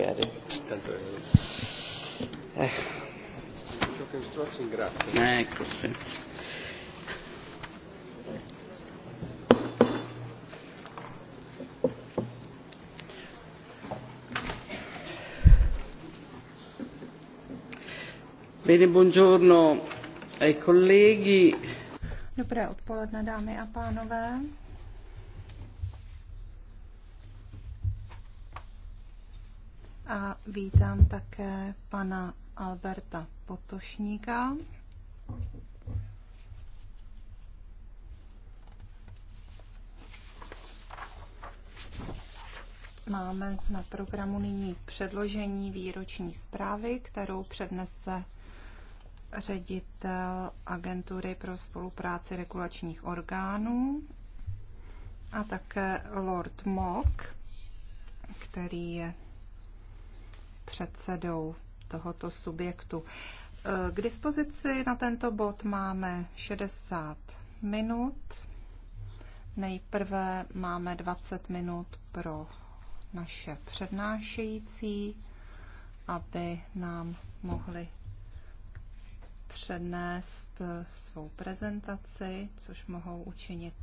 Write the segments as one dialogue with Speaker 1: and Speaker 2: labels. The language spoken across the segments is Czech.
Speaker 1: piacere. Ecco,
Speaker 2: sì.
Speaker 3: Bene, buongiorno ai colleghi.
Speaker 4: Dobré odpoledne, dámy a pánové. Vítám také pana Alberta Potošníka. Máme na programu nyní předložení výroční zprávy, kterou přednese ředitel Agentury pro spolupráci regulačních orgánů a také Lord Mock, který je předsedou tohoto subjektu. E, k dispozici na tento bod máme 60 minut. Nejprve máme 20 minut pro naše přednášející, aby nám mohli přednést svou prezentaci, což mohou učinit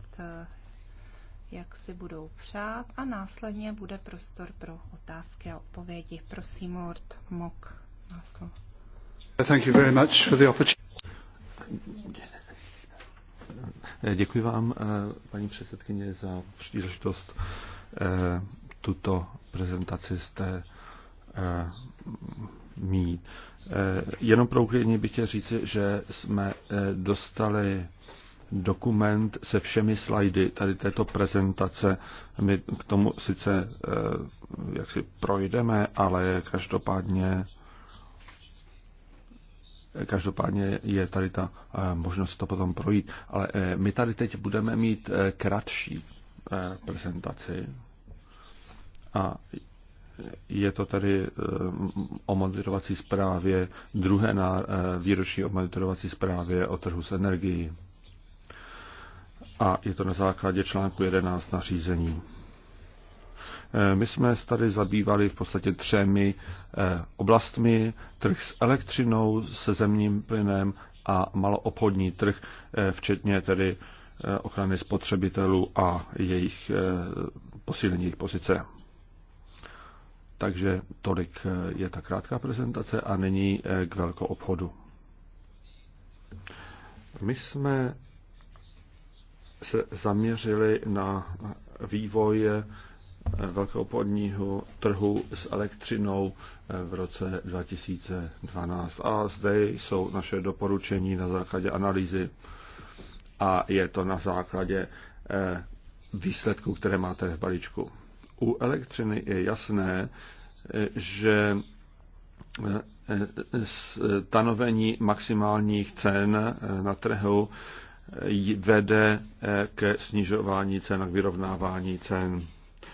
Speaker 4: jak si budou přát a následně bude prostor pro otázky a odpovědi. Prosím, Lord Mok, na slovo.
Speaker 1: Thank you very much for the Děkuji vám, paní předsedkyně, za příležitost eh, tuto prezentaci jste eh, mít. Eh, jenom pro uklidnění bych chtěl říci, že jsme dostali dokument se všemi slajdy tady této prezentace. My k tomu sice eh, jak si projdeme, ale každopádně Každopádně je tady ta eh, možnost to potom projít. Ale eh, my tady teď budeme mít kratší prezentaci. A je to tady o monitorovací zprávě, druhé výroční o monitorovací zprávě o trhu s energií a je to na základě článku 11 nařízení. Eh, my jsme tady zabývali v podstatě třemi eh, oblastmi. Trh s elektřinou, se zemním plynem a maloobchodní trh, eh, včetně tedy ochrany spotřebitelů a jejich posílení jejich pozice. Takže tolik je ta krátká prezentace a nyní k velkou obchodu. My jsme se zaměřili na vývoj podního trhu s elektřinou v roce 2012. A zde jsou naše doporučení na základě analýzy a je to na základě eh, výsledků, které máte v balíčku. U elektřiny je jasné, že eh, eh, stanovení maximálních cen na trhu vede eh, ke snižování cen a k vyrovnávání cen.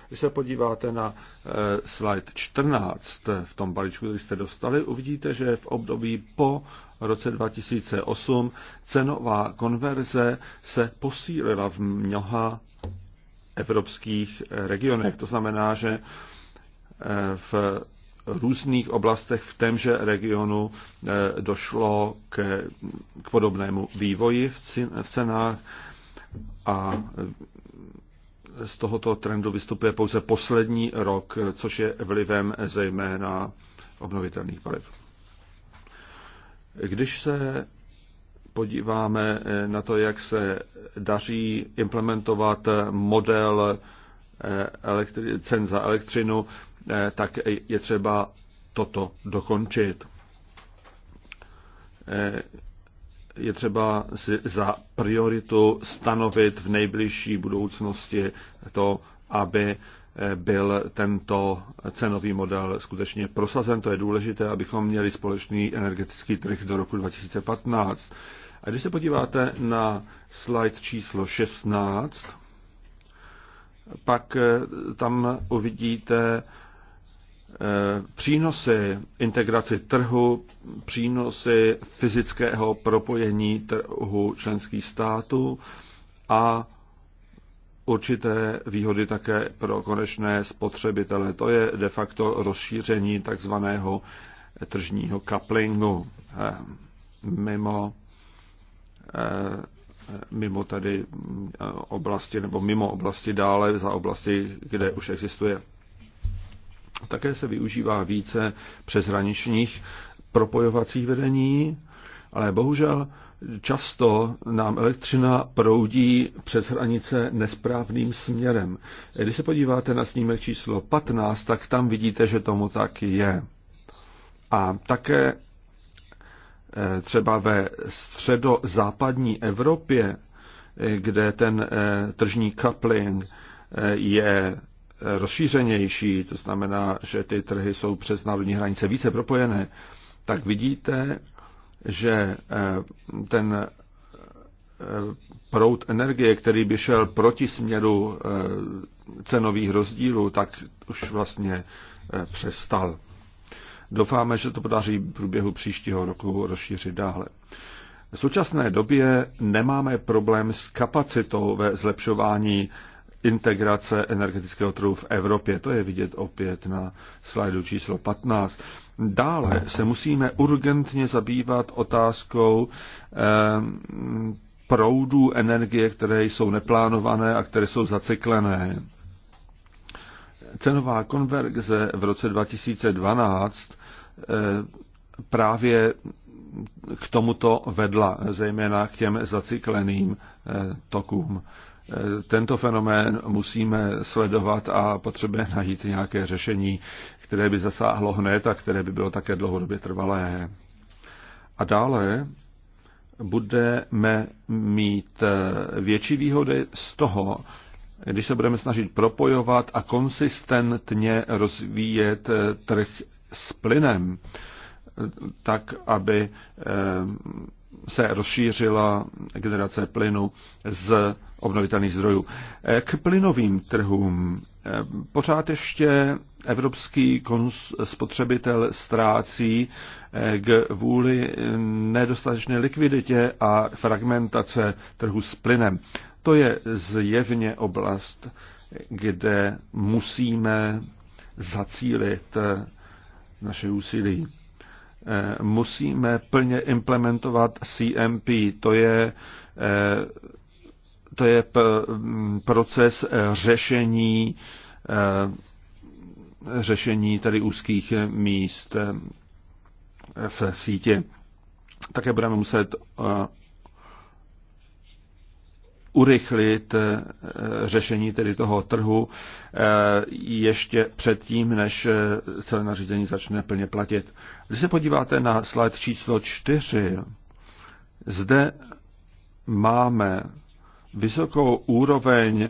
Speaker 1: Když se podíváte na eh, slide 14 v tom balíčku, který jste dostali, uvidíte, že v období po roce 2008 cenová konverze se posílila v mnoha evropských eh, regionech. To znamená, že v různých oblastech v témže regionu eh, došlo k, k podobnému vývoji v, cenách a eh, z tohoto trendu vystupuje pouze poslední rok, což je vlivem zejména obnovitelných paliv. Když se podíváme eh, na to, jak se daří implementovat model cen za elektřinu, Eh, tak je třeba toto dokončit. Eh, je třeba si za prioritu stanovit v nejbližší budoucnosti to, aby eh, byl tento cenový model skutečně prosazen. To je důležité, abychom měli společný energetický trh do roku 2015. A když se podíváte na slide číslo 16, pak tam uvidíte Eh, přínosy integraci trhu, přínosy fyzického propojení trhu členských států a určité výhody také pro konečné spotřebitele. To je de facto rozšíření takzvaného tržního kaplingu eh, mimo, eh, mimo tady oblasti nebo mimo oblasti dále za oblasti, kde už existuje také se využívá více přeshraničních propojovacích vedení, ale bohužel často nám elektřina proudí přes hranice nesprávným směrem. Když se podíváte na snímek číslo 15, tak tam vidíte, že tomu tak je. A také eh, třeba ve středozápadní Evropě, eh, kde ten eh, tržní coupling je rozšířenější, to znamená, že ty trhy jsou přes národní hranice více propojené, tak vidíte, že eh, ten eh, proud energie, který by šel proti směru eh, cenových rozdílů, tak už vlastně přestal. Doufáme, že to podaří v průběhu příštího roku rozšířit dále. V současné době nemáme problém s kapacitou ve zlepšování integrace energetického trhu v Evropě. To je vidět opět na slajdu číslo 15. Dále se musíme urgentně zabývat otázkou eh, proudů energie, které jsou neplánované a které jsou zaciklené. Cenová konverze v roce 2012 eh, právě k tomuto vedla, zejména k těm zacikleným eh, tokům. Eh, tento fenomén musíme sledovat a potřebujeme najít nějaké řešení, které by zasáhlo hned a které by bylo také dlouhodobě trvalé. A dále budeme mít eh, větší výhody z toho, když se budeme snažit propojovat a konsistentně rozvíjet eh, trh s plynem, tak aby se rozšířila generace plynu z obnovitelných zdrojů. Eh, k plynovým trhům eh, pořád ještě evropský spotřebitel ztrácí eh, k vůli nedostatečné likviditě a fragmentace trhu s plynem. To je zjevně oblast, kde musíme zacílit naše úsilí. Eh, musíme plně implementovat CMP. To je, eh, to je mm, proces eh, řešení řešení tedy úzkých míst v síti. Také budeme muset urychlit eh, řešení tedy toho trhu eh, ještě předtím, než eh, celé nařízení začne plně platit. Když se podíváte na slide číslo 4, zde máme vysokou úroveň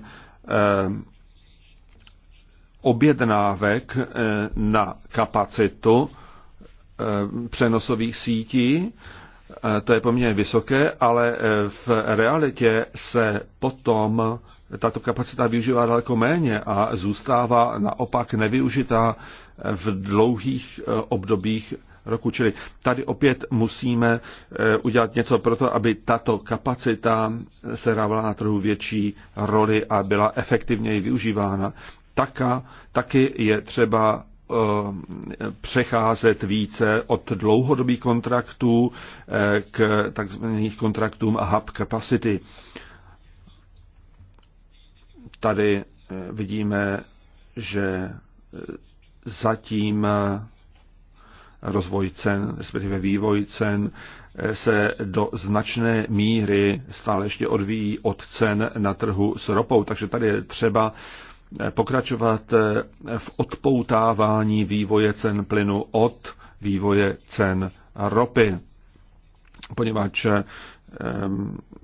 Speaker 1: objednávek na kapacitu přenosových sítí E, to je poměrně vysoké, ale e, v realitě se potom tato kapacita využívá daleko méně a zůstává naopak nevyužitá v dlouhých e, obdobích roku. Čili tady opět musíme udělat něco pro to, aby tato kapacita se sehrávala na trhu větší roli a byla efektivněji využívána. Taka, taky je třeba Eh, přecházet více od dlouhodobých kontraktů eh, k takzvaných kontraktům a hub capacity. Tady eh, vidíme, že zatím rozvoj cen, respektive vývoj cen, se do značné míry stále ještě odvíjí od cen na trhu s ropou. Takže tady je třeba Eh, pokračovat eh, v odpoutávání vývoje cen plynu od vývoje cen ropy, poněvadž eh,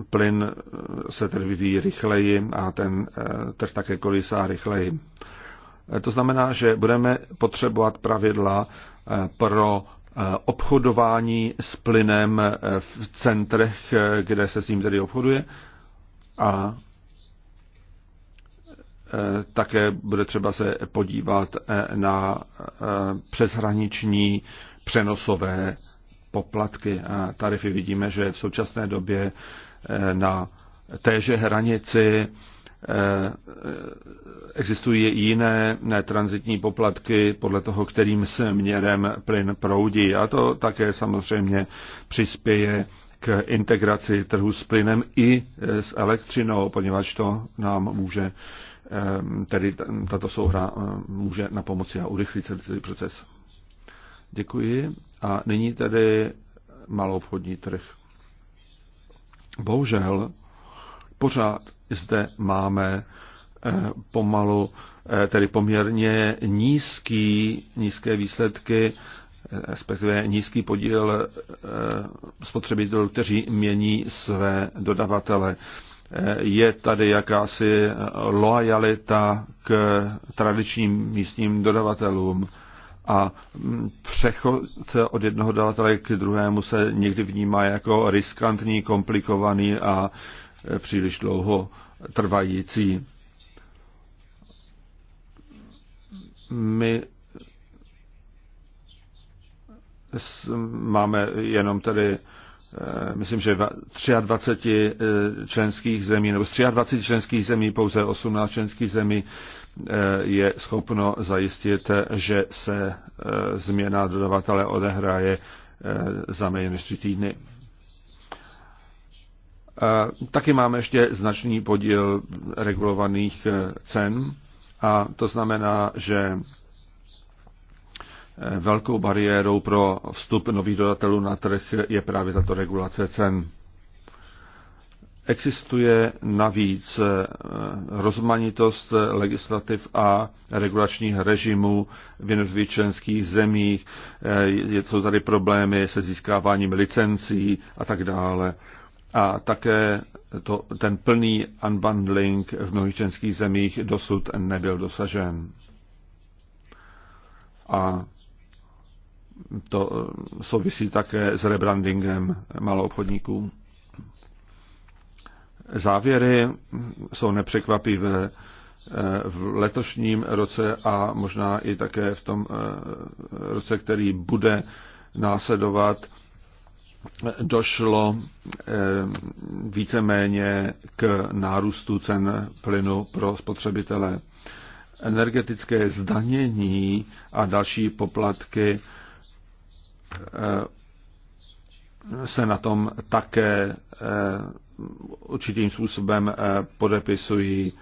Speaker 1: plyn se tedy vyvíjí rychleji a ten trh také kolisá rychleji. To znamená, že budeme potřebovat pravidla pro obchodování s plynem v centrech, kde se s ním tedy obchoduje a Eh, také bude třeba se podívat eh, na eh, přeshraniční přenosové poplatky a tarify. Vidíme, že v současné době na téže hranici existují jiné transitní poplatky podle toho, kterým směrem plyn proudí. A to také samozřejmě přispěje k integraci trhu s plynem i s elektřinou, poněvadž to nám může Ehm, tedy tato souhra ehm, může na pomoci a urychlit celý proces. Děkuji. A nyní tedy malou obchodní trh. Bohužel pořád zde máme ehm, pomalu, tedy poměrně nízký, nízké výsledky, respektive nízký podíl spotřebitelů, kteří mění své dodavatele je tady jakási loajalita k tradičním místním dodavatelům a přechod od jednoho dodavatele k druhému se někdy vnímá jako riskantní, komplikovaný a příliš dlouho trvající. My máme jenom tedy Eh, myslím, že 23 eh, členských zemí, nebo z 23 členských zemí pouze 18 členských zemí eh, je schopno zajistit, že se změna dodavatele odehraje za méně než tři týdny. Taky máme ještě značný podíl regulovaných cen a to znamená, že Velkou bariérou pro vstup nových dodatelů na trh je právě tato regulace cen. Existuje navíc eh, rozmanitost legislativ a regulačních režimů v jednotlivých členských zemích, eh, jsou tady problémy se získáváním licencí a tak dále. A také to, ten plný unbundling v mnohých členských zemích dosud nebyl dosažen. A to eh, souvisí také s rebrandingem maloobchodníků. Závěry jsou nepřekvapivé eh, v letošním roce a možná i také v tom eh, roce, který bude následovat, došlo víceméně k nárůstu cen plynu pro spotřebitele. Energetické zdanění a další poplatky Eh, se na tom také eh, určitým způsobem eh, podepisují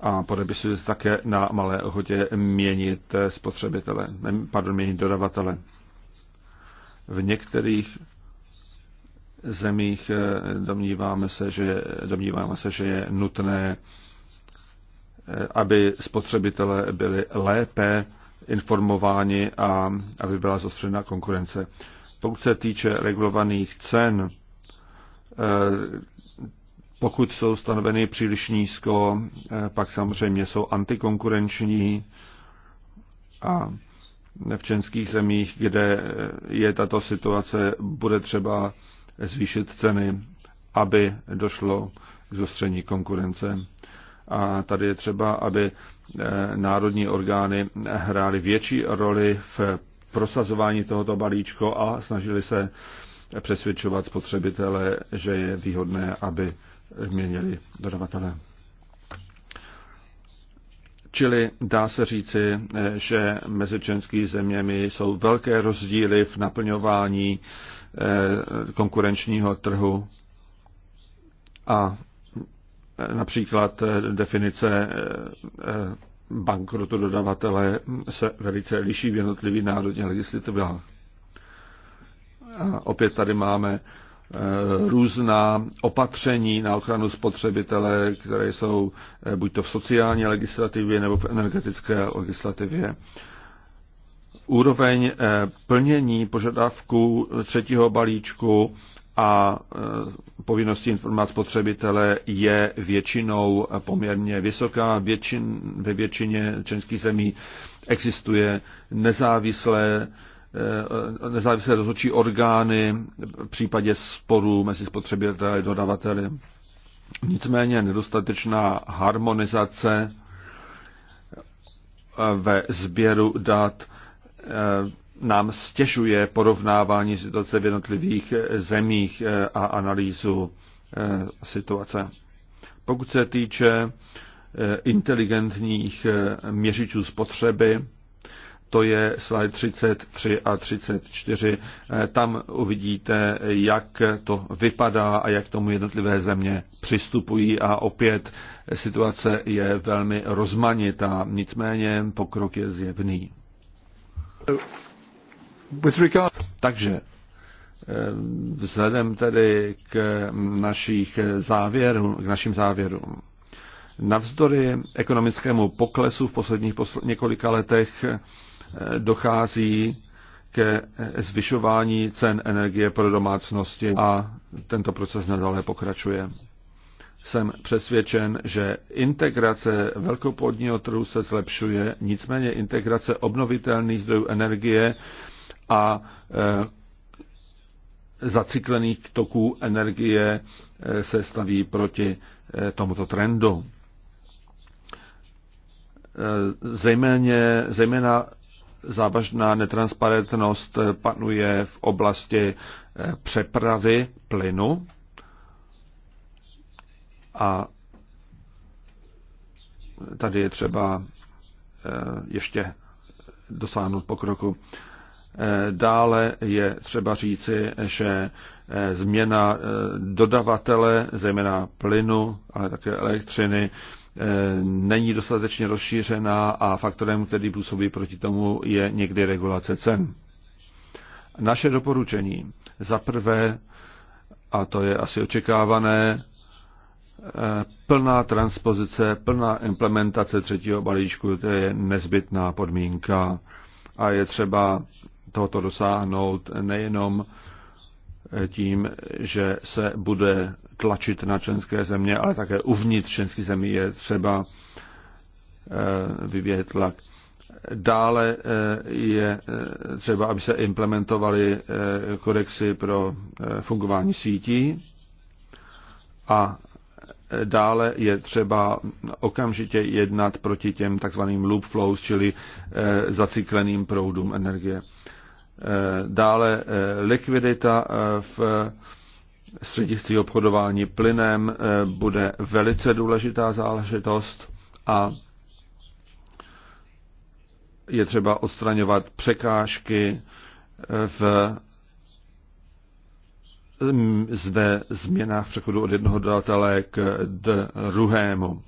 Speaker 1: a podepisují se také na malé ochotě měnit spotřebitele, pardon, měnit dodavatele. V některých zemích domníváme se, že, domníváme se, že je nutné, aby spotřebitelé byli lépe informováni a aby byla zostřena konkurence. Pokud se týče regulovaných cen, eh, pokud jsou stanoveny příliš nízko, eh, pak samozřejmě jsou antikonkurenční a v českých zemích, kde eh, je tato situace, bude třeba zvýšit ceny, aby došlo k zostření konkurence. A tady je třeba, aby Eh, národní orgány hrály větší roli v prosazování tohoto balíčku a snažili se přesvědčovat spotřebitele, že je výhodné, aby měnili dodavatele. Čili dá se říci, eh, že mezi členskými zeměmi jsou velké rozdíly v naplňování eh, konkurenčního trhu a Například eh, definice eh, eh, bankrotu dodavatele se velice liší v jednotlivých národních legislativách. A opět tady máme různá opatření na ochranu spotřebitele, které jsou buď to v sociální legislativě nebo v energetické legislativě. Úroveň plnění požadavků třetího balíčku a e, povinnosti informovat spotřebitele je většinou poměrně vysoká. Většin, ve většině členských zemí existuje nezávislé e, e, nezávislé rozhodčí orgány v případě sporů mezi spotřebiteli a dodavateli. Nicméně nedostatečná harmonizace ve sběru dat nám stěžuje porovnávání situace v jednotlivých zemích eh, a analýzu eh, situace. Pokud se týče eh, inteligentních měřičů spotřeby, to je slide 33 a 34. Tam uvidíte, jak to vypadá a jak tomu jednotlivé země přistupují a opět situace je velmi rozmanitá, nicméně pokrok je zjevný. Takže eh, vzhledem tedy k, našich závěru, k našim závěrům. Navzdory ekonomickému poklesu v posledních posl- několika letech eh, dochází ke eh, zvyšování cen energie pro domácnosti a tento proces nadále pokračuje. Jsem přesvědčen, že integrace velkopodního trhu se zlepšuje, nicméně integrace obnovitelných zdrojů energie a e, zacyklených toků energie e, se staví proti e, tomuto trendu. Zejméně, zejména závažná netransparentnost panuje v oblasti přepravy plynu a tady je třeba ještě dosáhnout pokroku. Eh, dále je třeba říci, že eh, změna eh, dodavatele, zejména plynu, ale také elektřiny, není dostatečně rozšířená a faktorem, který působí proti tomu, je někdy regulace cen. Naše doporučení. Za prvé, a to je asi očekávané, plná transpozice, plná implementace třetího balíčku, to je nezbytná podmínka a je třeba tohoto dosáhnout nejenom tím, že se bude tlačit na členské země, ale také uvnitř členských zemí je třeba eh, vyvíjet tlak. Dále eh, je eh, třeba, aby se implementovaly kodexy pro fungování sítí a dále je třeba okamžitě jednat proti těm takzvaným loop flows, čili zacikleným proudům energie. Eh, dále eh, likvidita eh, v střediství obchodování plynem bude velice důležitá záležitost a je třeba odstraňovat překážky v mm, zde změnách přechodu od jednoho dodatele k druhému.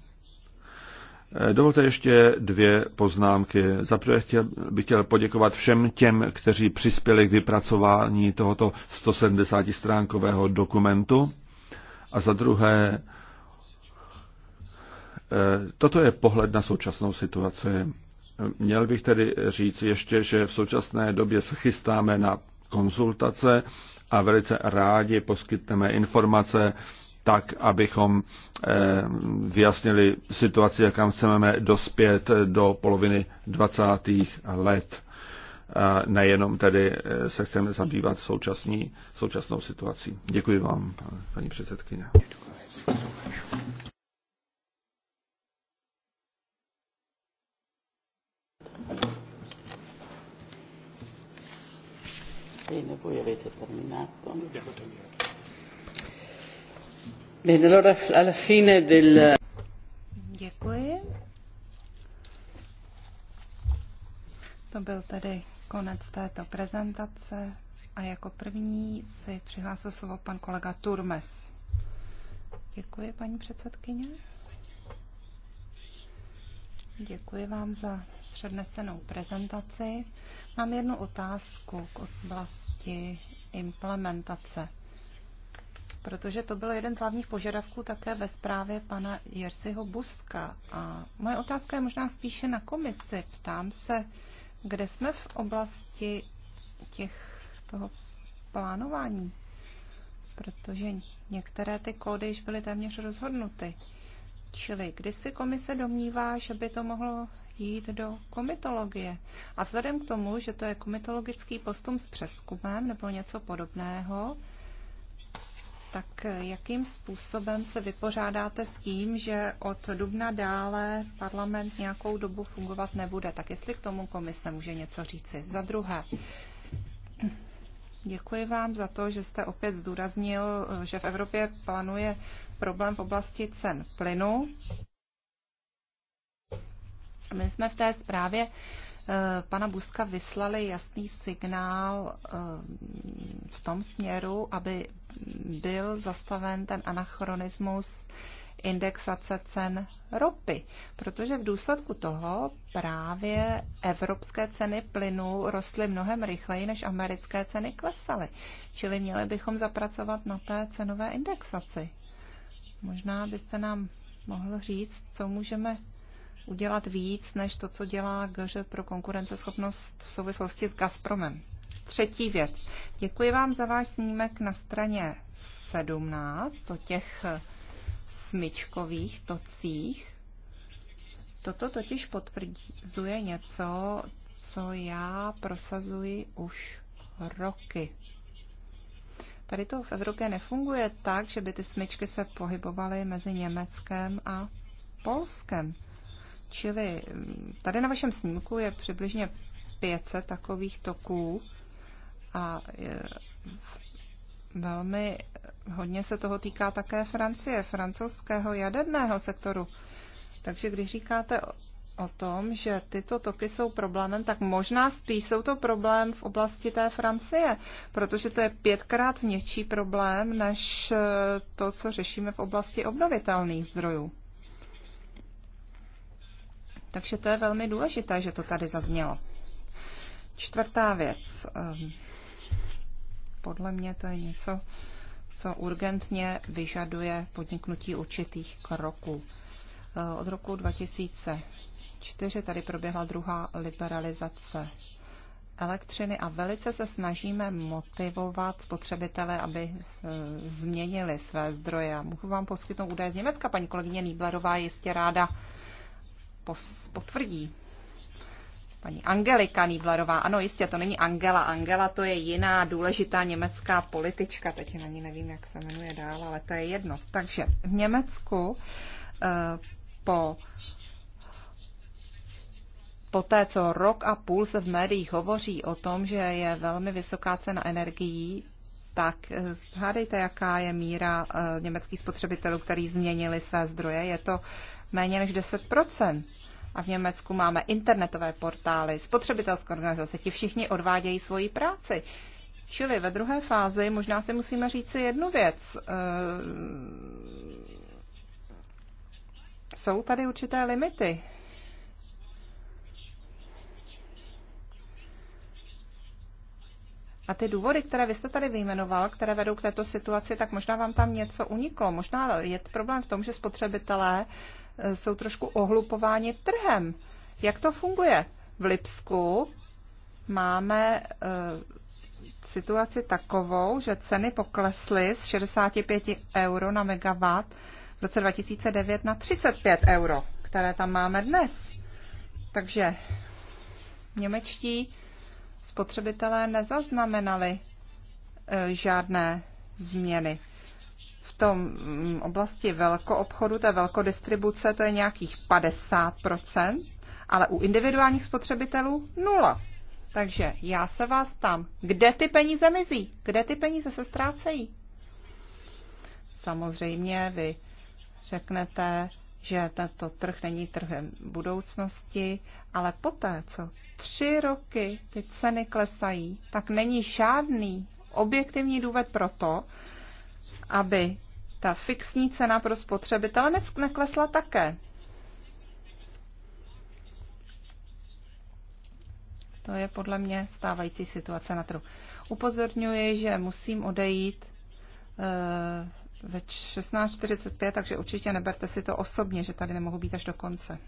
Speaker 1: Eh, dovolte ještě dvě poznámky. Za prvé bych chtěl poděkovat všem těm, kteří přispěli k vypracování tohoto 170-stránkového dokumentu. A za druhé, eh, toto je pohled na současnou situaci. Měl bych tedy říct ještě, že v současné době se chystáme na konzultace a velice rádi poskytneme informace tak, abychom eh, vyjasnili situaci, jakam chceme dospět do poloviny 20. let. Nejenom tedy eh, se chceme zabývat současní, současnou situací. Děkuji vám, paní předsedkyně.
Speaker 5: Bene, voi
Speaker 1: Eh,
Speaker 4: Děkuji. To byl tedy konec této prezentace a jako první si přihlásil slovo pan kolega Turmes. Děkuji, paní předsedkyně. Děkuji vám za přednesenou prezentaci. Mám jednu otázku k oblasti implementace protože to byl jeden z hlavních požadavků také ve zprávě pana Jerzyho Buska. A moje otázka je možná spíše na komisi. Ptám se, kde jsme v oblasti těch toho plánování, protože některé ty kódy již byly téměř rozhodnuty. Čili kdy si komise domnívá, že by to mohlo jít do komitologie. A vzhledem k tomu, že to je komitologický postum s přeskumem nebo něco podobného, tak eh, jakým způsobem se vypořádáte s tím, že od dubna dále parlament nějakou dobu fungovat nebude? Tak jestli k tomu komise může něco říci. Za druhé, děkuji vám za to, že jste opět zdůraznil, eh, že v Evropě planuje problém v oblasti cen plynu. My jsme v té zprávě eh, pana Buska vyslali jasný signál v tom směru, aby byl zastaven ten anachronismus indexace cen ropy, protože v důsledku toho právě evropské ceny plynu rostly mnohem rychleji, než americké ceny klesaly. Čili měli bychom zapracovat na té cenové indexaci. Možná byste nám mohl říct, co můžeme udělat víc, než to, co dělá GŽ pro konkurenceschopnost v souvislosti s Gazpromem. Třetí věc. Děkuji vám za váš snímek na straně 17 o těch smyčkových tocích. Toto totiž potvrzuje něco, co já prosazuji už roky. Tady to v Evropě nefunguje tak, že by ty smyčky se pohybovaly mezi Německem a Polskem. Čili tady na vašem snímku je přibližně 500 takových toků a e, velmi hodně se toho týká také Francie, francouzského jaderného sektoru. Takže když říkáte o tom, že tyto toky jsou problémem, tak možná spíš jsou to problém v oblasti té Francie, protože to je pětkrát větší problém než e, to, co řešíme v oblasti obnovitelných zdrojů. Takže to je velmi důležité, že to tady zaznělo. Čtvrtá věc. Ehm, podle mě to je něco, co urgentně vyžaduje podniknutí určitých kroků. Eh, od roku 2004 tady proběhla druhá liberalizace elektřiny a velice se snažíme motivovat spotřebitele, aby eh, změnili své zdroje. Můžu vám poskytnout údaje z Německa, paní kolegyně Nýblerová jistě ráda potvrdí paní Angelika Nýblerová. Ano, jistě, to není Angela. Angela to je jiná důležitá německá politička. Teď na ní nevím, jak se jmenuje dál, ale to je jedno. Takže v Německu eh, po Poté, co rok a půl se v médiích hovoří o tom, že je velmi vysoká cena energií, tak eh, hádejte, jaká je míra eh, německých spotřebitelů, který změnili své zdroje. Je to méně než 10 a v Německu máme internetové portály, spotřebitelské organizace, ti všichni odvádějí svoji práci. Čili ve druhé fázi možná si musíme říct si jednu věc. Eh, jsou tady určité limity. A ty důvody, které vy jste tady vyjmenoval, které vedou k této situaci, tak možná vám tam něco uniklo. Možná je problém v tom, že spotřebitelé eh, jsou trošku ohlupováni trhem. Jak to funguje? V Lipsku máme eh, situaci takovou, že ceny poklesly z 65 euro na megawatt v roce 2009 na 35 euro, které tam máme dnes. Takže němečtí spotřebitelé nezaznamenali eh, žádné změny. V tom mm, oblasti velkoobchodu, té velkodistribuce, to je nějakých 50%, ale u individuálních spotřebitelů nula. Takže já se vás ptám, kde ty peníze mizí? Kde ty peníze se ztrácejí? Samozřejmě vy řeknete, že tento trh není trhem budoucnosti ale poté, co tři roky ty ceny klesají, tak není žádný objektivní důvod pro to, aby ta fixní cena pro spotřebitele neklesla také. To je podle mě stávající situace na trhu. Upozorňuji, že musím odejít eh, ve 16.45, takže určitě neberte si to osobně, že tady nemohu být až do konce.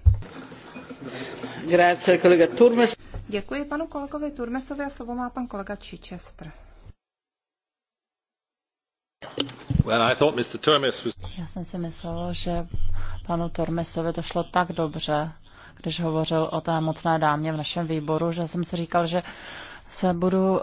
Speaker 4: kolega Turmes. Děkuji panu kolegovi Turmesovi a slovo má pan kolega
Speaker 5: Čičestr. Já jsem si myslel, že panu Turmesovi to šlo tak dobře, když hovořil o té mocné dámě v našem výboru, že jsem si říkal, že se budu uh,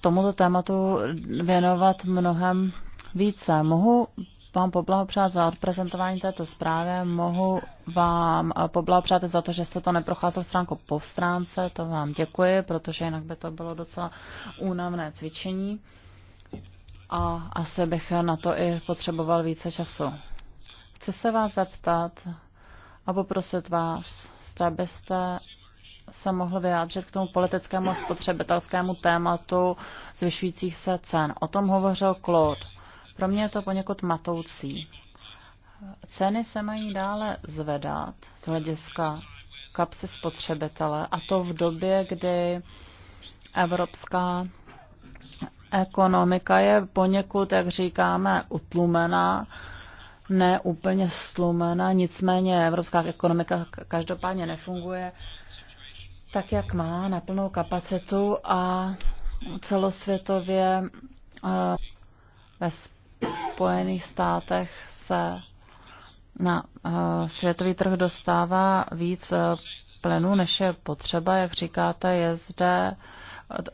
Speaker 5: tomuto tématu věnovat mnohem více. Mohu vám poblahopřát za odprezentování této zprávy, mohu vám poblahopřát za to, že jste to neprocházel stránku po stránce, to vám děkuji, protože jinak by to bylo docela únavné cvičení a asi bych na to i potřeboval více času. Chci se vás zeptat a poprosit vás, zda byste se mohl vyjádřit k tomu politickému a spotřebitelskému tématu zvyšujících se cen. O tom hovořil Claude. Pro mě je to poněkud matoucí. Ceny se mají dále zvedat z hlediska kapsy spotřebitele a to v době, kdy evropská ekonomika je poněkud, jak říkáme, utlumená, ne úplně stlumena, nicméně evropská ekonomika každopádně nefunguje tak, jak má, na plnou kapacitu a celosvětově eh, ve Spojených státech se na eh, světový trh dostává víc eh, plynu, než je potřeba. Jak říkáte, je zde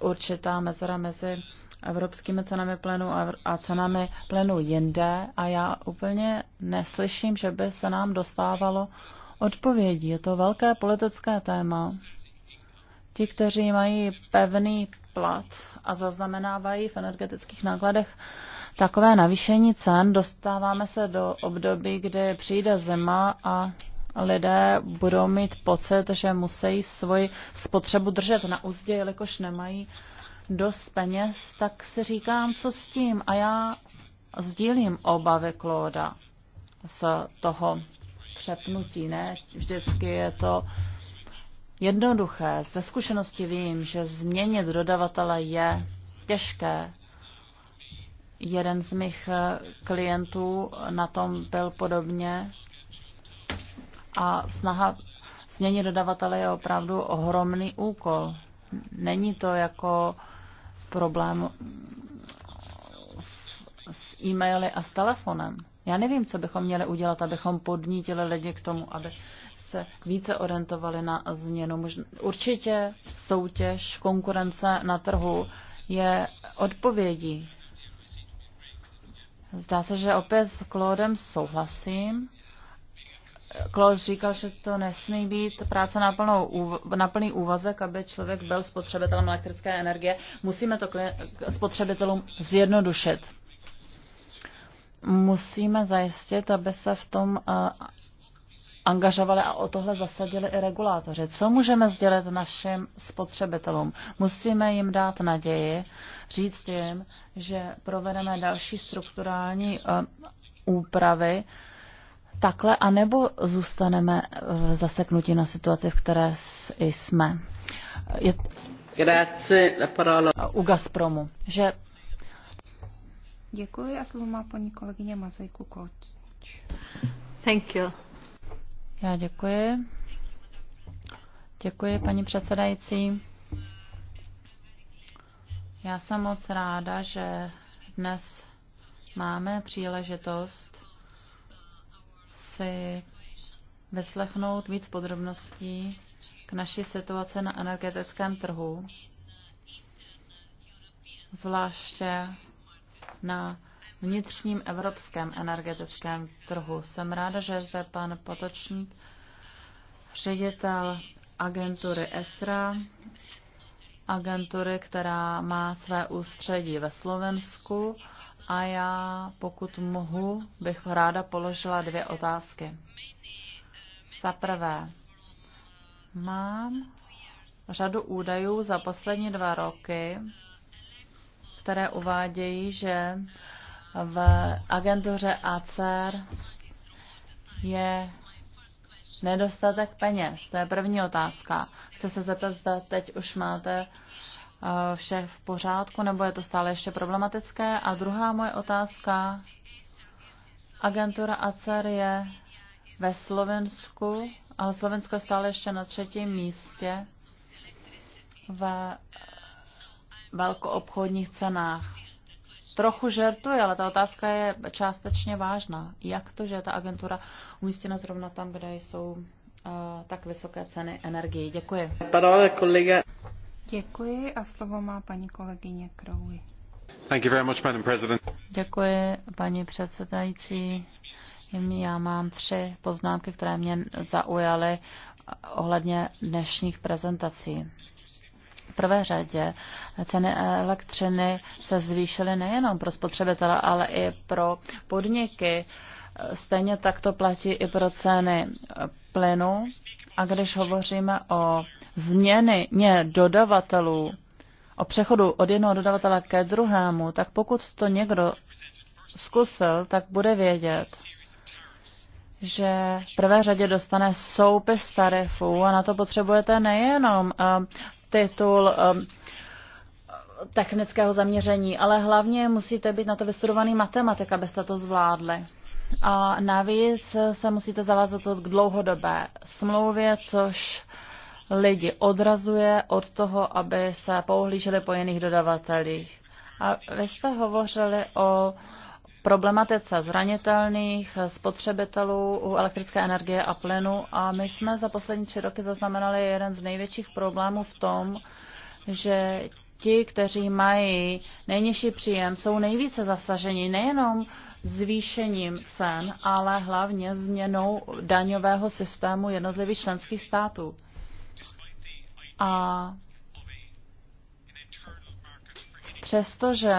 Speaker 5: určitá mezera mezi evropskými cenami plynu a cenami plynu jinde a já úplně neslyším, že by se nám dostávalo odpovědí. Je to velké politické téma. Ti, kteří mají pevný plat a zaznamenávají v energetických nákladech takové navýšení cen, dostáváme se do období, kdy přijde zima a lidé budou mít pocit, že musí svoji spotřebu držet na úzdě, jelikož nemají dost peněz, tak si říkám, co s tím. A já sdílím obavy Klóda z toho přepnutí. Ne, vždycky je to jednoduché. Ze zkušenosti vím, že změnit dodavatele je těžké. Jeden z mých eh, klientů na tom byl podobně a snaha změnit dodavatele je opravdu ohromný úkol. Není to jako problém s e-maily a s telefonem. Já nevím, co bychom měli udělat, abychom podnítili lidi k tomu, aby se více orientovali na změnu. Určitě soutěž, konkurence na trhu je odpovědí Zdá se, že opět s Claudem souhlasím. Claude říkal, že to nesmí být práce na, plnou, na plný úvazek, aby člověk byl spotřebitelem elektrické energie. Musíme to spotřebitelům zjednodušit. Musíme zajistit, aby se v tom eh, angažovali a o tohle zasadili i regulátoři. Co můžeme sdělit našim spotřebitelům? Musíme jim dát naději, říct jim, že provedeme další strukturální eh, úpravy takhle, anebo zůstaneme v eh, zaseknutí na situaci, v které jsme. Je... U Gazpromu,
Speaker 4: že Děkuji a slovo má paní kolegyně Mazejku Koč.
Speaker 5: Thank you. Já děkuji. Děkuji, paní předsedající. Já jsem moc ráda, že dnes máme příležitost si vyslechnout víc podrobností k naší situaci na energetickém trhu, zvláště na vnitřním evropském energetickém trhu. Jsem ráda, že zde pan Potočník, ředitel agentury ESRA, agentury, která má své ústředí ve Slovensku a já, pokud mohu, bych ráda položila dvě otázky. Za prvé, mám řadu údajů za poslední dva roky, které uvádějí, že v agentuře ACER je nedostatek peněz. To je první otázka. Chci se zeptat, zda teď už máte eh, vše v pořádku, nebo je to stále ještě problematické. A druhá moje otázka. Agentura ACER je ve Slovensku, ale Slovensko je stále ještě na třetím místě ve velkoobchodních cenách trochu žertuje, ale ta otázka je částečně vážná. Jak to, že je ta agentura umístěna zrovna tam, kde jsou uh, tak vysoké ceny energii? Děkuji.
Speaker 4: Parole, kolega. Děkuji a slovo má paní kolegyně Crowley.
Speaker 2: Thank you very much, Madam President.
Speaker 5: Děkuji, paní předsedající. Já mám tři poznámky, které mě zaujaly ohledně dnešních prezentací prvé řadě ceny elektřiny se zvýšily nejenom pro spotřebitele, ale i pro podniky. Stejně tak to platí i pro ceny plynu. A když hovoříme o změny ne, dodavatelů, o přechodu od jednoho dodavatele ke druhému, tak pokud to někdo zkusil, tak bude vědět, že v prvé řadě dostane soupis tarifů a na to potřebujete nejenom eh, titul um, technického zaměření, ale hlavně musíte být na to vystudovaný matematik, abyste to zvládli. A navíc se musíte zavázat k dlouhodobé smlouvě, což lidi odrazuje od toho, aby se pouhlíželi po jiných dodavatelích. A vy jste hovořili o uh, problematice zranitelných spotřebitelů u elektrické energie a plynu a my jsme za poslední tři roky zaznamenali jeden z největších problémů v tom, že ti, kteří mají nejnižší příjem, jsou nejvíce zasaženi nejenom zvýšením cen, ale hlavně změnou daňového systému jednotlivých členských států. A přestože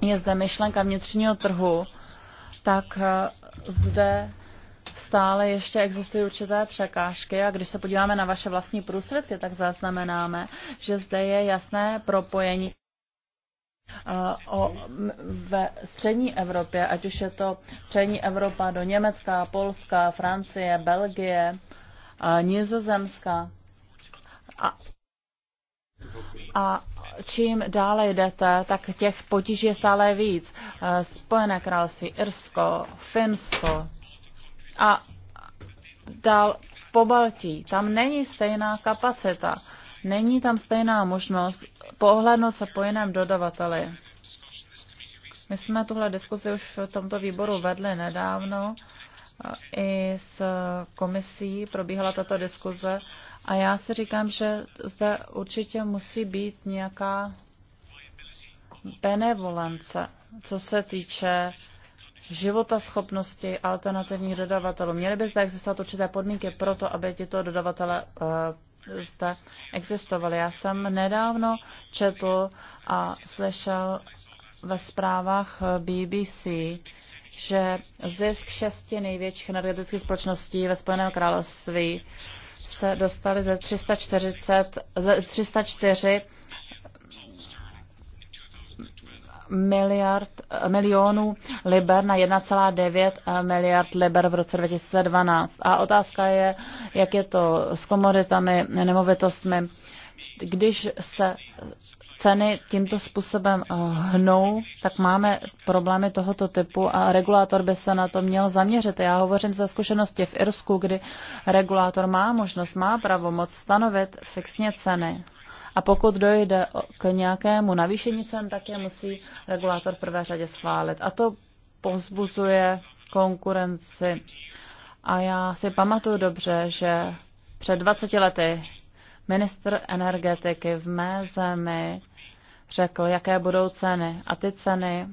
Speaker 5: je zde myšlenka vnitřního trhu, tak eh, zde stále ještě existují určité překážky a když se podíváme na vaše vlastní průsvědky, tak zaznamenáme, že zde je jasné propojení eh, o, ve střední Evropě, ať už je to střední Evropa do Německa, Polska, Francie, Belgie, eh, Nizozemska. A, a čím dále jdete, tak těch potíží je stále víc. Eh, Spojené království, Irsko, Finsko a dál po Baltí. Tam není stejná kapacita, není tam stejná možnost pohlednout se po jiném dodavateli. My jsme tuhle diskusi už v tomto výboru vedli nedávno i s komisí probíhala tato diskuze a já si říkám, že zde určitě musí být nějaká benevolence, co se týče života schopnosti alternativních dodavatelů. Měly by zde existovat určité podmínky pro to, aby tito dodavatele eh, zde existovaly. Já jsem nedávno četl a slyšel ve zprávách eh, BBC, že zisk šesti největších energetických společností ve Spojeném království se dostali ze 340, ze 304 miliard, milionů liber na 1,9 miliard liber v roce 2012. A otázka je, jak je to s komoditami, nemovitostmi. Když se ceny tímto způsobem eh, hnou, tak máme problémy tohoto typu a regulátor by se na to měl zaměřit. Já hovořím ze zkušenosti v Irsku, kdy regulátor má možnost, má pravomoc stanovit fixně ceny. A pokud dojde k nějakému navýšení cen, tak je musí regulátor v prvé řadě schválit. A to pozbuzuje konkurenci. A já si pamatuju dobře, že před 20 lety ministr energetiky v mé zemi řekl, jaké budou ceny. A ty ceny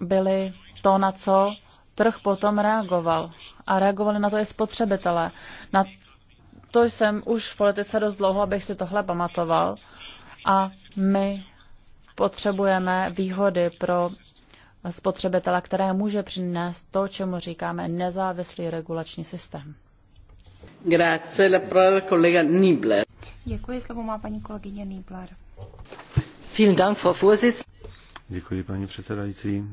Speaker 5: byly to, na co trh potom reagoval. A reagovali na to i spotřebitelé. Na to jsem už v politice dost dlouho, abych si tohle pamatoval. A my potřebujeme výhody pro spotřebitele, které může přinést to, čemu říkáme nezávislý regulační systém.
Speaker 4: Děkuji, slovo má paní kolegyně Nibler.
Speaker 5: Vielen Dank,
Speaker 1: Děkuji, paní předsedající.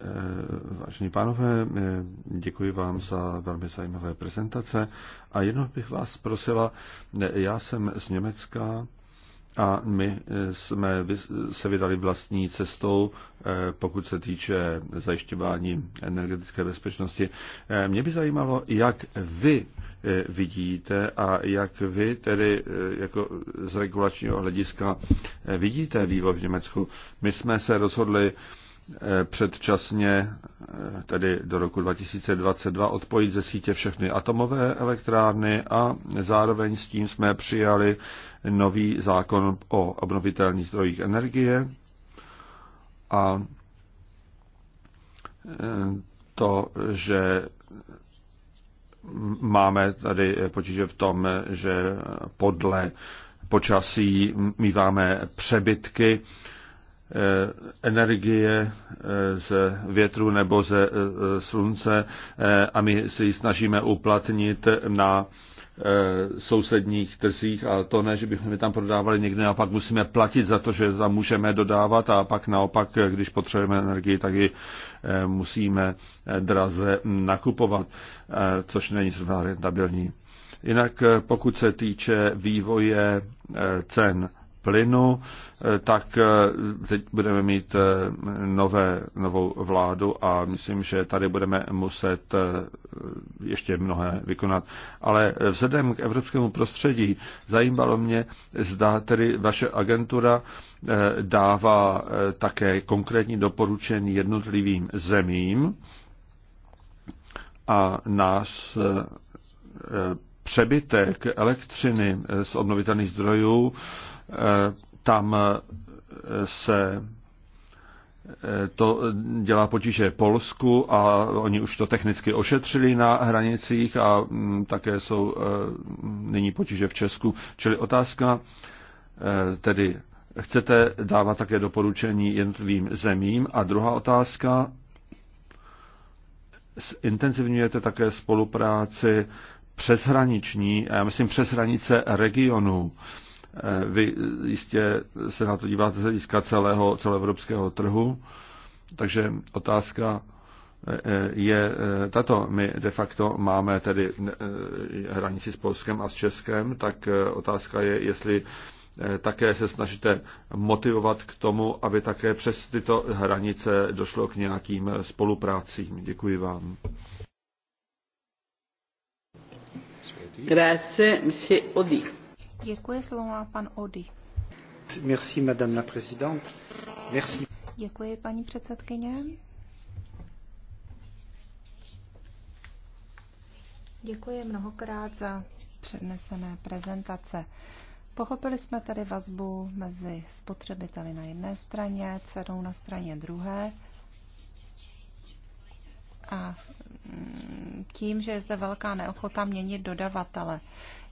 Speaker 1: Eh, vážení pánové, eh, děkuji vám za velmi zajímavé prezentace a jenom bych vás prosila, eh, já jsem z Německa a my eh, jsme se vydali vlastní cestou, eh, pokud se týče zajišťování energetické bezpečnosti. Eh, mě by zajímalo, jak vy vidíte a jak vy tedy jako z regulačního hlediska vidíte vývoj v Německu. My jsme se rozhodli Eh, předčasně, eh, tedy do roku 2022, odpojit ze sítě všechny atomové elektrárny a zároveň s tím jsme přijali nový zákon o obnovitelných zdrojích energie a eh, to, že máme tady potíže v tom, že podle počasí míváme přebytky Eh, energie eh, z větru nebo ze eh, slunce a my si ji snažíme uplatnit na sousedních trzích a to ne, že bychom je tam prodávali někde a pak musíme platit za to, že tam můžeme dodávat a pak naopak, když potřebujeme energii, tak ji musíme draze nakupovat, což není zrovna rentabilní. Jinak pokud se týče vývoje cen, plynu, eh, tak eh, teď budeme mít eh, nové, novou vládu a myslím, že tady budeme muset ještě mnohé vykonat. Ale vzhledem k evropskému prostředí zajímalo mě, zda tedy vaše agentura dává také konkrétní doporučení jednotlivým zemím a nás přebytek elektřiny z obnovitelných zdrojů Eh, tam eh, se eh, to dělá potíže Polsku a oni už to technicky ošetřili na hranicích a mm, také jsou nyní potíže v Česku. Čili otázka tedy chcete dávat také doporučení jednotlivým zemím? A druhá otázka, intenzivňujete také spolupráci přeshraniční, já myslím přes hranice regionu, Eh, vy jistě se na to díváte z hlediska celého celoevropského trhu, takže otázka eh, je eh, tato. My de facto máme tedy hranici s Polskem a s Českem, tak otázka je, jestli také se snažíte motivovat k tomu, aby také přes tyto hranice došlo k nějakým spoluprácím. Děkuji vám.
Speaker 3: Grazie, monsieur Odi.
Speaker 4: Děkuji, slovo má pan Ody. Merci, madame la présidente. Merci. Děkuji, paní předsedkyně. Děkuji mnohokrát za přednesené prezentace. Pochopili jsme tady vazbu mezi spotřebiteli na jedné straně, cenou na straně druhé. A mm, tím, že je zde velká neochota měnit dodavatele.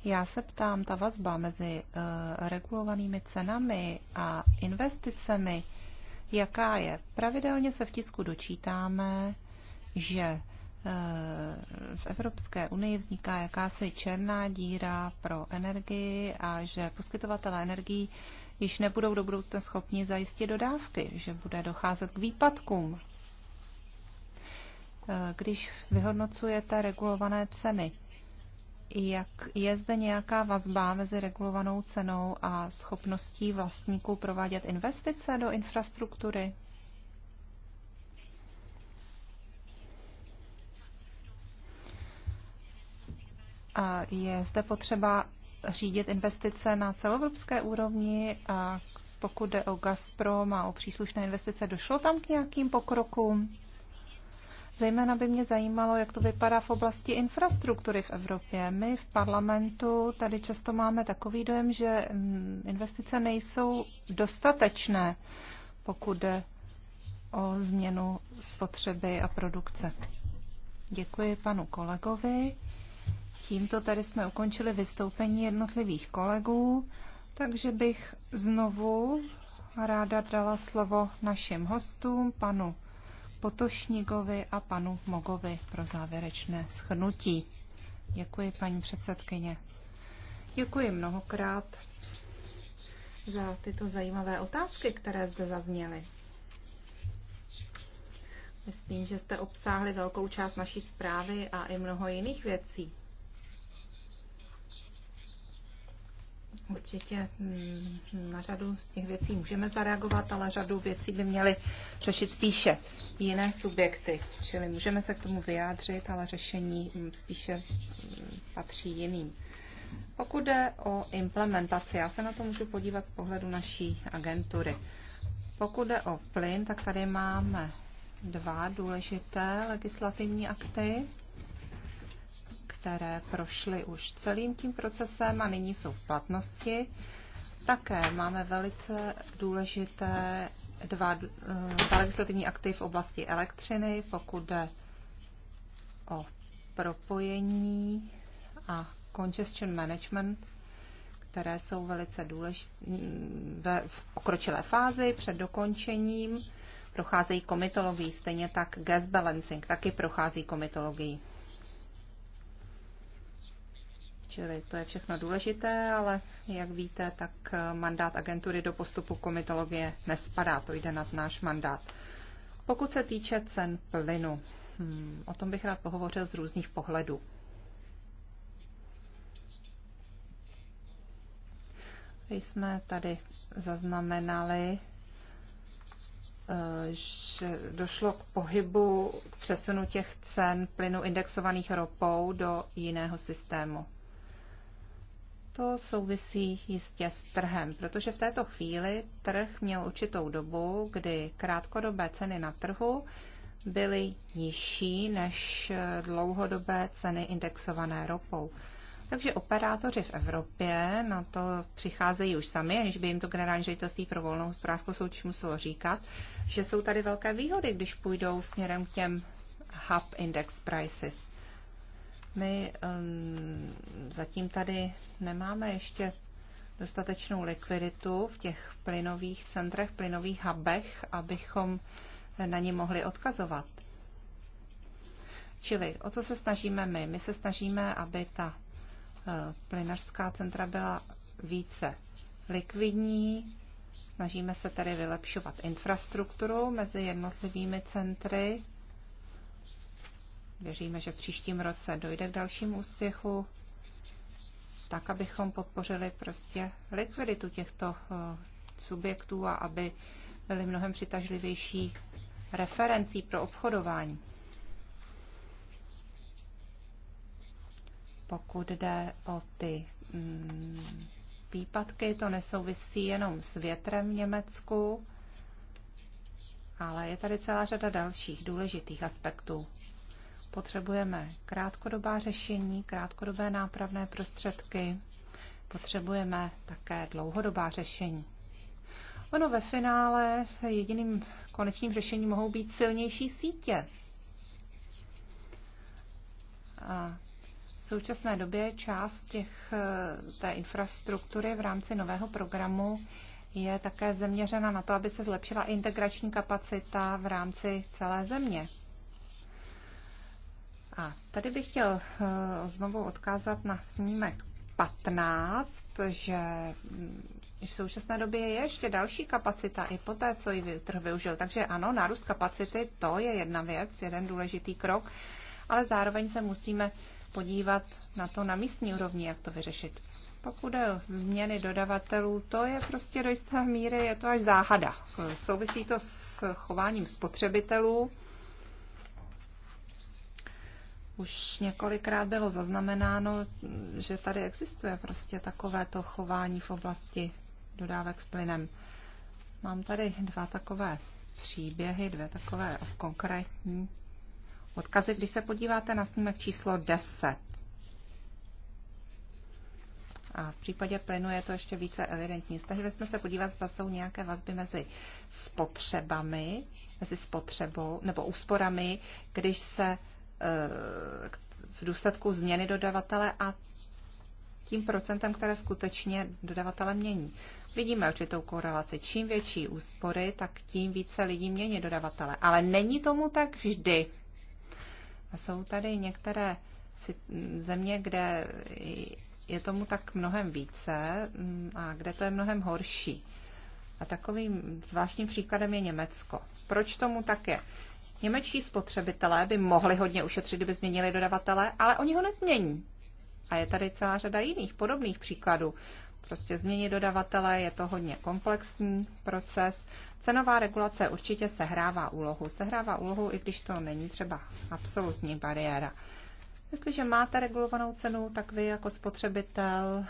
Speaker 4: Já se ptám, ta vazba mezi eh, regulovanými cenami a investicemi, jaká je? Pravidelně se v tisku dočítáme, že eh, v Evropské unii vzniká jakási černá díra pro energii a že poskytovatelé energií již nebudou do budoucna schopni zajistit dodávky, že bude docházet k výpadkům. Eh, když vyhodnocujete regulované ceny, jak je zde nějaká vazba mezi regulovanou cenou a schopností vlastníků provádět investice do infrastruktury? A je zde potřeba řídit investice na celovropské úrovni a pokud jde o Gazprom a o příslušné investice, došlo tam k nějakým pokrokům? Zejména by mě zajímalo, jak to vypadá v oblasti infrastruktury v Evropě. My v parlamentu tady často máme takový dojem, že mm, investice nejsou dostatečné, pokud jde o změnu spotřeby a produkce. Děkuji panu kolegovi. Tímto tady jsme ukončili vystoupení jednotlivých kolegů, takže bych znovu ráda dala slovo našim hostům, panu Potošníkovi a panu Mogovi pro závěrečné schrnutí. Děkuji, paní předsedkyně. Děkuji mnohokrát za tyto zajímavé otázky, které zde zazněly. Myslím, že jste obsáhli velkou část naší zprávy a i mnoho jiných věcí. Určitě mm, na řadu z těch věcí můžeme zareagovat, ale řadu věcí by měly řešit spíše jiné subjekty. Čili můžeme se k tomu vyjádřit, ale řešení mm, spíše mm, patří jiným. Pokud jde o implementaci, já se na to můžu podívat z pohledu naší agentury. Pokud jde o plyn, tak tady máme dva důležité legislativní akty které prošly už celým tím procesem a nyní jsou v platnosti. Také máme velice důležité dva, eh, dva legislativní akty v oblasti elektřiny, pokud jde o propojení a congestion management, které jsou velice důležité v pokročilé fázi před dokončením. Procházejí komitologií, stejně tak gas balancing taky prochází komitologií. Čili to je všechno důležité, ale jak víte, tak eh, mandát agentury do postupu komitologie nespadá, to jde nad náš mandát. Pokud se týče cen plynu, hmm, o tom bych rád pohovořil z různých pohledů. Jsme tady zaznamenali, eh, že došlo k pohybu, k přesunu těch cen plynu indexovaných ropou do jiného systému. To souvisí jistě s trhem, protože v této chvíli trh měl určitou dobu, kdy krátkodobé ceny na trhu byly nižší než dlouhodobé ceny indexované ropou. Takže operátoři v Evropě na to přicházejí už sami, aniž by jim to generální ředitelství pro volnou hospodářskou soutěž muselo říkat, že jsou tady velké výhody, když půjdou směrem k těm hub index prices. My um, zatím tady nemáme ještě dostatečnou likviditu v těch plynových centrech, plynových hubech, abychom na ně mohli odkazovat. Čili o co se snažíme my? My se snažíme, aby ta uh, plynařská centra byla více likvidní, snažíme se tedy vylepšovat infrastrukturu mezi jednotlivými centry, Věříme, že v příštím roce dojde k dalšímu úspěchu, tak abychom podpořili prostě likviditu těchto eh, subjektů a aby byly mnohem přitažlivější referencí pro obchodování. Pokud jde o ty mm, výpadky, to nesouvisí jenom s větrem v Německu, ale je tady celá řada dalších důležitých aspektů. Potřebujeme krátkodobá řešení, krátkodobé nápravné prostředky, potřebujeme také dlouhodobá řešení. Ono ve finále jediným konečným řešením mohou být silnější sítě. A v současné době část těch, eh, té infrastruktury v rámci nového programu je také zaměřena na to, aby se zlepšila integrační kapacita v rámci celé země. A tady bych chtěl eh, znovu odkázat na snímek 15, že v současné době je ještě další kapacita i po té, co ji trh využil. Takže ano, nárůst kapacity, to je jedna věc, jeden důležitý krok, ale zároveň se musíme podívat na to na místní úrovni, jak to vyřešit. Pokud je změny dodavatelů, to je prostě do jisté míry, je to až záhada. Souvisí to s chováním spotřebitelů už několikrát bylo zaznamenáno, že tady existuje prostě takovéto chování v oblasti dodávek s plynem. Mám tady dva takové příběhy, dvě takové konkrétní odkazy. Když se podíváte na snímek číslo 10, a v případě plynu je to ještě více evidentní. Takže jsme se podívat, zda jsou nějaké vazby mezi spotřebami, mezi spotřebou nebo úsporami, když se Eh, v důsledku změny dodavatele a tím procentem, které skutečně dodavatele mění. Vidíme určitou korelaci. Čím větší úspory, tak tím více lidí mění dodavatele. Ale není tomu tak vždy. A jsou tady některé země, kde je tomu tak mnohem více mm, a kde to je mnohem horší. A takovým zvláštním příkladem je Německo. Proč tomu tak je? Němečtí spotřebitelé by mohli hodně ušetřit, kdyby změnili dodavatele, ale oni ho nezmění. A je tady celá řada jiných podobných příkladů. Prostě změnit dodavatele je to hodně komplexní proces. Cenová regulace určitě sehrává úlohu. Sehrává úlohu, i když to není třeba absolutní bariéra. Jestliže máte regulovanou cenu, tak vy jako spotřebitel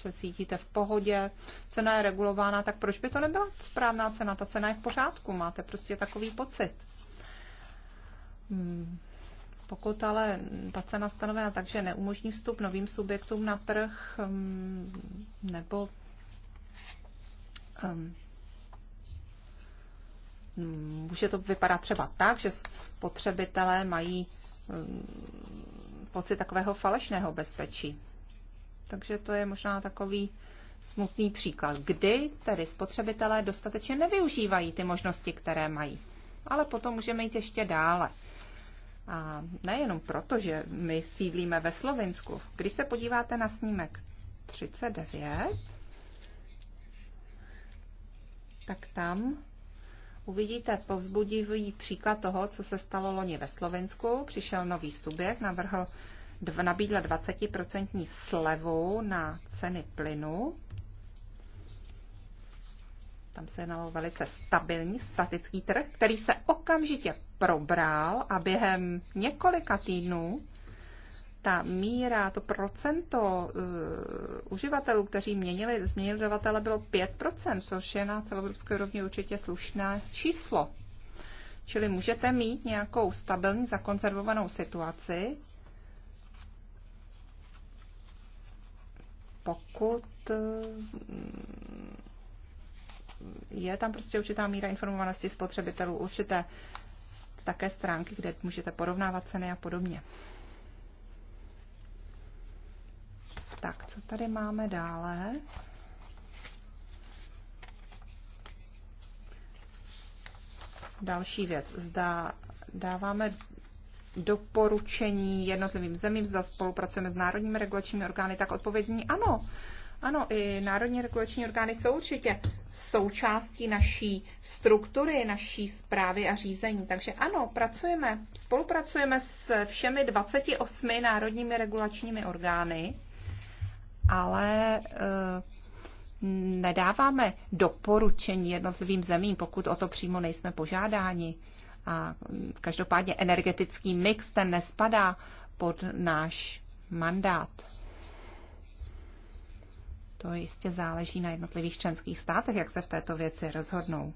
Speaker 4: se cítíte v pohodě, cena je regulována, tak proč by to nebyla správná cena? Ta cena je v pořádku, máte prostě takový pocit. Hmm. Pokud ale ta cena stanovena tak, že neumožní vstup novým subjektům na trh hmm, nebo hmm, může to vypadat třeba tak, že spotřebitelé mají pocit takového falešného bezpečí. Takže to je možná takový smutný příklad, kdy tedy spotřebitelé dostatečně nevyužívají ty možnosti, které mají. Ale potom můžeme jít ještě dále. A nejenom proto, že my sídlíme ve Slovensku. Když se podíváte na snímek 39, tak tam uvidíte povzbudivý příklad toho, co se stalo loni ve Slovensku. Přišel nový subjekt, navrhl, nabídl 20% slevu na ceny plynu tam se jednalo velice stabilní, statický trh, který se okamžitě probral a během několika týdnů ta míra, to procento uh, uživatelů, kteří měnili, změnili dodavatele, bylo 5%, což je na celoevropské úrovni určitě slušné číslo. Čili můžete mít nějakou stabilní, zakonzervovanou situaci, pokud eh, je tam prostě určitá míra informovanosti spotřebitelů, určité také stránky, kde můžete porovnávat ceny a podobně. Tak, co tady máme dále? Další věc. Zda dáváme doporučení jednotlivým zemím, zda spolupracujeme s národními regulačními orgány, tak odpovědní ano. Ano, i národní regulační orgány jsou určitě součástí naší struktury, naší zprávy a řízení. Takže ano, pracujeme, spolupracujeme s všemi 28 národními regulačními orgány, ale e, nedáváme doporučení jednotlivým zemím, pokud o to přímo nejsme požádáni. A mm, každopádně energetický mix ten nespadá pod náš mandát. To jistě záleží na jednotlivých členských státech, jak se v této věci rozhodnou.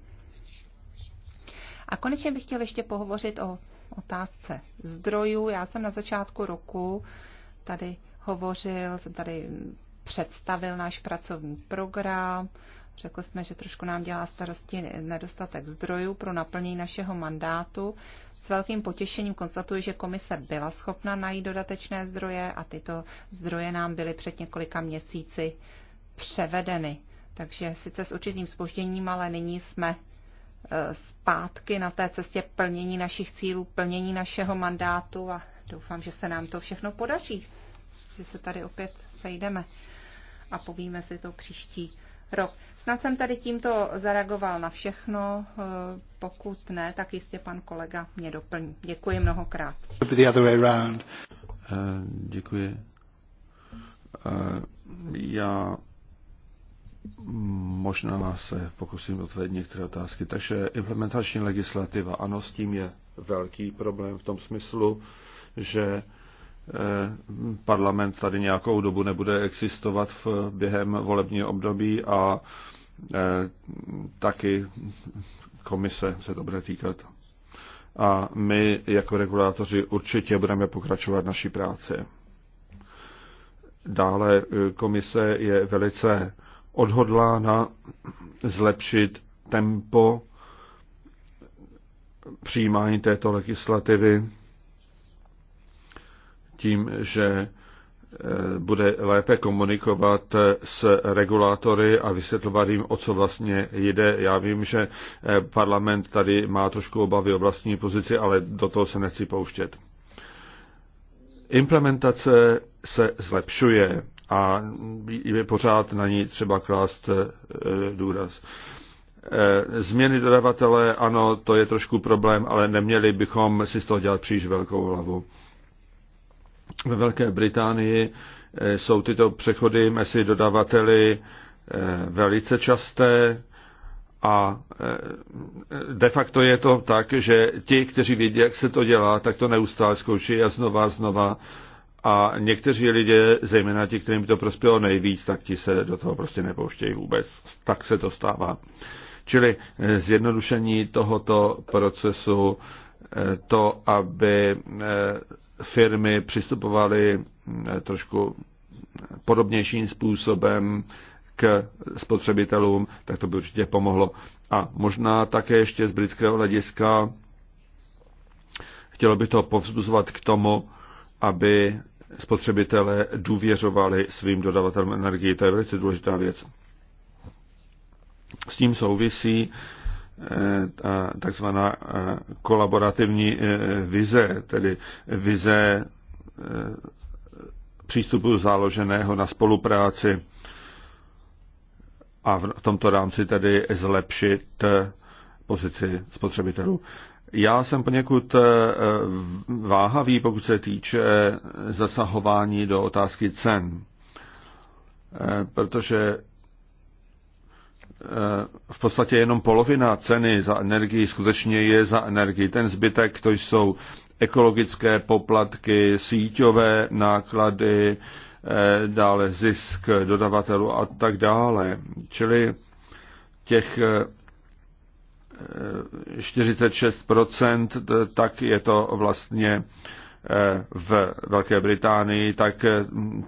Speaker 4: A konečně bych chtěl ještě pohovořit o otázce zdrojů. Já jsem na začátku roku tady hovořil, jsem tady představil náš pracovní program. Řekli jsme, že trošku nám dělá starosti nedostatek zdrojů pro naplnění našeho mandátu. S velkým potěšením konstatuji, že komise byla schopna najít dodatečné zdroje a tyto zdroje nám byly před několika měsíci převedeny. Takže sice s určitým spožděním, ale nyní jsme e, zpátky na té cestě plnění našich cílů, plnění našeho mandátu a doufám, že se nám to všechno podaří, že se tady opět sejdeme a povíme si to příští rok. Snad jsem tady tímto zareagoval na všechno, e, pokud ne, tak jistě pan kolega mě doplní. Děkuji mnohokrát.
Speaker 1: E, děkuji. Já Možná se pokusím odpovědět některé otázky. Takže implementační legislativa, ano, s tím je velký problém v tom smyslu, že eh, parlament tady nějakou dobu nebude existovat v, během volebního období a eh, taky komise se to bude týkat. A my jako regulátoři určitě budeme pokračovat naší práci. Dále eh, komise je velice odhodlána zlepšit tempo přijímání této legislativy tím, že eh, bude lépe komunikovat eh, s regulátory a vysvětlovat jim, o co vlastně jde. Já vím, že eh, parlament tady má trošku obavy o vlastní pozici, ale do toho se nechci pouštět. Implementace se zlepšuje a je pořád na ní třeba klást eh, důraz. Eh, změny dodavatele, ano, to je trošku problém, ale neměli bychom si z toho dělat příliš velkou hlavu. Ve Velké Británii eh, jsou tyto přechody mezi dodavateli velice časté a de facto je to tak, že ti, kteří vědí, jak se to dělá, tak to neustále zkouší a znova a znova a někteří lidé, zejména ti, kterým to prospělo nejvíc, tak ti se do toho prostě nepouštějí vůbec. Tak se to stává. Čili eh, zjednodušení tohoto procesu, eh, to, aby eh, firmy přistupovaly trošku podobnějším způsobem k spotřebitelům, tak to by určitě pomohlo. A možná také ještě z britského hlediska chtělo by to povzbuzovat k tomu, aby spotřebitelé důvěřovali svým dodavatelům energii. To je velice důležitá věc. S tím souvisí eh, ta takzvaná eh, kolaborativní eh, vize, tedy vize přístupu založeného na spolupráci a v tomto rámci tedy zlepšit pozici spotřebitelů. Já jsem poněkud eh, váhavý, pokud se týče zasahování do otázky cen, eh, protože eh, v podstatě jenom polovina ceny za energii skutečně je za energii. Ten zbytek to jsou ekologické poplatky, síťové náklady, dále zisk dodavatelů a tak dále. Čili těch 46%, tak je to vlastně e, v Velké Británii, tak e,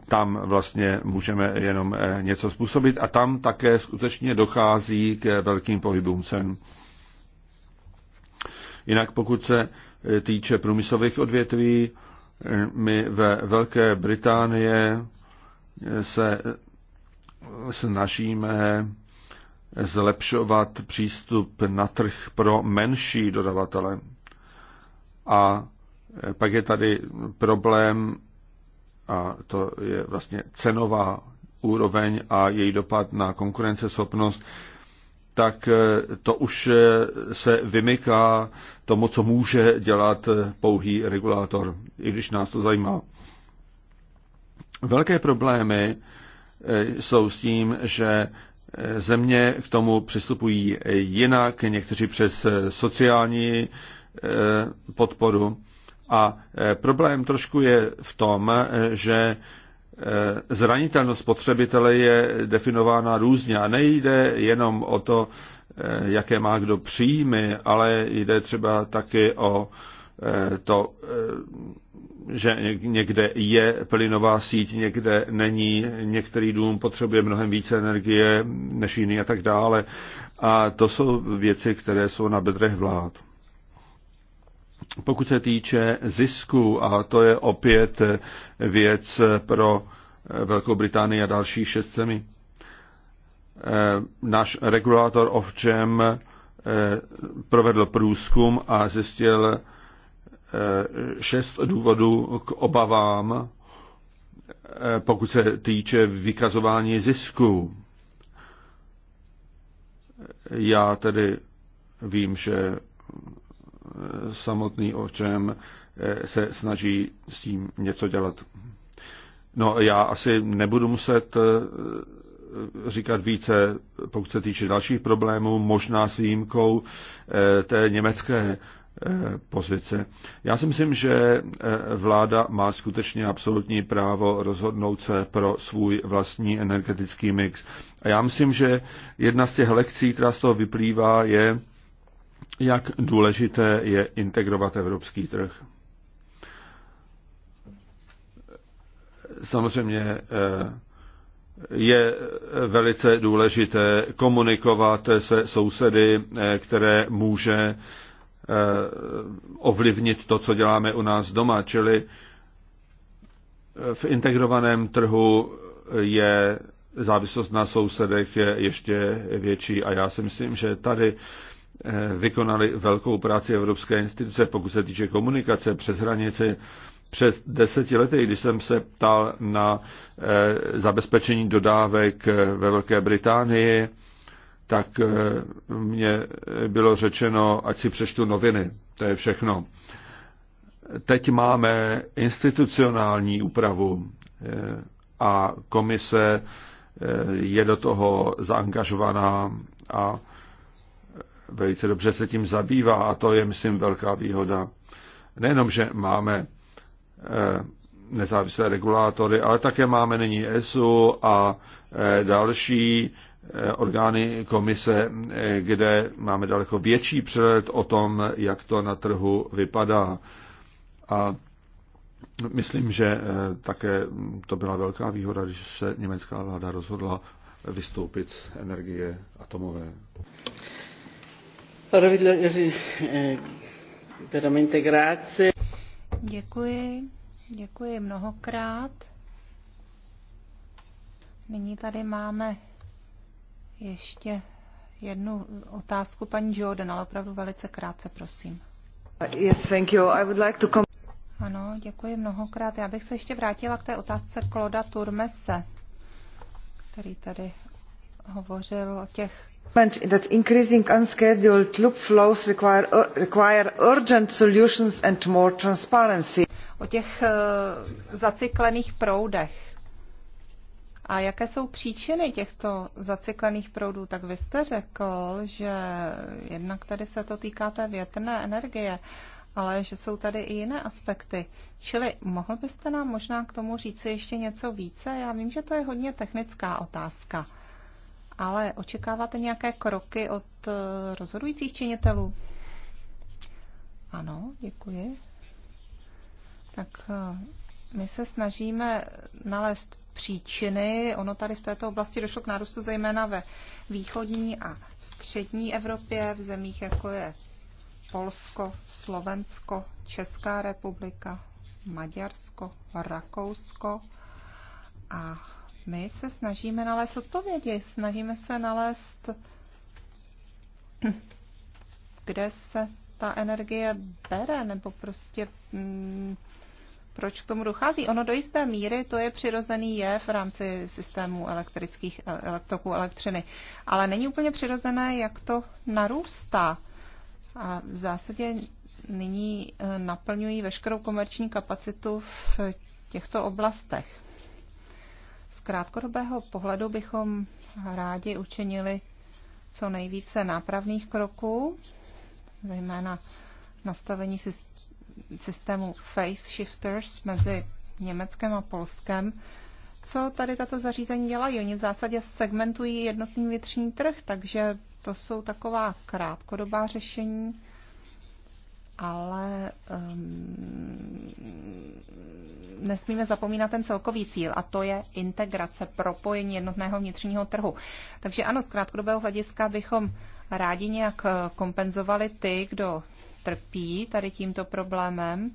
Speaker 1: tam vlastně můžeme jenom e, něco způsobit a tam také skutečně dochází k velkým pohybům cen. Jinak pokud se týče průmyslových odvětví, my ve Velké Británie se snažíme zlepšovat přístup na trh pro menší dodavatele. A pak je tady problém, a to je vlastně cenová úroveň a její dopad na konkurenceschopnost, tak to už se vymyká tomu, co může dělat pouhý regulátor, i když nás to zajímá. Velké problémy jsou s tím, že Země k tomu přistupují jinak, někteří přes sociální eh, podporu. A eh, problém trošku je v tom, eh, že zranitelnost spotřebitele je definována různě a nejde jenom o to, jaké má kdo příjmy, ale jde třeba taky o to, že někde je plynová síť, někde není, některý dům potřebuje mnohem více energie než jiný a tak dále. A to jsou věci, které jsou na bedrech vlád. Pokud se týče zisku, a to je opět věc pro Velkou Británii a další šest zemí, eh, náš regulátor Ofgem eh, provedl průzkum a zjistil, Eh, šest důvodů k obavám, eh, pokud se týče vykazování zisků. Já tedy vím, že eh, samotný ovčem se snaží s tím něco dělat. No já asi nebudu muset říkat více, pokud se týče dalších problémů, možná s výjimkou té německé Eh, pozice. Já si myslím, že eh, vláda má skutečně absolutní právo rozhodnout se pro svůj vlastní energetický mix. A já myslím, že jedna z těch lekcí, která z toho vyplývá, je, jak důležité je integrovat evropský trh. Samozřejmě eh, je velice důležité komunikovat se sousedy, které může Eh, ovlivnit to, co děláme u nás doma. Čili eh, v integrovaném trhu je závislost na sousedech je ještě větší a já si myslím, že tady eh, vykonali velkou práci evropské instituce, pokud se týče komunikace přes hranici. Přes deseti lety, když jsem se ptal na zabezpečení dodávek ve Velké Británii, tak eh, mě bylo řečeno, ať si přečtu noviny. To je všechno. Teď máme institucionální úpravu eh, a komise eh, je do toho zaangažovaná a velice dobře se tím zabývá a to je, myslím, velká výhoda. Nejenom, že máme nezávislé regulátory, ale také máme nyní ESU a další Eh, orgány komise, eh, kde máme daleko větší přehled o tom, jak to na trhu vypadá. A myslím, že eh, také to byla velká výhoda, když se německá vláda rozhodla vystoupit z energie atomové.
Speaker 4: Děkuji, děkuji mnohokrát. Nyní tady máme ještě jednu otázku paní Jordan, ale opravdu velice krátce, prosím.
Speaker 1: Yes, thank you. I would like to come...
Speaker 4: Ano, děkuji mnohokrát. Já bych se ještě vrátila k té otázce Kloda Turmese, který tady hovořil o těch that increasing unscheduled loop flows require, uh, require urgent solutions and more transparency. O těch uh, zacyklených proudech a jaké jsou příčiny těchto zacyklených proudů? Tak vy jste řekl, že jednak tady se to týká té větrné energie, ale že jsou tady i jiné aspekty. Čili mohl byste nám možná k tomu říci ještě něco více? Já vím, že to je hodně technická otázka, ale očekáváte nějaké kroky od eh, rozhodujících činitelů? Ano, děkuji. Tak eh, my se snažíme nalézt příčiny. Ono tady v této oblasti došlo k nárůstu zejména ve východní a střední Evropě, v zemích jako je Polsko, Slovensko, Česká republika, Maďarsko, Rakousko. A my se snažíme nalézt odpovědi, snažíme se nalézt, kde se ta energie bere, nebo prostě mm, proč k tomu dochází. Ono do jisté míry to je přirozený je v rámci systému elektrických elektroků elektřiny. Ale není úplně přirozené, jak to narůstá. A v zásadě nyní e, naplňují veškerou komerční kapacitu v těchto oblastech. Z krátkodobého pohledu bychom rádi učinili co nejvíce nápravných kroků, zejména nastavení systému systému Face Shifters mezi Německem a Polskem. Co tady tato zařízení dělají? Oni v zásadě segmentují jednotný vnitřní trh, takže to jsou taková krátkodobá řešení, ale um, nesmíme zapomínat ten celkový cíl a to je integrace, propojení jednotného vnitřního trhu. Takže ano, z krátkodobého hlediska bychom rádi nějak eh, kompenzovali ty, kdo trpí tady tímto problémem,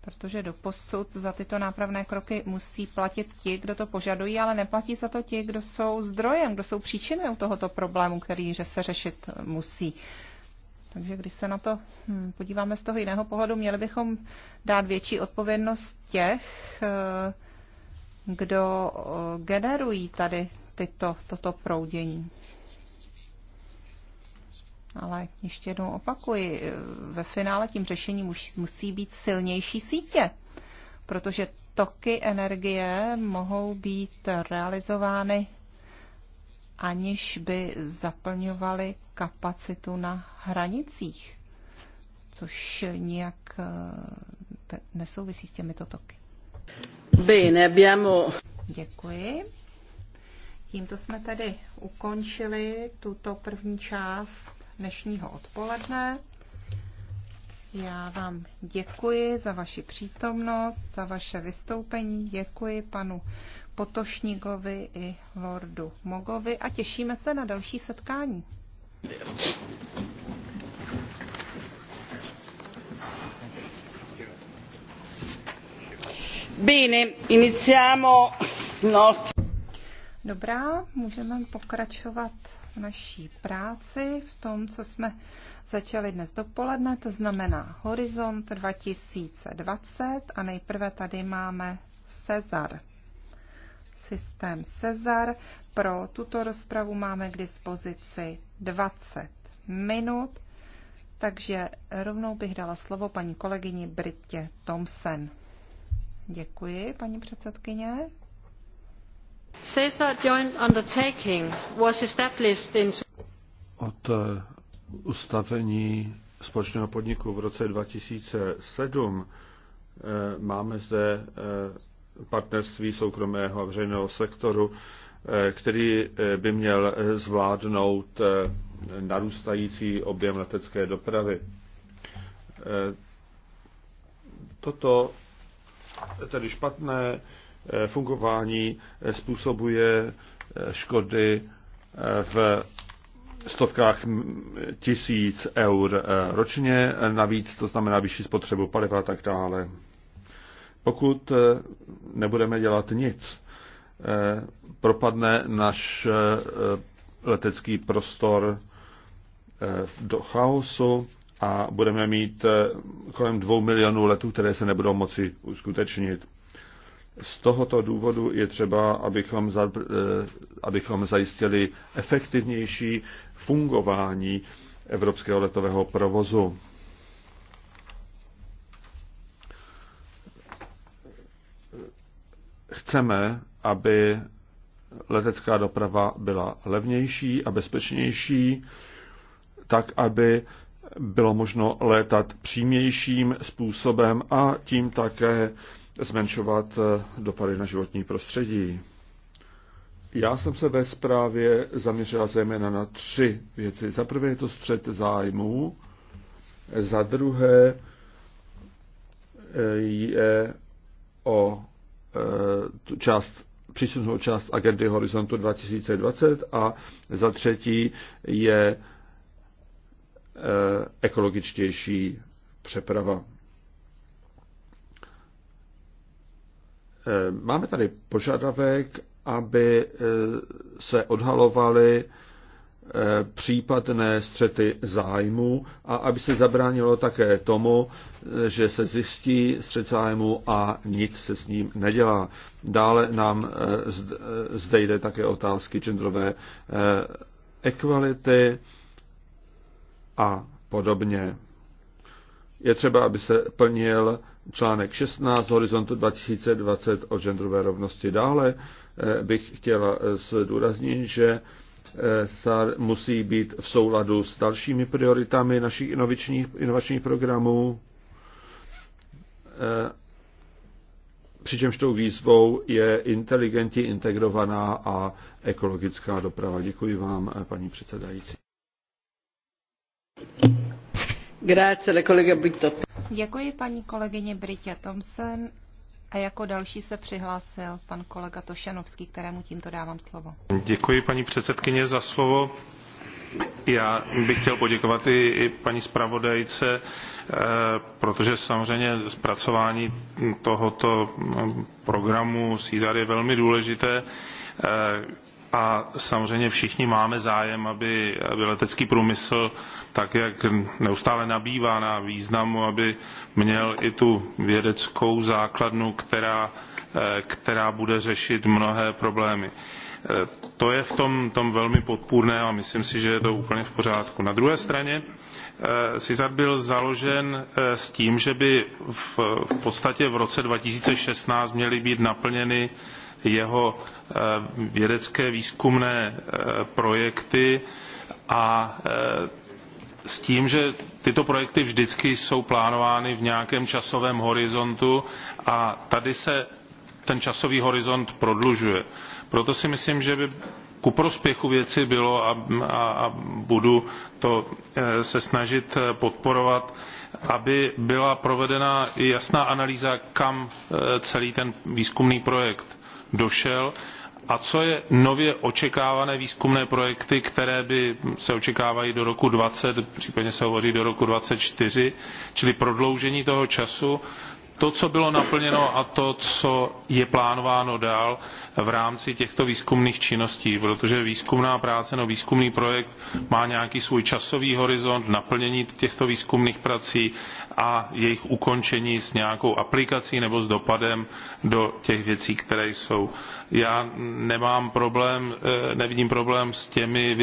Speaker 4: protože do posud za tyto nápravné kroky musí platit ti, kdo to požadují, ale neplatí za to ti, kdo jsou zdrojem, kdo jsou příčinou tohoto problému, který se řešit musí. Takže když se na to hmm, podíváme z toho jiného pohledu, měli bychom dát větší odpovědnost těch, eh, kdo eh, generují tady tyto, toto proudění. Ale ještě jednou opakuji, e, ve finále tím řešením musí být silnější sítě, protože toky energie mohou být realizovány, aniž by zaplňovaly kapacitu na hranicích, což nijak e, nesouvisí s těmito toky. Bene,
Speaker 5: abbiamo...
Speaker 4: Děkuji. Tímto jsme tedy ukončili tuto první část dnešního odpoledne. Já vám děkuji za vaši přítomnost, za vaše vystoupení, děkuji panu Potošníkovi i Lordu Mogovi a těšíme se na další setkání.
Speaker 5: Bene, iniziamo
Speaker 4: nostro. Dobrá, můžeme pokračovat naší práci v tom, co jsme začali dnes dopoledne, to znamená Horizont 2020 a nejprve tady máme Cezar. Systém Cezar. Pro tuto rozpravu máme k dispozici 20 minut, takže rovnou bych dala slovo paní kolegyni Britě Thompson. Děkuji, paní předsedkyně.
Speaker 5: Joint Undertaking
Speaker 1: Od eh, ustavení společného podniku v roce 2007 eh, máme zde eh, partnerství soukromého a veřejného sektoru, který by měl zvládnout narůstající objem letecké dopravy. Toto tedy špatné Eh, fungování eh, způsobuje eh, škody v stovkách tisíc eur ročně, navíc to znamená vyšší spotřebu paliva a tak dále. Pokud nebudeme dělat nic, propadne náš letecký prostor do chaosu a budeme mít kolem dvou milionů letů, které se nebudou moci uskutečnit. Z tohoto důvodu je třeba, abychom, za, eh, abychom zajistili efektivnější fungování evropského letového provozu. Chceme, aby letecká doprava byla levnější a bezpečnější, tak aby bylo možno létat přímějším způsobem a tím také zmenšovat eh, dopady na životní prostředí. Já jsem se ve zprávě zaměřila zejména na tři věci. Za prvé je to střed zájmů, za druhé eh, je o eh, část příslušnou část agendy Horizontu 2020 a za třetí je ekologičtější přeprava. Eh, máme tady požadavek, aby eh, se odhalovaly eh, případné střety zájmu a aby se zabránilo také tomu, že se zjistí střet zájmu a nic se s ním nedělá. Dále nám zde jde také otázky genderové ekvality a podobně. Je třeba, aby se plnil článek 16 Horizontu 2020 o genderové rovnosti. Dále eh, bych chtěla eh, zdůraznit, že eh, SAR musí být v souladu s dalšími prioritami našich inovačních, inovačních programů, přičemž tou výzvou je inteligentně integrovaná a ekologická doprava. Děkuji vám, paní předsedající.
Speaker 3: Grazie, kolega Britot.
Speaker 4: Děkuji paní kolegyně Britě Thompson a jako další se přihlásil pan kolega Tošenovský, kterému tímto dávám slovo.
Speaker 3: Děkuji paní předsedkyně za slovo. Já bych chtěl poděkovat i, i paní zpravodajce, eh, protože samozřejmě zpracování tohoto eh, programu CISAR je velmi důležité eh, a samozřejmě všichni máme zájem, aby, aby letecký průmysl, tak jak neustále nabývá na významu, aby měl i tu vědeckou základnu, která, eh, která bude řešit mnohé problémy. Eh, to je v tom, tom velmi podpůrné a myslím si, že je to úplně v pořádku. Na druhé straně eh, CISAT byl založen s tím, že by v, v podstatě v roce 2016 měly být naplněny jeho eh, vědecké výzkumné eh, projekty a eh, s tím, že tyto projekty vždycky jsou plánovány v nějakém časovém horizontu a tady se ten časový horizont prodlužuje. Proto si myslím, že by ku prospěchu věci bylo a, a, a budu to se snažit podporovat, aby byla provedena jasná analýza, kam celý ten výzkumný projekt došel a co je nově očekávané výzkumné projekty, které by se očekávají do roku 20, případně se hovoří do roku 24, čili prodloužení toho času, to, co bylo naplněno a to, co je plánováno dál v rámci těchto výzkumných činností, protože výzkumná práce nebo výzkumný projekt má nějaký svůj časový horizont naplnění těchto výzkumných prací a jejich ukončení s nějakou aplikací nebo s dopadem do těch věcí, které jsou. Já nemám problém, eh, nevidím problém s těmi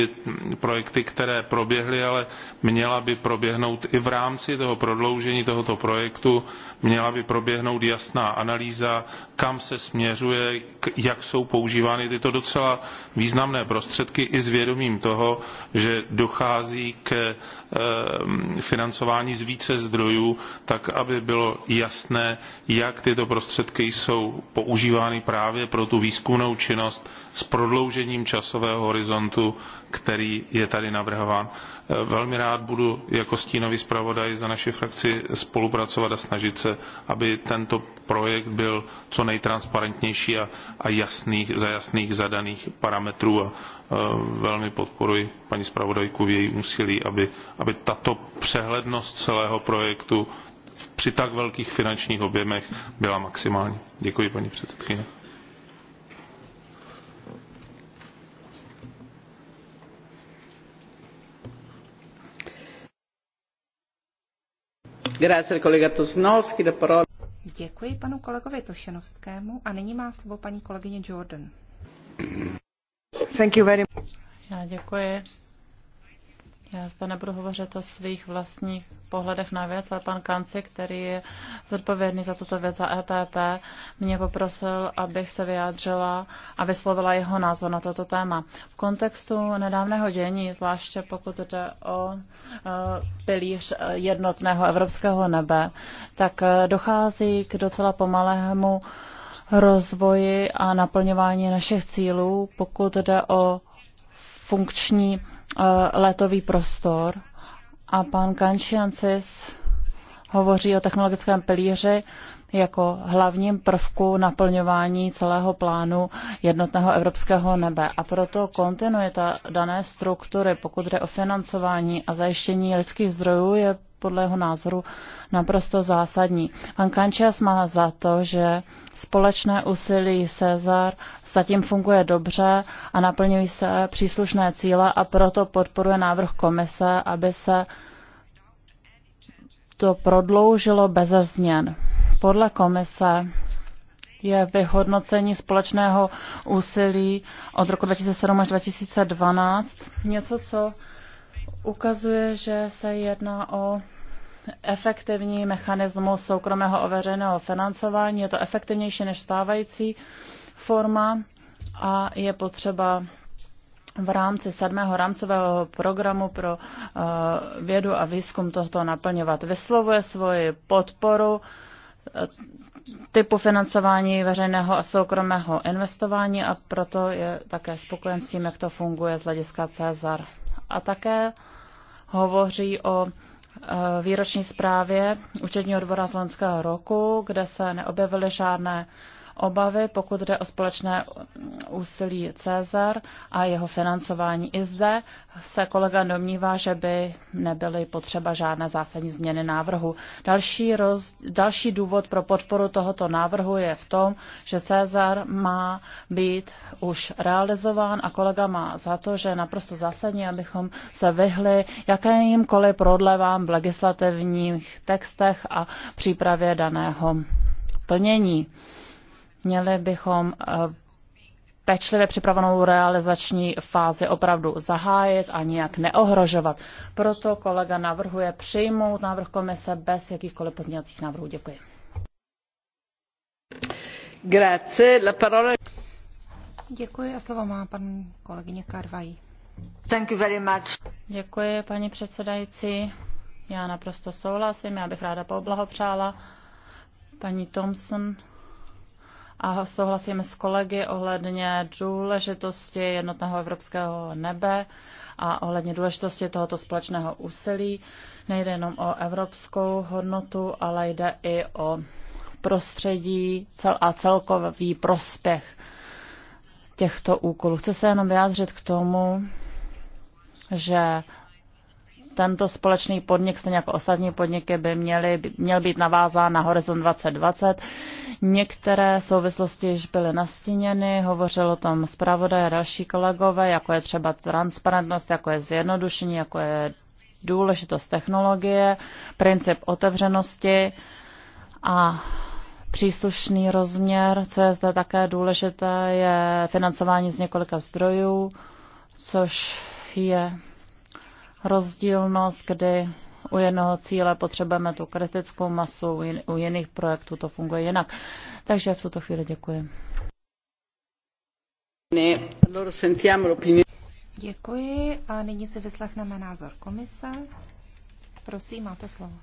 Speaker 3: projekty, které proběhly, ale měla by proběhnout i v rámci toho prodloužení tohoto projektu měla by proběhnout jasná analýza, kam se směřuje, jak jsou používány tyto docela významné prostředky i s vědomím toho, že dochází k ehm, financování z více zdrojů, tak aby bylo jasné, jak tyto prostředky jsou používány právě pro tu výzkumnou činnost s prodloužením časového horizontu, který je tady navrhován. Ehm, velmi rád budu jako stínový zpravodaj za naši frakci spolupracovat a snažit se komise, aby tento projekt byl co nejtransparentnější a, a jasných, za jasných zadaných parametrů a e, velmi podporuji paní zpravodajku v jejím úsilí, aby, aby tato přehlednost celého projektu při tak velkých finančních objemech byla maximální. Děkuji, paní předsedkyně.
Speaker 4: Děkuji panu kolegovi Tošenovskému a nyní má slovo paní kolegyně Jordan. Thank you very much.
Speaker 5: Já děkuji. Já zde nebudu hovořit o svých vlastních pohledech na věc, ale pan Kanci, který je zodpovědný za tuto věc za EPP, mě poprosil, abych se vyjádřila a vyslovila jeho názor na toto téma. V kontextu nedávného dění, zvláště pokud jde o eh, pilíř eh, jednotného evropského nebe, tak eh, dochází k docela pomalému rozvoji a naplňování našich cílů, pokud jde o funkční Eh, letový prostor a pan Kanšiancis hovoří o technologickém pilíři jako hlavním prvku naplňování celého plánu jednotného evropského nebe. A proto kontinuita dané struktury, pokud jde o financování a zajištění lidských zdrojů, je podle jeho názoru naprosto zásadní. Pan Kančias má za to, že společné úsilí Cezar zatím funguje dobře a naplňují se příslušné cíle a proto podporuje návrh komise, aby se to prodloužilo beze změn. Podle komise je vyhodnocení společného úsilí od roku 2007 až 2012 něco, co ukazuje, že se jedná o efektivní mechanismus soukromého a veřejného financování. Je to efektivnější než stávající forma a je potřeba v rámci sedmého rámcového programu pro uh, vědu a výzkum tohoto naplňovat. Vyslovuje svoji podporu uh, typu financování veřejného a soukromého investování a proto je také spokojen s tím, jak to funguje z hlediska Cezar a také hovoří o e, výroční zprávě účetního dvora z loňského roku, kde se neobjevily žádné obavy, pokud jde o společné úsilí Cezar a jeho financování. I zde se kolega domnívá, že by nebyly potřeba žádné zásadní změny návrhu. Další, roz, další důvod pro podporu tohoto návrhu je v tom, že Cezar má být už realizován a kolega má za to, že je naprosto zásadní, abychom se vyhli jakýmkoliv prodlevám v legislativních textech a přípravě daného plnění. Měli bychom eh, pečlivě připravenou realizační fázi opravdu zahájit a nijak neohrožovat. Proto kolega navrhuje přijmout návrh komise bez jakýchkoliv pozměňovacích návrhů. Děkuji.
Speaker 4: Grazie, la parola...
Speaker 5: Děkuji a slovo má pan kolegyně Karvají. Thank you very much. Děkuji, paní předsedající. Já naprosto souhlasím, já bych ráda poblahopřála paní Thompson a souhlasím s kolegy ohledně důležitosti jednotného evropského nebe a ohledně důležitosti tohoto společného úsilí. Nejde jenom o evropskou hodnotu, ale jde i o prostředí a celkový prospěch těchto úkolů. Chci se jenom vyjádřit k tomu, že tento společný podnik, stejně jako ostatní podniky, by měly, měl být navázán na Horizon 2020. Některé souvislosti již byly nastíněny, hovořil o tom zpravodaj a další kolegové, jako je třeba transparentnost, jako je zjednodušení, jako je důležitost technologie, princip otevřenosti a příslušný rozměr, co je zde také důležité, je financování z několika zdrojů, což je rozdílnost, kdy u jednoho cíle potřebujeme tu kritickou masu, u jiných projektů to funguje jinak. Takže v tuto chvíli děkuji.
Speaker 4: Děkuji a nyní si vyslechneme názor komise. Prosím, máte slovo.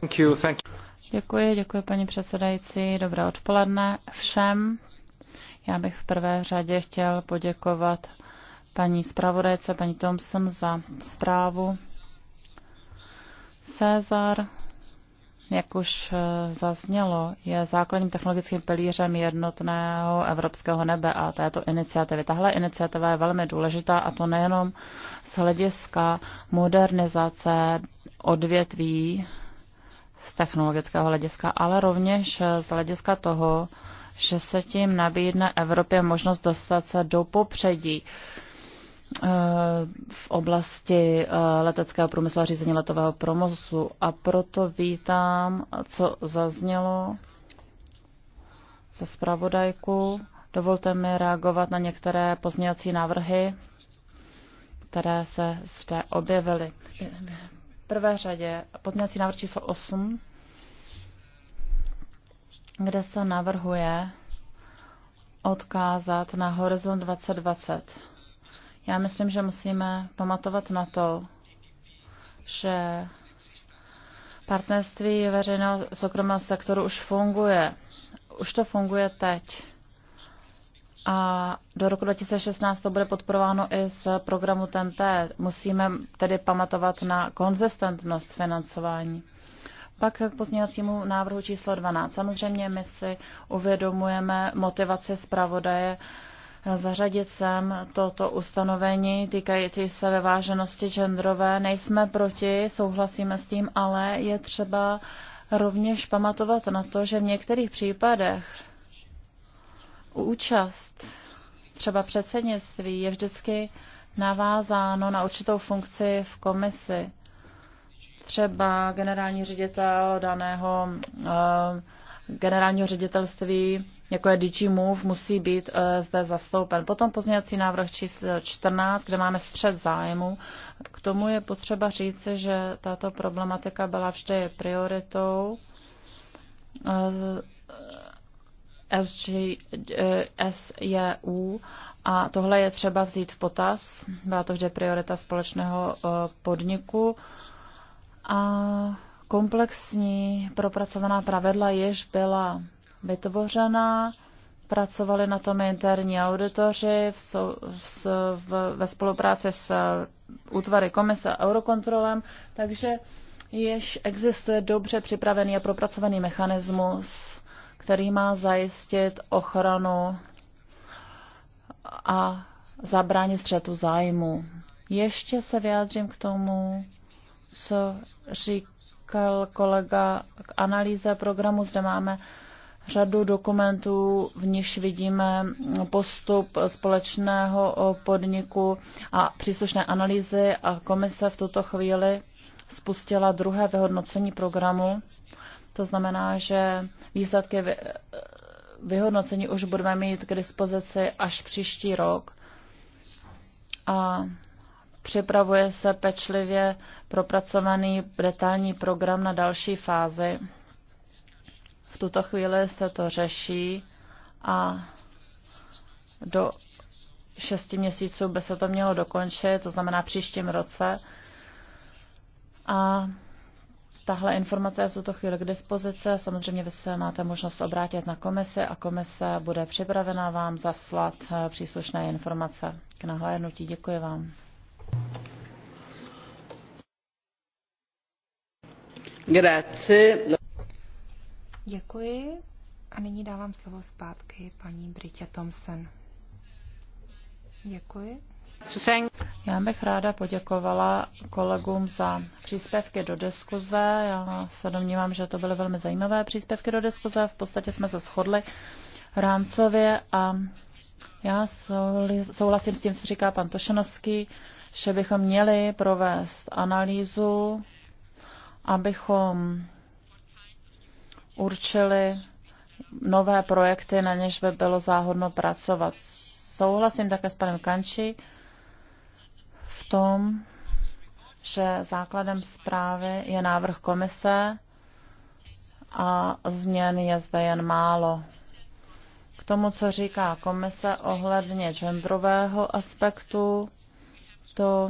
Speaker 5: Thank you, thank you. Děkuji, děkuji paní předsedající. Dobré odpoledne všem. Já bych v prvé řadě chtěl poděkovat paní zpravodajce, paní Thompson za zprávu. Cezar, jak už e, zaznělo, je základním technologickým pilířem jednotného evropského nebe a této iniciativy. Tahle iniciativa je velmi důležitá a to nejenom z hlediska modernizace odvětví z technologického hlediska, ale rovněž e, z hlediska toho, že se tím nabídne Evropě možnost dostat se do popředí. Uh, v oblasti eh, leteckého průmyslu a řízení letového promozu a proto vítám, co zaznělo za zpravodajku. Dovolte mi reagovat na některé pozměňovací návrhy, které se zde objevily. V prvé řadě pozměňovací návrh číslo 8, kde se navrhuje odkázat na Horizon 2020 já myslím, že musíme pamatovat na to, že partnerství veřejného soukromého sektoru už funguje. Už to funguje teď. A do roku 2016 to bude podporováno i z programu TNT. Musíme tedy pamatovat na konzistentnost financování. Pak k pozměňovacímu návrhu číslo 12. Samozřejmě my si uvědomujeme motivaci zpravodaje zařadit sem toto ustanovení týkající se vyváženosti genderové. Nejsme proti, souhlasíme s tím, ale je třeba rovněž pamatovat na to, že v některých případech účast třeba předsednictví je vždycky navázáno na určitou funkci v komisi. Třeba generální ředitel daného uh, generálního ředitelství jako je DigiMove, musí být eh, zde zastoupen. Potom pozměňovací návrh číslo 14, kde máme střed zájmu. K tomu je potřeba říct, že tato problematika byla vždy prioritou. Eh, SJU eh, a tohle je třeba vzít v potaz. Byla to vždy priorita společného podniku a komplexní propracovaná pravidla jež byla vytvořena. Pracovali na tom interní auditoři v, v, v, ve spolupráci s útvary komise a eurokontrolem, takže jež existuje dobře připravený a propracovaný mechanismus, který má zajistit ochranu a zabránit střetu zájmu. Ještě se vyjádřím k tomu, co říkal kolega k analýze programu. Zde máme řadu dokumentů, v níž vidíme postup společného podniku a příslušné analýzy a komise v tuto chvíli spustila druhé vyhodnocení programu. To znamená, že výsledky vyhodnocení už budeme mít k dispozici až příští rok. A připravuje se pečlivě propracovaný detailní program na další fázi. V tuto chvíli se to řeší a do šesti měsíců by se to mělo dokončit, to znamená příštím roce. A tahle informace je v tuto chvíli k dispozici. Samozřejmě vy se máte možnost obrátit na komisi a komise bude připravena vám zaslat eh, příslušné informace k nahlédnutí. Děkuji vám.
Speaker 2: Grazie.
Speaker 4: Děkuji a nyní dávám slovo zpátky paní Britě Thompson.
Speaker 5: Děkuji. Já bych ráda poděkovala kolegům za příspěvky do diskuze. Já se domnívám, že to byly velmi zajímavé příspěvky do diskuze. V podstatě jsme se shodli rámcově a já souhlasím s tím, co říká pan Tošenovský, že bychom měli provést analýzu, abychom určili nové projekty, na něž by bylo záhodno pracovat. Souhlasím také s panem Kanči v tom, že základem zprávy je návrh komise a změn je zde jen málo. K tomu, co říká komise ohledně genderového aspektu, to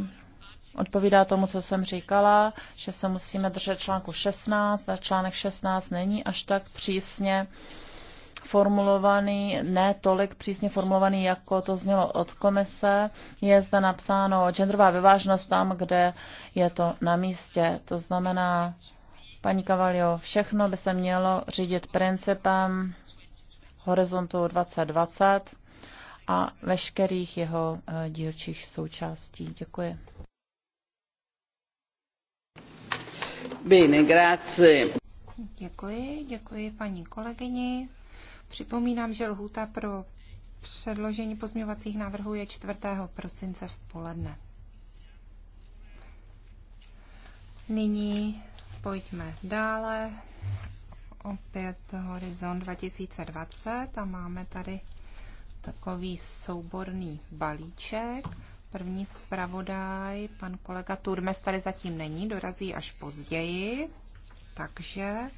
Speaker 5: odpovídá tomu, co jsem říkala, že se musíme držet článku 16 a článek 16 není až tak přísně formulovaný, ne tolik přísně formulovaný, jako to znělo od komise. Je zde napsáno genderová vyvážnost tam, kde je to na místě. To znamená, paní Kavalio, všechno by se mělo řídit principem horizontu 2020 a veškerých jeho eh, dílčích součástí. Děkuji.
Speaker 4: Bene, grazie. Děkuji, děkuji paní kolegyni. Připomínám, že lhůta pro předložení pozměňovacích návrhů je 4. prosince v poledne. Nyní pojďme dále. Opět Horizon 2020 a máme tady takový souborný balíček. První zpravodaj, pan kolega Turmes tady zatím není, dorazí až později, takže eh,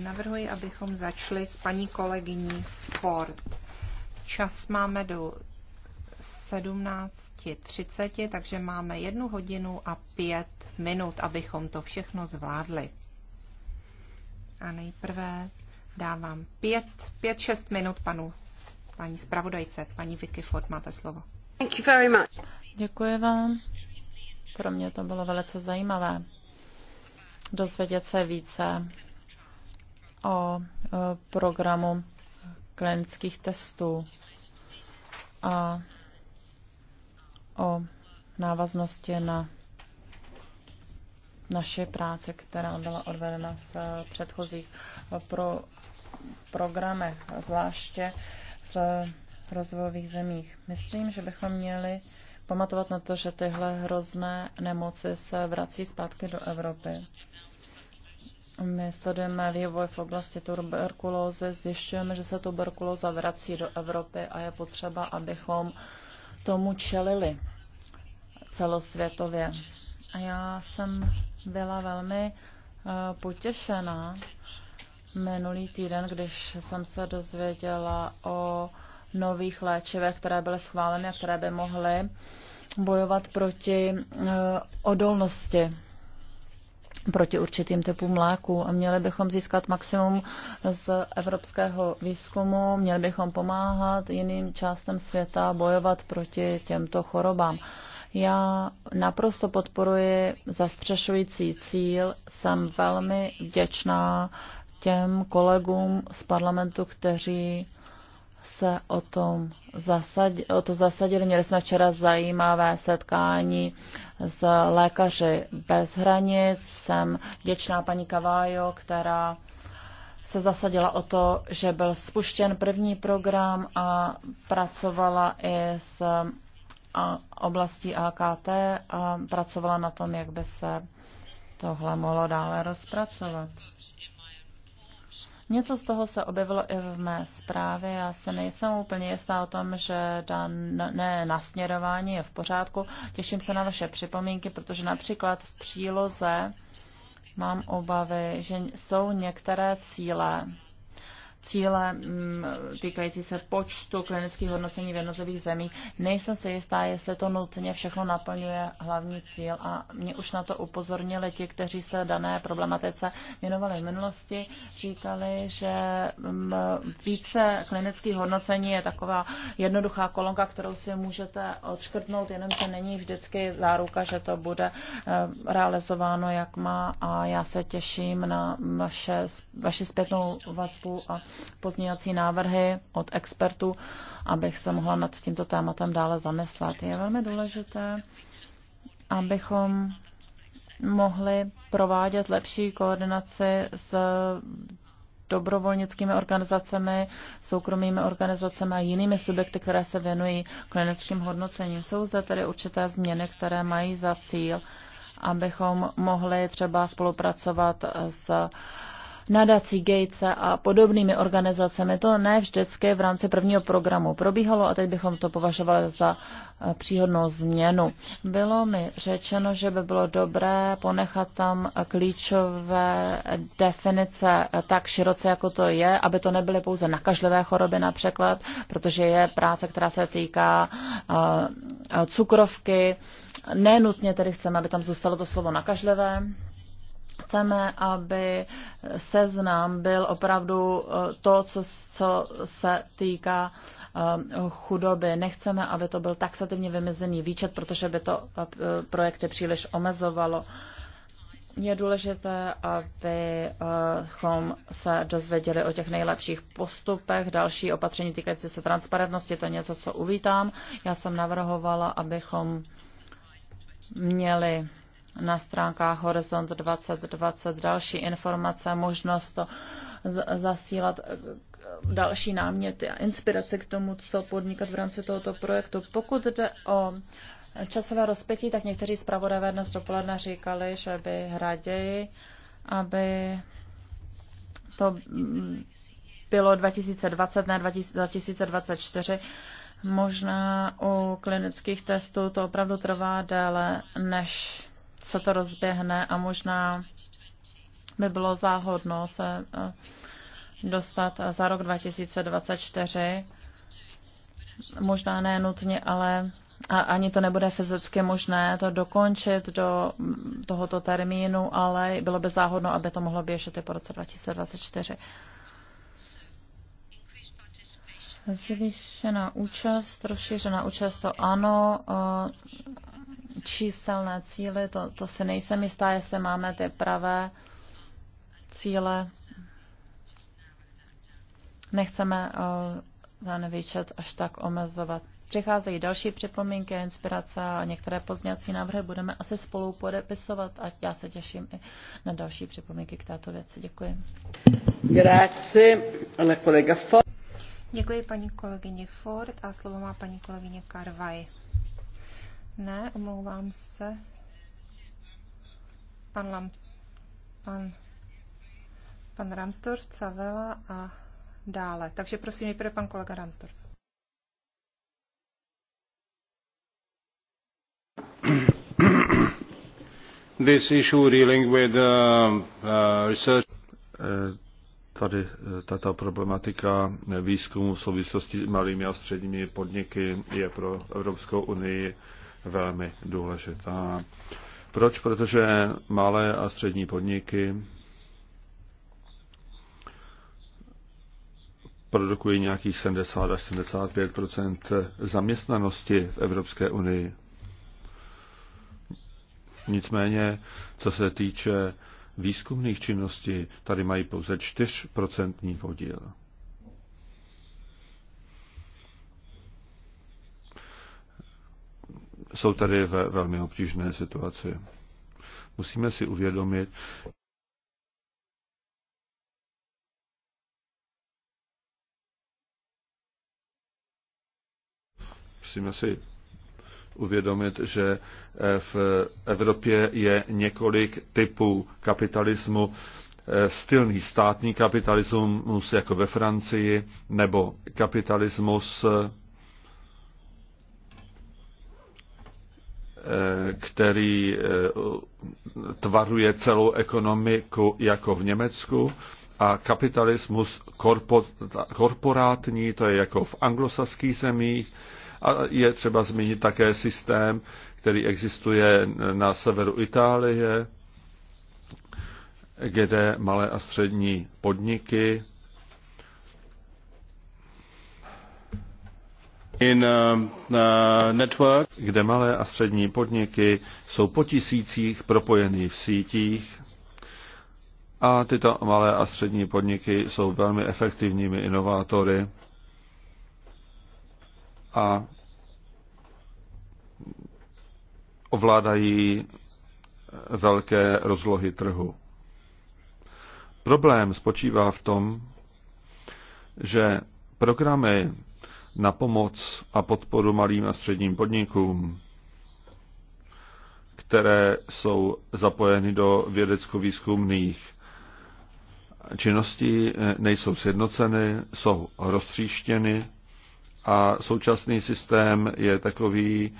Speaker 4: navrhuji, abychom začali s paní kolegyní Ford. Čas máme do 17.30, takže máme jednu hodinu a pět minut, abychom to všechno zvládli. A nejprve dávám pět, pět, šest minut panu paní zpravodajce, paní Vicky Ford, máte slovo.
Speaker 5: Děkuji vám. Pro mě to bylo velice zajímavé dozvědět se více o programu klinických testů a o návaznosti na naše práce, která byla odvedena v eh, předchozích eh, pro programech, zvláště v rozvojových zemích. Myslím, že bychom měli pamatovat na to, že tyhle hrozné nemoci se vrací zpátky do Evropy. My studujeme vývoj v oblasti tuberkulózy, zjišťujeme, že se tuberkulóza vrací do Evropy a je potřeba, abychom tomu čelili celosvětově. A já jsem byla velmi eh, potěšená minulý týden, když jsem se dozvěděla o nových léčivech, které byly schváleny a které by mohly bojovat proti eh, odolnosti proti určitým typům léků a měli bychom získat maximum z evropského výzkumu, měli bychom pomáhat jiným částem světa bojovat proti těmto chorobám. Já naprosto podporuji zastřešující cíl, jsem velmi vděčná těm kolegům z parlamentu, kteří se o, tom zasadili, o to zasadili. Měli jsme včera zajímavé setkání s lékaři bez hranic. Jsem děčná paní Kavájo, která se zasadila o to, že byl spuštěn první program a pracovala i s oblastí AKT a pracovala na tom, jak by se tohle mohlo dále rozpracovat. Něco z toho se objevilo i v mé zprávě. Já se nejsem úplně jistá o tom, že dané nasměrování je v pořádku. Těším se na vaše připomínky, protože například v příloze mám obavy, že jsou některé cíle, cíle mm, týkající se počtu klinických hodnocení v jednotlivých zemích. Nejsem si jistá, jestli to nutně všechno naplňuje hlavní cíl a mě už na to upozornili ti, kteří se dané problematice věnovali v minulosti. Říkali, že mm, více klinických hodnocení je taková jednoduchá kolonka, kterou si můžete odškrtnout, jenomže není vždycky záruka, že to bude eh, realizováno, jak má a já se těším na vaše, vaši zpětnou vazbu a pozměňovací návrhy od expertů, abych se mohla nad tímto tématem dále zamyslet. Je velmi důležité, abychom mohli provádět lepší koordinaci s dobrovolnickými organizacemi, soukromými organizacemi a jinými subjekty, které se věnují klinickým hodnocením. Jsou zde tedy určité změny, které mají za cíl, abychom mohli třeba spolupracovat s nadací Gatesa a podobnými organizacemi. To ne vždycky v rámci prvního programu probíhalo a teď bychom to považovali za eh, příhodnou změnu. Bylo mi řečeno, že by bylo dobré ponechat tam klíčové definice eh, tak široce, jako to je, aby to nebyly pouze nakažlivé choroby například, protože je práce, která se týká eh, cukrovky. Nenutně tedy chceme, aby tam zůstalo to slovo nakažlivé, chceme, aby seznam byl opravdu eh, to, co, co se týká eh, chudoby. Nechceme, aby to byl taxativně vymezený výčet, protože by to eh, projekty příliš omezovalo je důležité, abychom se dozvěděli o těch nejlepších postupech. Další opatření týkající se transparentnosti, to je něco, co uvítám. Já jsem navrhovala, abychom měli na stránkách Horizont 2020 další informace, možnost to zasílat další náměty a inspirace k tomu, co podnikat v rámci tohoto projektu. Pokud jde o časové rozpětí, tak někteří zpravodajové dnes dopoledne říkali, že by raději, aby to mm, bylo 2020, ne 2024. Možná u klinických testů to opravdu trvá déle, než se to rozběhne a možná by bylo záhodno se eh, dostat eh, za rok 2024. Možná ne nutně, ale a ani to nebude fyzicky možné to dokončit do mm, tohoto termínu, ale bylo by záhodno, aby to mohlo běžet i po roce 2024. Zvýšená účast, rozšířená účast, to ano. Eh, číselné cíly, to, to si nejsem jistá, jestli máme ty pravé cíle. Nechceme eh, ten výčet až tak omezovat. Přicházejí další připomínky, inspirace a některé pozněcí návrhy budeme asi spolu podepisovat a já se těším i na další připomínky k této věci. Děkuji.
Speaker 3: kolega
Speaker 4: Děkuji paní kolegyně Ford a slovo má paní kolegyně Karvaj. Ne, omlouvám se. Pan Lams, pan, pan Ramsdorf, Cavela a dále. Takže prosím, nejprve pan kolega Ramsdorf.
Speaker 2: This issue dealing with uh, uh, research. Eh,
Speaker 1: tady eh, tato problematika výzkumu v souvislosti s malými a středními podniky je pro Evropskou unii velmi důležitá. Proč? Protože malé a střední podniky produkují nějakých 70 až 75 zaměstnanosti v Evropské unii. Nicméně, co se týče výzkumných činností, tady mají pouze 4% podíl. jsou tady ve velmi obtížné situaci. Musíme si uvědomit, musíme si uvědomit, že eh, v Evropě je několik typů kapitalismu. Eh, Stylný státní kapitalismus jako ve Francii, nebo kapitalismus Eh, který eh, tvaruje celou ekonomiku jako v Německu a kapitalismus korporátní, to je jako v anglosaských zemích, a je třeba zmínit také systém, který existuje na severu Itálie, kde malé a střední podniky In, um, uh, network. kde malé a střední podniky jsou po tisících propojeny v sítích a tyto malé a střední podniky jsou velmi efektivními inovátory a ovládají velké rozlohy trhu. Problém spočívá v tom, že programy na pomoc a podporu malým a středním podnikům, které jsou zapojeny do vědecko-výzkumných činností, nejsou sjednoceny, jsou roztříštěny a současný systém je takový,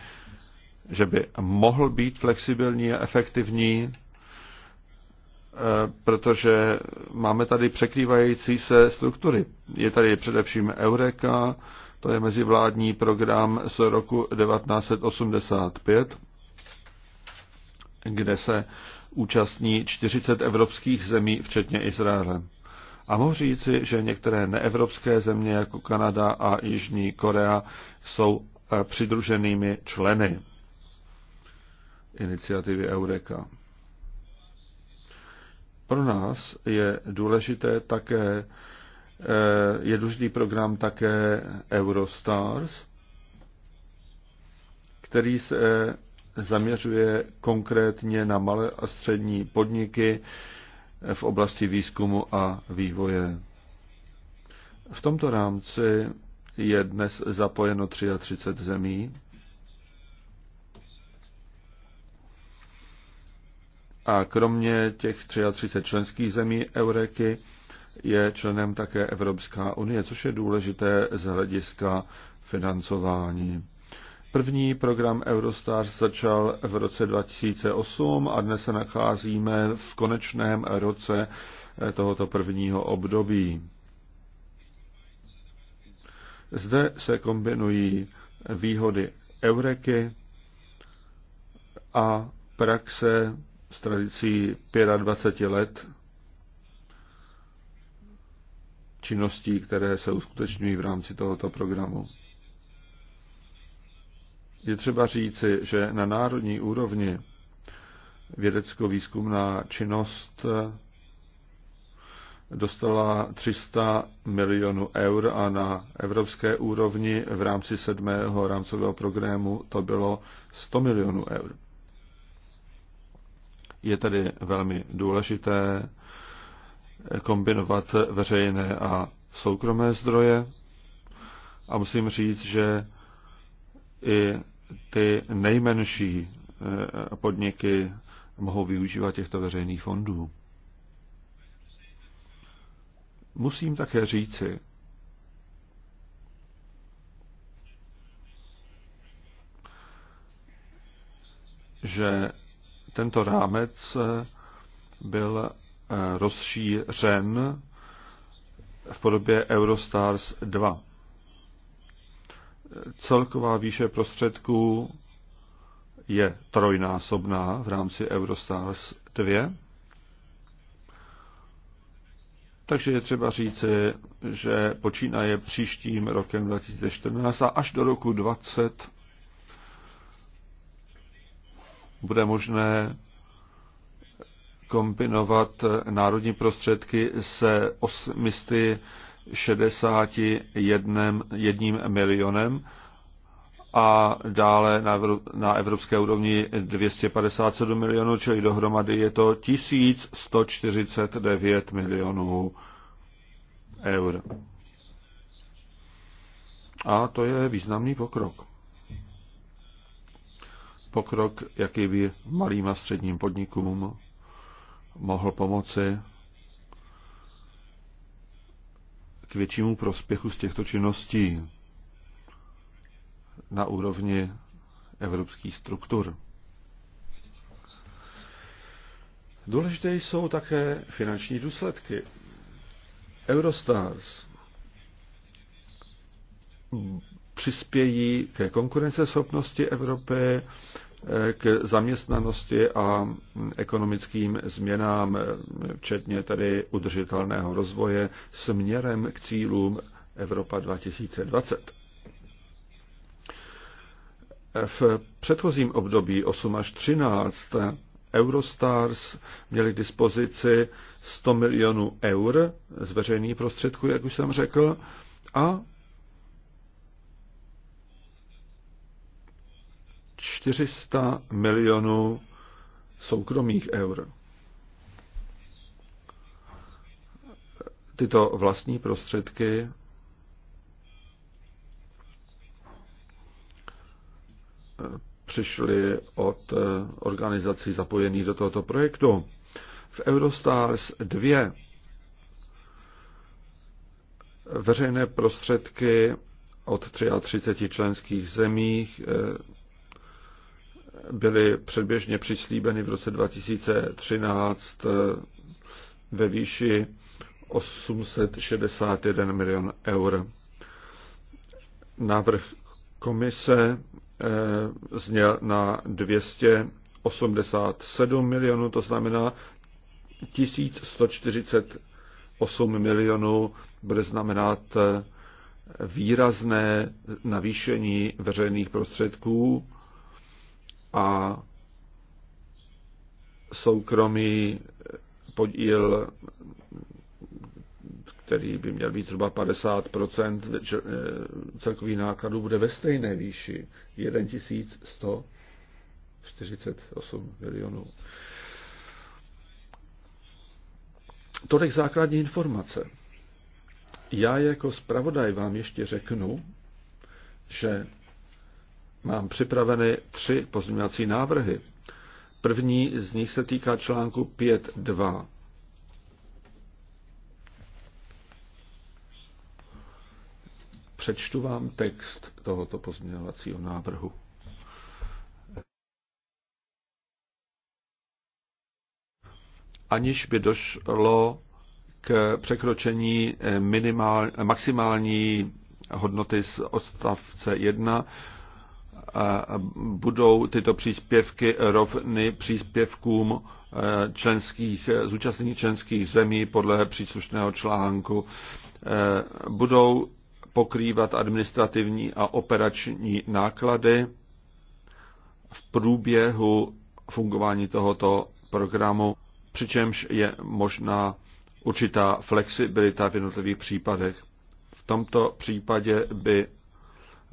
Speaker 1: že by mohl být flexibilní a efektivní, eh, protože máme tady překrývající se struktury. Je tady především Eureka, to je mezivládní program z roku 1985, kde se účastní 40 evropských zemí, včetně Izraele. A mohu říci, že některé neevropské země jako Kanada a Jižní Korea jsou eh, přidruženými členy iniciativy Eureka. Pro nás je důležité také Eh, je důležitý program také Eurostars, který se eh, zaměřuje konkrétně na malé a střední podniky eh, v oblasti výzkumu a vývoje. V tomto rámci je dnes zapojeno 33 zemí. A kromě těch 33 členských zemí Eureky je členem také Evropská unie, což je důležité z hlediska financování. První program Eurostar začal v roce 2008 a dnes se nacházíme v konečném roce eh, tohoto prvního období. Zde se kombinují výhody Eureky a praxe s tradicí 25 let činností, které se uskutečňují v rámci tohoto programu. Je třeba říci, že na národní úrovni vědecko-výzkumná činnost dostala 300 milionů eur a na evropské úrovni v rámci sedmého rámcového programu to bylo 100 milionů eur. Je tedy velmi důležité, kombinovat veřejné a soukromé zdroje. A musím říct, že i ty nejmenší eh, podniky mohou využívat těchto veřejných fondů. Musím také říci, že tento rámec eh, byl Eh, rozšířen v podobě Eurostars 2. Celková výše prostředků je trojnásobná v rámci Eurostars 2. Takže je třeba říci, že počínaje příštím rokem 2014 a až do roku 2020 bude možné kombinovat národní prostředky se 861 jedním milionem a dále na evropské úrovni 257 milionů, čili dohromady je to 1149 milionů eur. A to je významný pokrok. Pokrok, jaký by malým a středním podnikům mohl pomoci k většímu prospěchu z těchto činností na úrovni evropských struktur. Důležité jsou také finanční důsledky. Eurostars přispějí ke konkurenceschopnosti Evropy, k zaměstnanosti a ekonomickým změnám, včetně tedy udržitelného rozvoje, směrem k cílům Evropa 2020. V předchozím období 8 až 13 Eurostars měli k dispozici 100 milionů eur z veřejných prostředků, jak už jsem řekl, a 400 milionů soukromých eur. Tyto vlastní prostředky přišly od organizací zapojených do tohoto projektu. V Eurostars 2 veřejné prostředky od 33 členských zemích byly předběžně přislíbeny v roce 2013 eh, ve výši 861 milion eur. Návrh komise eh, zněl na 287 milionů, to znamená 1148 milionů bude znamenat eh, výrazné navýšení veřejných prostředků a soukromý podíl, který by měl být zhruba 50 celkových nákladů, bude ve stejné výši 1148 milionů. Tolik základní informace. Já jako zpravodaj vám ještě řeknu, že mám připraveny tři pozměňovací návrhy. První z nich se týká článku 5.2. Přečtu vám text tohoto pozměňovacího návrhu. Aniž by došlo k překročení eh, minimál, maximální hodnoty z odstavce 1, budou tyto příspěvky rovny příspěvkům eh, členských, zúčastnění členských zemí podle příslušného článku. Eh, budou pokrývat administrativní a operační náklady v průběhu fungování tohoto programu, přičemž je možná určitá flexibilita v jednotlivých případech. V tomto případě by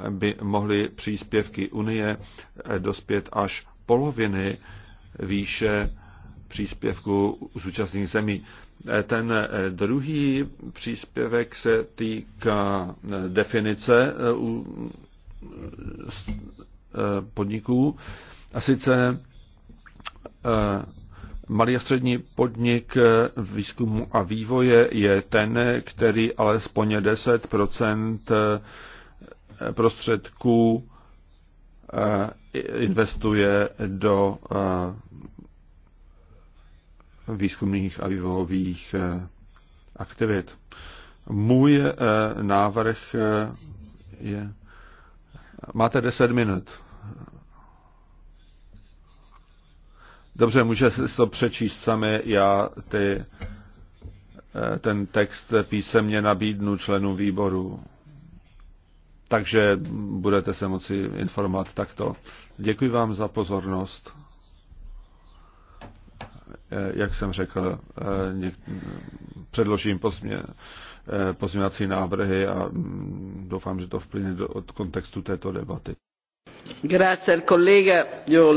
Speaker 1: by mohly příspěvky Unie eh, dospět až poloviny výše příspěvku zúčastněných zemí. Eh, ten eh, druhý příspěvek se týká definice podniků. A sice malý a střední podnik výzkumu a vývoje je ten, který alespoň 10 prostředků eh, investuje do eh, výzkumných a vývojových eh, aktivit. Můj návrh je. Máte 10 minut. Dobře, můžete si to přečíst sami. Já ty, ten text písemně nabídnu členům výboru takže budete se moci informovat takto. Děkuji vám za pozornost. Eh, jak jsem řekl, eh, předložím pozmě, eh, pozměňovací návrhy a mm, doufám, že to vplyne do, od kontextu této debaty.
Speaker 3: Grazie al collega, io ho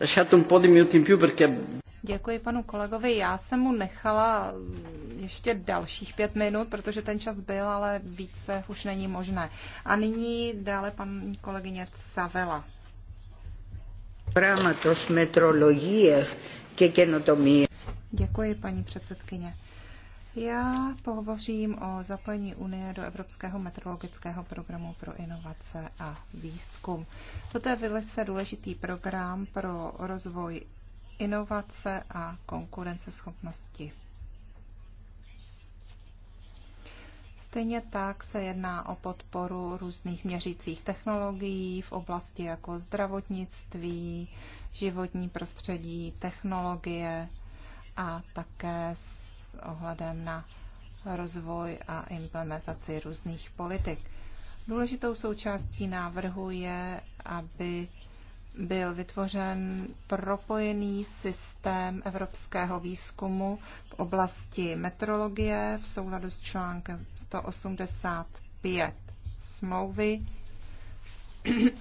Speaker 3: lasciato un
Speaker 1: po'
Speaker 5: di minuti in più perché...
Speaker 4: Děkuji panu kolegovi. Já jsem mu nechala ještě dalších pět minut, protože ten čas byl, ale více už není možné. A nyní dále pan kolegyně Savela. Prámatos metrologies ke kenotomie. Děkuji, paní předsedkyně. Já pohovořím o zapojení Unie do Evropského metrologického programu pro inovace a výzkum. Toto je velice důležitý program pro rozvoj inovace a konkurenceschopnosti. Stejně tak se jedná o podporu různých měřících technologií v oblasti jako zdravotnictví, životní prostředí, technologie a také s ohledem na rozvoj a implementaci různých politik. Důležitou součástí návrhu je, aby byl vytvořen propojený systém evropského výzkumu v oblasti metrologie v souladu s článkem 185 smlouvy,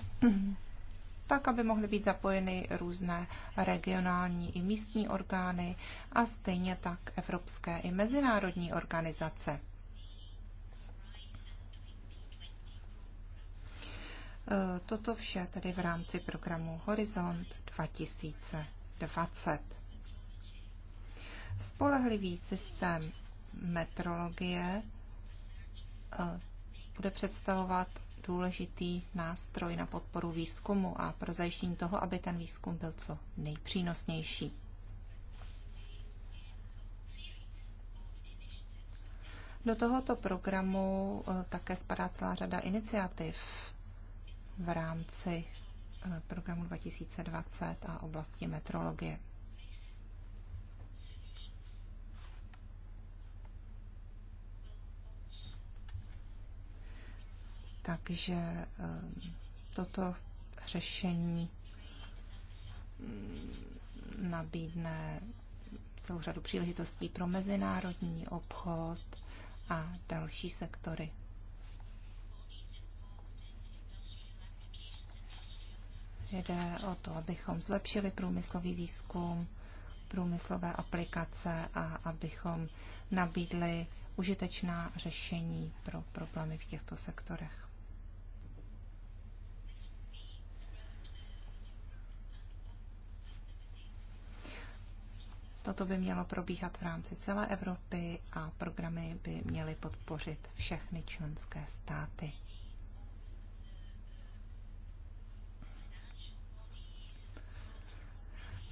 Speaker 4: tak, aby mohly být zapojeny různé regionální i místní orgány a stejně tak evropské i mezinárodní organizace. Eh, toto vše tedy v rámci programu Horizont 2020. Spolehlivý systém metrologie eh, bude představovat důležitý nástroj na podporu výzkumu a pro zajištění toho, aby ten výzkum byl co nejpřínosnější. Do tohoto programu eh, také spadá celá řada iniciativ v rámci eh, programu 2020 a oblasti metrologie. Takže eh, toto řešení mm, nabídne celou řadu příležitostí pro mezinárodní obchod a další sektory. Jde o to, abychom zlepšili průmyslový výzkum, průmyslové aplikace a abychom nabídli užitečná řešení pro problémy v těchto sektorech. Toto by mělo probíhat v rámci celé Evropy a programy by měly podpořit všechny členské státy.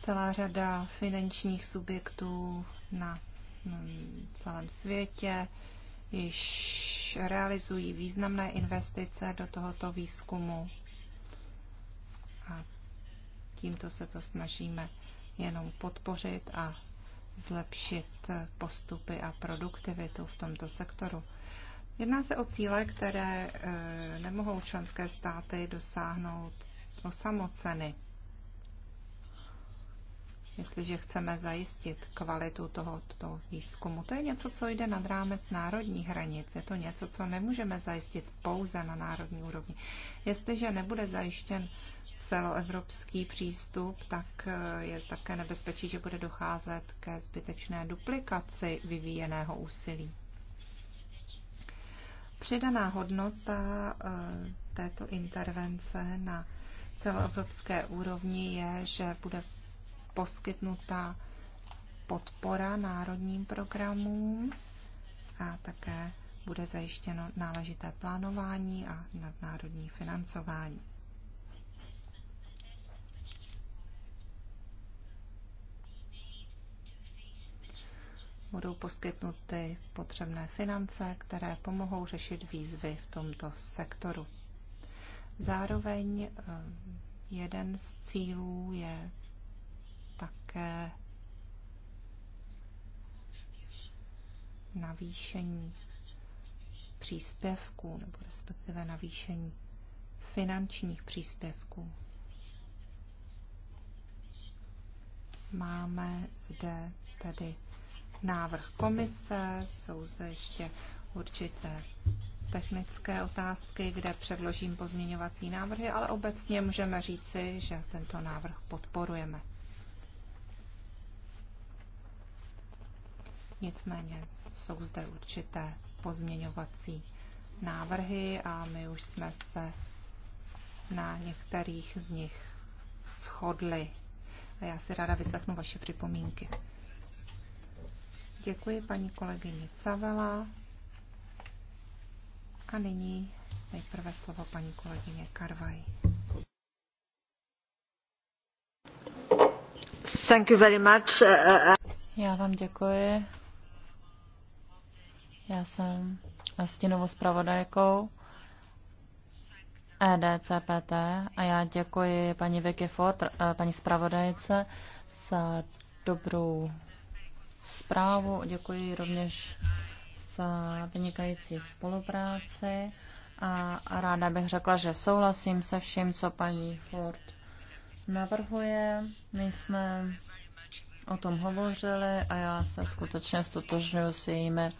Speaker 4: celá řada finančních subjektů na celém světě již realizují významné investice do tohoto výzkumu a tímto se to snažíme jenom podpořit a zlepšit postupy a produktivitu v tomto sektoru. Jedná se o cíle, které eh, nemohou členské státy dosáhnout osamoceny. samoceny jestliže chceme zajistit kvalitu tohoto výzkumu. To je něco, co jde nad rámec národní hranic. Je to něco, co nemůžeme zajistit pouze na národní úrovni. Jestliže nebude zajištěn celoevropský přístup, tak eh, je také nebezpečí, že bude docházet ke zbytečné duplikaci vyvíjeného úsilí. Přidaná hodnota eh, této intervence na celoevropské úrovni je, že bude poskytnuta podpora národním programům a také bude zajištěno náležité plánování a nadnárodní financování. Budou poskytnuty potřebné finance, které pomohou řešit výzvy v tomto sektoru. Zároveň eh, jeden z cílů je také navýšení příspěvků nebo respektive navýšení finančních příspěvků. Máme zde tedy návrh komise, jsou zde ještě určité technické otázky, kde předložím pozměňovací návrhy, ale obecně můžeme říci, že tento návrh podporujeme. Nicméně jsou zde určité pozměňovací návrhy a my už jsme se na některých z nich shodli. A já si ráda vyslechnu vaše připomínky. Děkuji paní kolegyni Cavela. A nyní nejprve slovo paní kolegyně Karvaj.
Speaker 5: Thank you very much. Já vám děkuji. Já jsem stínovou zpravodajkou EDCPT a já děkuji paní Vicky Ford, eh, paní zpravodajce, za dobrou zprávu. Děkuji rovněž za vynikající spolupráci a ráda bych řekla, že souhlasím se vším, co paní Ford navrhuje. My jsme o tom hovořili a já se skutečně stotožňuji s jejími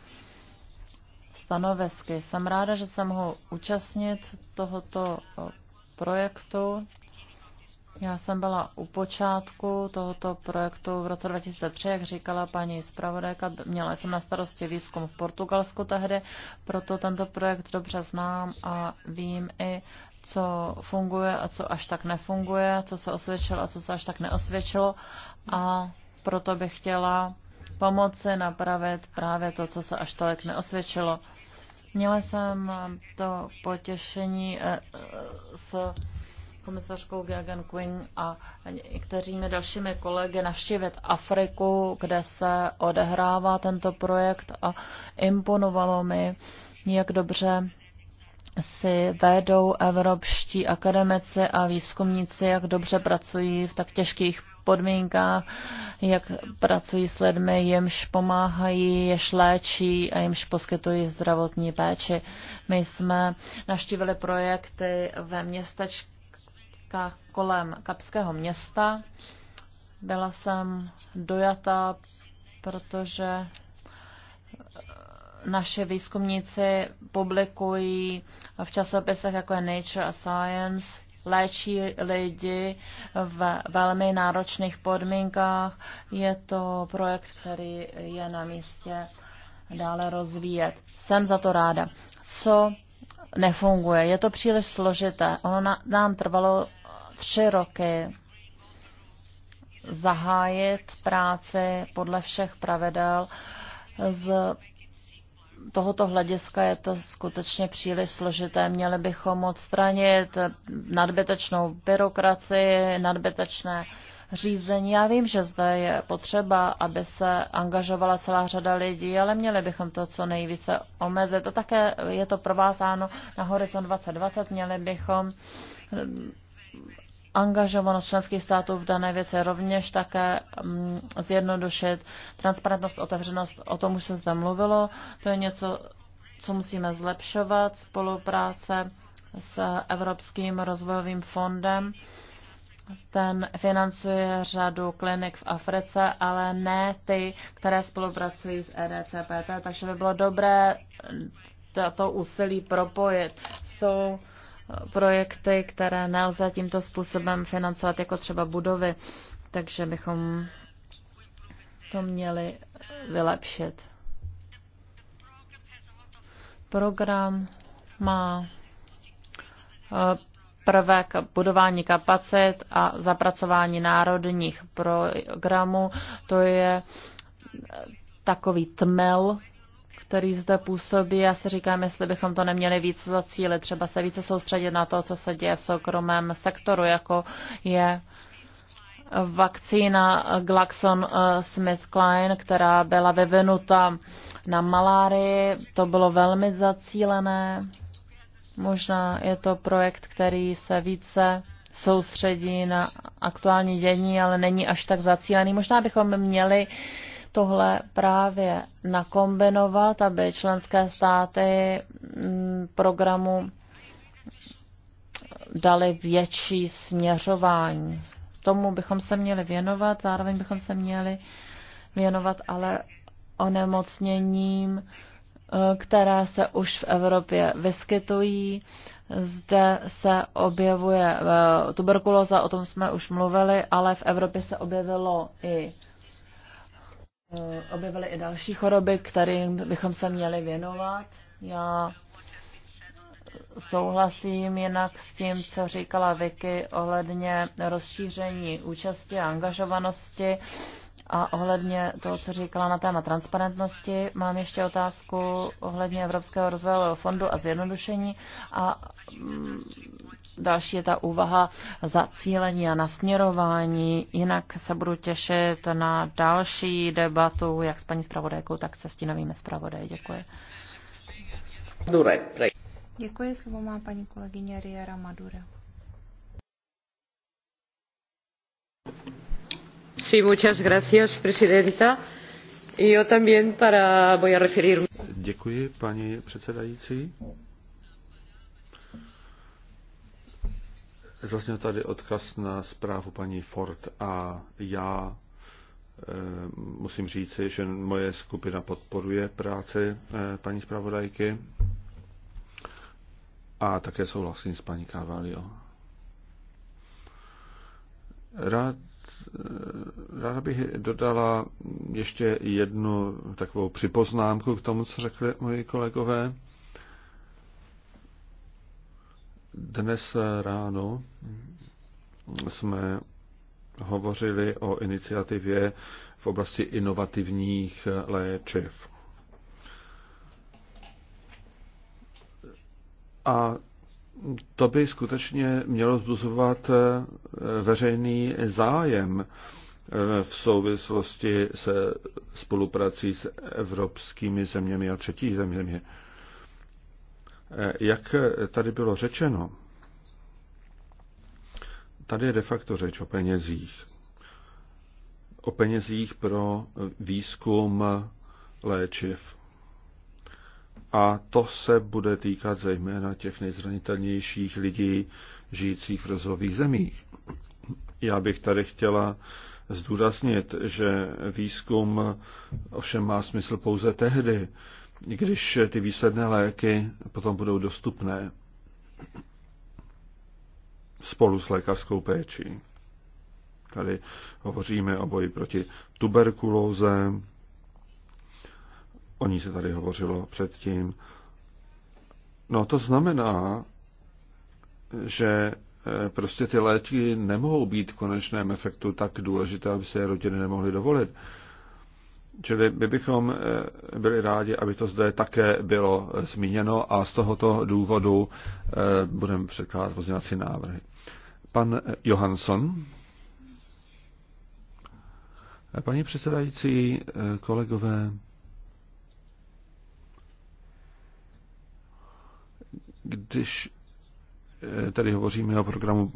Speaker 5: stanovesky. Jsem ráda, že jsem mohl účastnit tohoto projektu. Já jsem byla u počátku tohoto projektu v roce 2003, jak říkala paní zpravodajka. Měla jsem na starosti výzkum v Portugalsku tehdy, proto tento projekt dobře znám a vím i, co funguje a co až tak nefunguje, co se osvědčilo a co se až tak neosvědčilo. A proto bych chtěla pomoci napravit právě to, co se až tolik neosvědčilo. Měla jsem to potěšení eh, eh, s komisařkou Gagan Quinn a některými dalšími kolegy navštívit Afriku, kde se odehrává tento projekt a imponovalo mi, jak dobře si vedou evropští akademici a výzkumníci, jak dobře pracují v tak těžkých podmínkách, jak pracují s lidmi, jimž pomáhají, jež léčí a jimž poskytují zdravotní péči. My jsme naštívili projekty ve městečkách kolem Kapského města. Byla jsem dojata, protože naše výzkumníci publikují v časopisech jako je Nature a Science, léčí lidi v velmi náročných podmínkách. Je to projekt, který je na místě dále rozvíjet. Jsem za to ráda. Co nefunguje? Je to příliš složité. Ono nám trvalo tři roky zahájit práci podle všech pravidel z tohoto hlediska je to skutečně příliš složité. Měli bychom odstranit nadbytečnou byrokracii, nadbytečné řízení. Já vím, že zde je potřeba, aby se angažovala celá řada lidí, ale měli bychom to co nejvíce omezit. A také je to provázáno na Horizon 2020. Měli bychom angažovanost členských států v dané věci, rovněž také mm, zjednodušit transparentnost, otevřenost, o tom už se zde mluvilo, to je něco, co musíme zlepšovat, spolupráce s Evropským rozvojovým fondem. Ten financuje řadu klinik v Africe, ale ne ty, které spolupracují s EDCPT, takže by bylo dobré to úsilí propojit. Jsou projekty, které nelze tímto způsobem financovat, jako třeba budovy. Takže bychom to měli vylepšit. Program má eh, prvek budování kapacit a zapracování národních programů. To je takový tmel který zde působí. Já si říkám, jestli bychom to neměli více zacílit, třeba se více soustředit na to, co se děje v soukromém sektoru, jako je vakcína GlaxoSmithKline, eh, která byla vyvinuta na malárii. To bylo velmi zacílené. Možná je to projekt, který se více soustředí na aktuální dění, ale není až tak zacílený. Možná bychom měli uh, tohle právě nakombinovat, aby členské státy mm, programu dali větší směřování. Tomu bychom se měli věnovat, zároveň bychom se měli věnovat ale onemocněním, eh, která se už v Evropě vyskytují. Zde se objevuje eh, tuberkulóza, o tom jsme už mluvili, ale v Evropě se objevilo i Eh, objevily i další choroby, kterým bychom se měli věnovat. Já souhlasím jinak s tím, co říkala Vicky ohledně rozšíření účasti a angažovanosti a ohledně toho, co říkala na téma transparentnosti, mám ještě otázku ohledně Evropského rozvojového fondu a zjednodušení. A mm, další je ta úvaha zacílení a nasměrování. Jinak se budu těšit na další debatu, jak s paní zpravodajkou, tak se stínovými zpravodaji. Děkuji.
Speaker 4: Děkuji, slovo má paní kolegyně Riera Madura.
Speaker 1: Děkuji, paní předsedající. Zazněl tady odkaz na zprávu paní Ford a já eh, musím říci, že moje skupina podporuje práci eh, paní zpravodajky a také souhlasím s paní Carvalho. Rád ráda bych dodala ještě jednu takovou připoznámku k tomu, co řekli moji kolegové. Dnes ráno jsme hovořili o iniciativě v oblasti inovativních léčiv. A to by skutečně mělo vzbuzovat eh, veřejný zájem eh, v souvislosti se spoluprací s evropskými zeměmi a třetí zeměmi. Eh, jak tady bylo řečeno, tady je de facto řeč o penězích. O penězích pro výzkum léčiv a to se bude týkat zejména těch nejzranitelnějších lidí žijících v rozvojových zemích. Já bych tady chtěla zdůraznit, že výzkum ovšem má smysl pouze tehdy, když ty výsledné léky potom budou dostupné spolu s lékařskou péčí. Tady hovoříme o boji proti tuberkulóze, o ní se tady hovořilo předtím. No to znamená, že eh, prostě ty léky nemohou být v konečném efektu tak důležité, aby se je rodiny nemohly dovolit. Čili my bychom eh, byli rádi, aby to zde také bylo eh, zmíněno a z tohoto důvodu budeme překládat pozměňovací návrhy. Pan Johansson. Paní předsedající, kolegové, Když eh, tady hovoříme o programu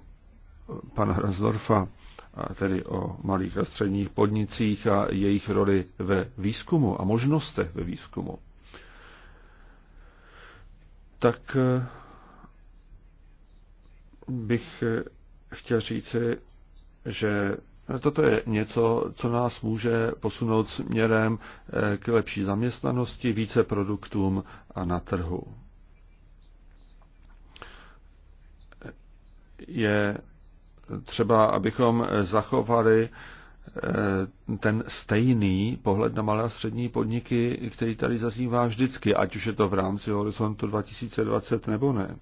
Speaker 1: pana Hransdorfa, a tedy o malých a středních podnicích a jejich roli ve výzkumu a možnostech ve výzkumu, tak eh, bych eh, chtěl říci, že toto je něco, co nás může posunout směrem k lepší zaměstnanosti, více produktům a na trhu. je třeba, abychom zachovali eh, ten stejný pohled na malé a střední podniky, který tady zaznívá vždycky, ať už je to v rámci horizontu 2020 nebo ne.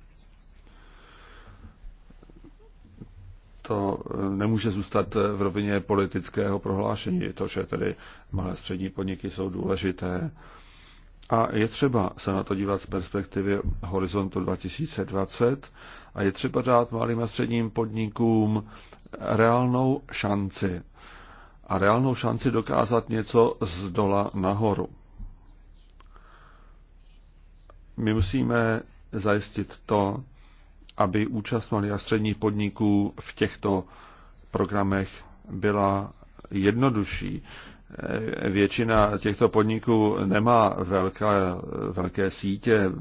Speaker 1: To eh, nemůže zůstat v rovině politického prohlášení, to, že tedy malé a střední podniky jsou důležité a je třeba se na to dívat z perspektivy horizontu 2020 a je třeba dát malým a středním podnikům reálnou šanci. A reálnou šanci dokázat něco z dola nahoru. My musíme zajistit to, aby účast malých a středních podniků v těchto programech byla jednodušší. Většina těchto podniků nemá velké, velké sítě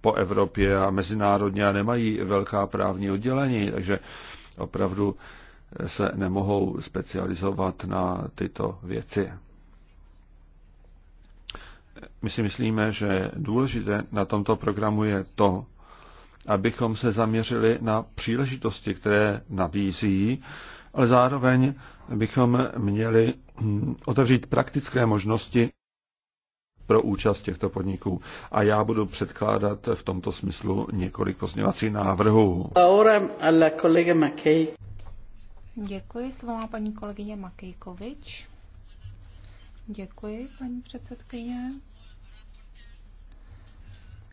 Speaker 1: po Evropě a mezinárodně a nemají velká právní oddělení, takže opravdu se nemohou specializovat na tyto věci. My si myslíme, že důležité na tomto programu je to, abychom se zaměřili na příležitosti, které nabízí ale zároveň bychom měli hm, otevřít praktické možnosti pro účast těchto podniků. A já budu předkládat v tomto smyslu několik pozměvacích návrhů.
Speaker 4: Děkuji, slovo má paní kolegyně Makejkovič. Děkuji, paní předsedkyně.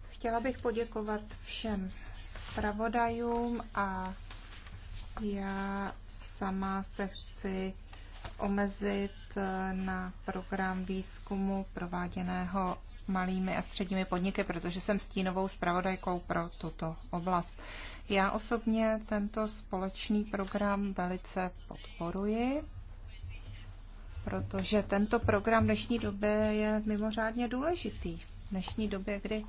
Speaker 4: Chtěla bych poděkovat všem zpravodajům a já sama se chci omezit eh, na program výzkumu prováděného malými a středními podniky, protože jsem stínovou zpravodajkou pro tuto oblast. Já osobně tento společný program velice podporuji, protože tento program v dnešní době je mimořádně důležitý. V dnešní době, kdy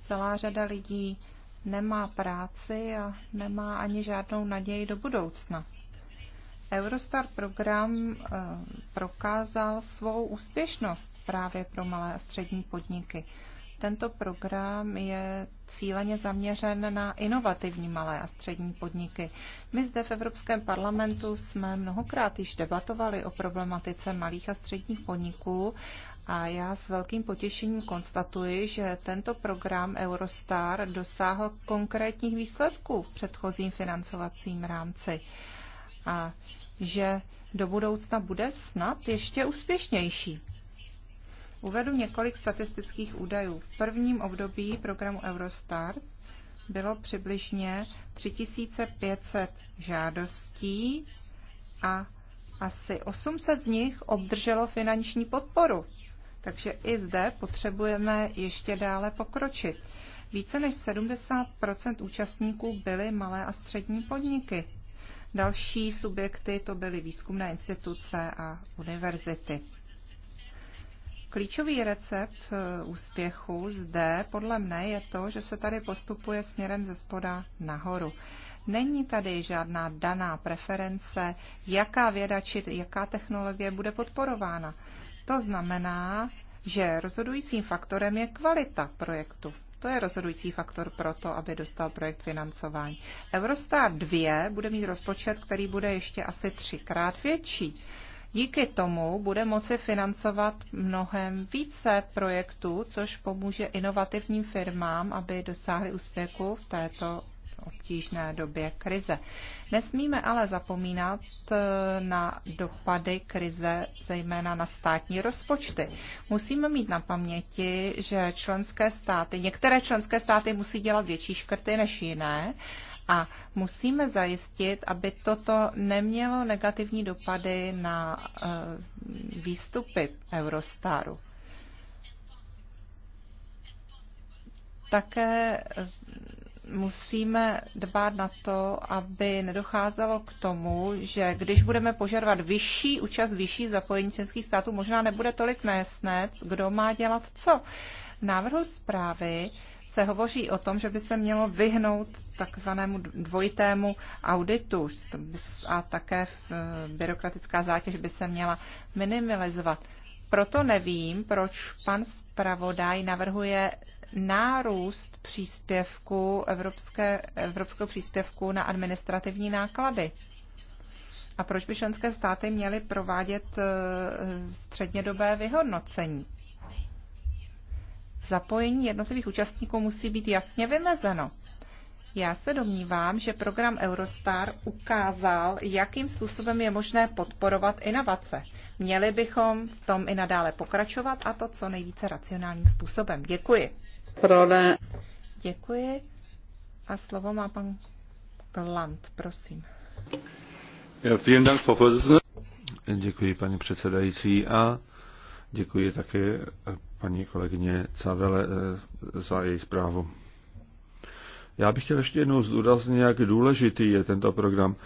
Speaker 4: celá řada lidí nemá práci a nemá ani žádnou naději do budoucna. Eurostar program eh, prokázal svou úspěšnost právě pro malé a střední podniky. Tento program je cíleně zaměřen na inovativní malé a střední podniky. My zde v Evropském parlamentu jsme mnohokrát již debatovali o problematice malých a středních podniků a já s velkým potěšením konstatuji, že tento program Eurostar dosáhl konkrétních výsledků v předchozím financovacím rámci a že do budoucna bude snad ještě úspěšnější. Uvedu několik statistických údajů. V prvním období programu Eurostars bylo přibližně 3500 žádostí a asi 800 z nich obdrželo finanční podporu. Takže i zde potřebujeme ještě dále pokročit. Více než 70 účastníků byly malé a střední podniky. Další subjekty to byly výzkumné instituce a univerzity. Klíčový recept eh, úspěchu zde podle mne je to, že se tady postupuje směrem ze spoda nahoru. Není tady žádná daná preference, jaká věda či jaká technologie bude podporována. To znamená, že rozhodujícím faktorem je kvalita projektu. To je rozhodující faktor pro to, aby dostal projekt financování. Eurostar 2 bude mít rozpočet, který bude ještě asi třikrát větší. Díky tomu bude moci financovat mnohem více projektů, což pomůže inovativním firmám, aby dosáhly úspěchu v této obtížné době krize. Nesmíme ale zapomínat eh, na dopady krize, zejména na státní rozpočty. Musíme mít na paměti, že členské státy, některé členské státy musí dělat větší škrty než jiné, a musíme zajistit, aby toto nemělo negativní dopady na eh, výstupy Eurostaru. Také musíme dbát na to, aby nedocházelo k tomu, že když budeme požadovat vyšší účast, vyšší zapojení členských států, možná nebude tolik nesnec, kdo má dělat co. V návrhu zprávy se hovoří o tom, že by se mělo vyhnout takzvanému dvojitému auditu a také e, byrokratická zátěž by se měla minimalizovat. Proto nevím, proč pan zpravodaj navrhuje nárůst příspěvku evropské, evropského příspěvku na administrativní náklady. A proč by členské státy měly provádět eh, střednědobé vyhodnocení? Zapojení jednotlivých účastníků musí být jasně vymezeno. Já se domnívám, že program Eurostar ukázal, jakým způsobem je možné podporovat inovace. Měli bychom v tom i nadále pokračovat a to co nejvíce racionálním způsobem. Děkuji. Prole. Děkuji. A slovo má pan Glant, prosím.
Speaker 1: Děkuji, paní předsedající, a děkuji také paní kolegyně Cavele eh, za její zprávu. Já bych chtěl ještě jednou zdůraznit, jak důležitý je tento program.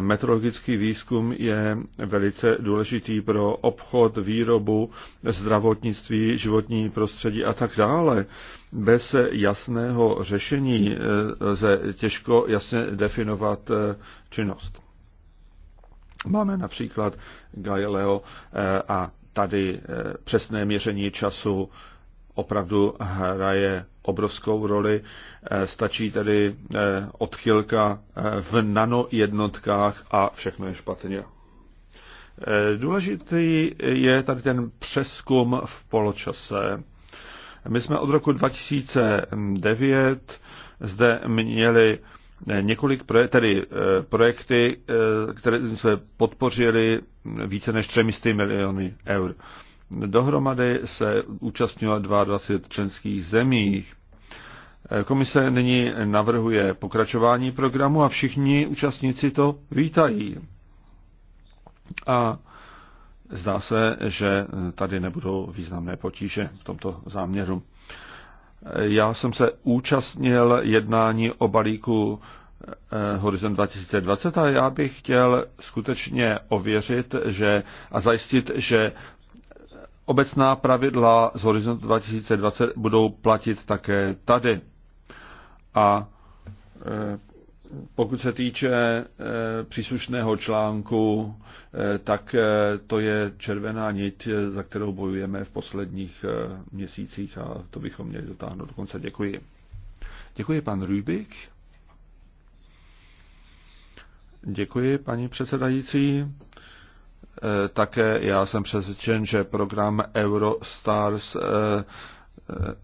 Speaker 1: Metrologický výzkum je velice důležitý pro obchod, výrobu, zdravotnictví, životní prostředí a tak dále. Bez jasného řešení eh, lze těžko jasně definovat eh, činnost. Máme například Galileo eh, a tady přesné měření času opravdu hraje obrovskou roli. E, stačí tedy e, odchylka e, v nanojednotkách a všechno je špatně. Důležitý je tady ten přeskum v poločase. My jsme od roku 2009 zde měli několik proje- tedy, projekty, které jsme podpořili více než 300 miliony eur. Dohromady se účastnilo 22 členských zemích. Komise nyní navrhuje pokračování programu a všichni účastníci to vítají. A zdá se, že tady nebudou významné potíže v tomto záměru. Já jsem se účastnil jednání o balíku eh, Horizon 2020 a já bych chtěl skutečně ověřit že, a zajistit, že Obecná pravidla z horizontu 2020 budou platit také tady. A e, pokud se týče e, příslušného článku, e, tak to je červená nit, za kterou bojujeme v posledních měsících a to bychom měli dotáhnout do konce. Děkuji. Děkuji, pan Rubik. Děkuji, paní předsedající. Eh, také já jsem přesvědčen, že program Eurostars eh, eh,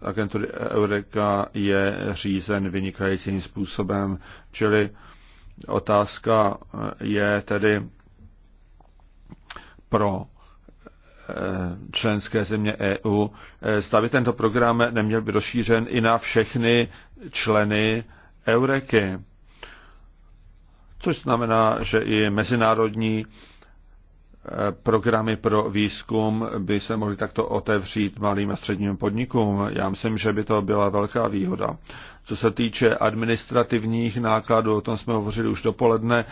Speaker 1: agentury Eureka je řízen vynikajícím způsobem, čili otázka je tedy pro členské země EU. Stavě tento program neměl by rozšířen i na všechny členy Eureky což znamená, že i mezinárodní programy pro výzkum by se mohly takto otevřít malým a středním podnikům. Já myslím, že by to byla velká výhoda. Co se týče administrativních nákladů, o tom jsme hovořili už dopoledne,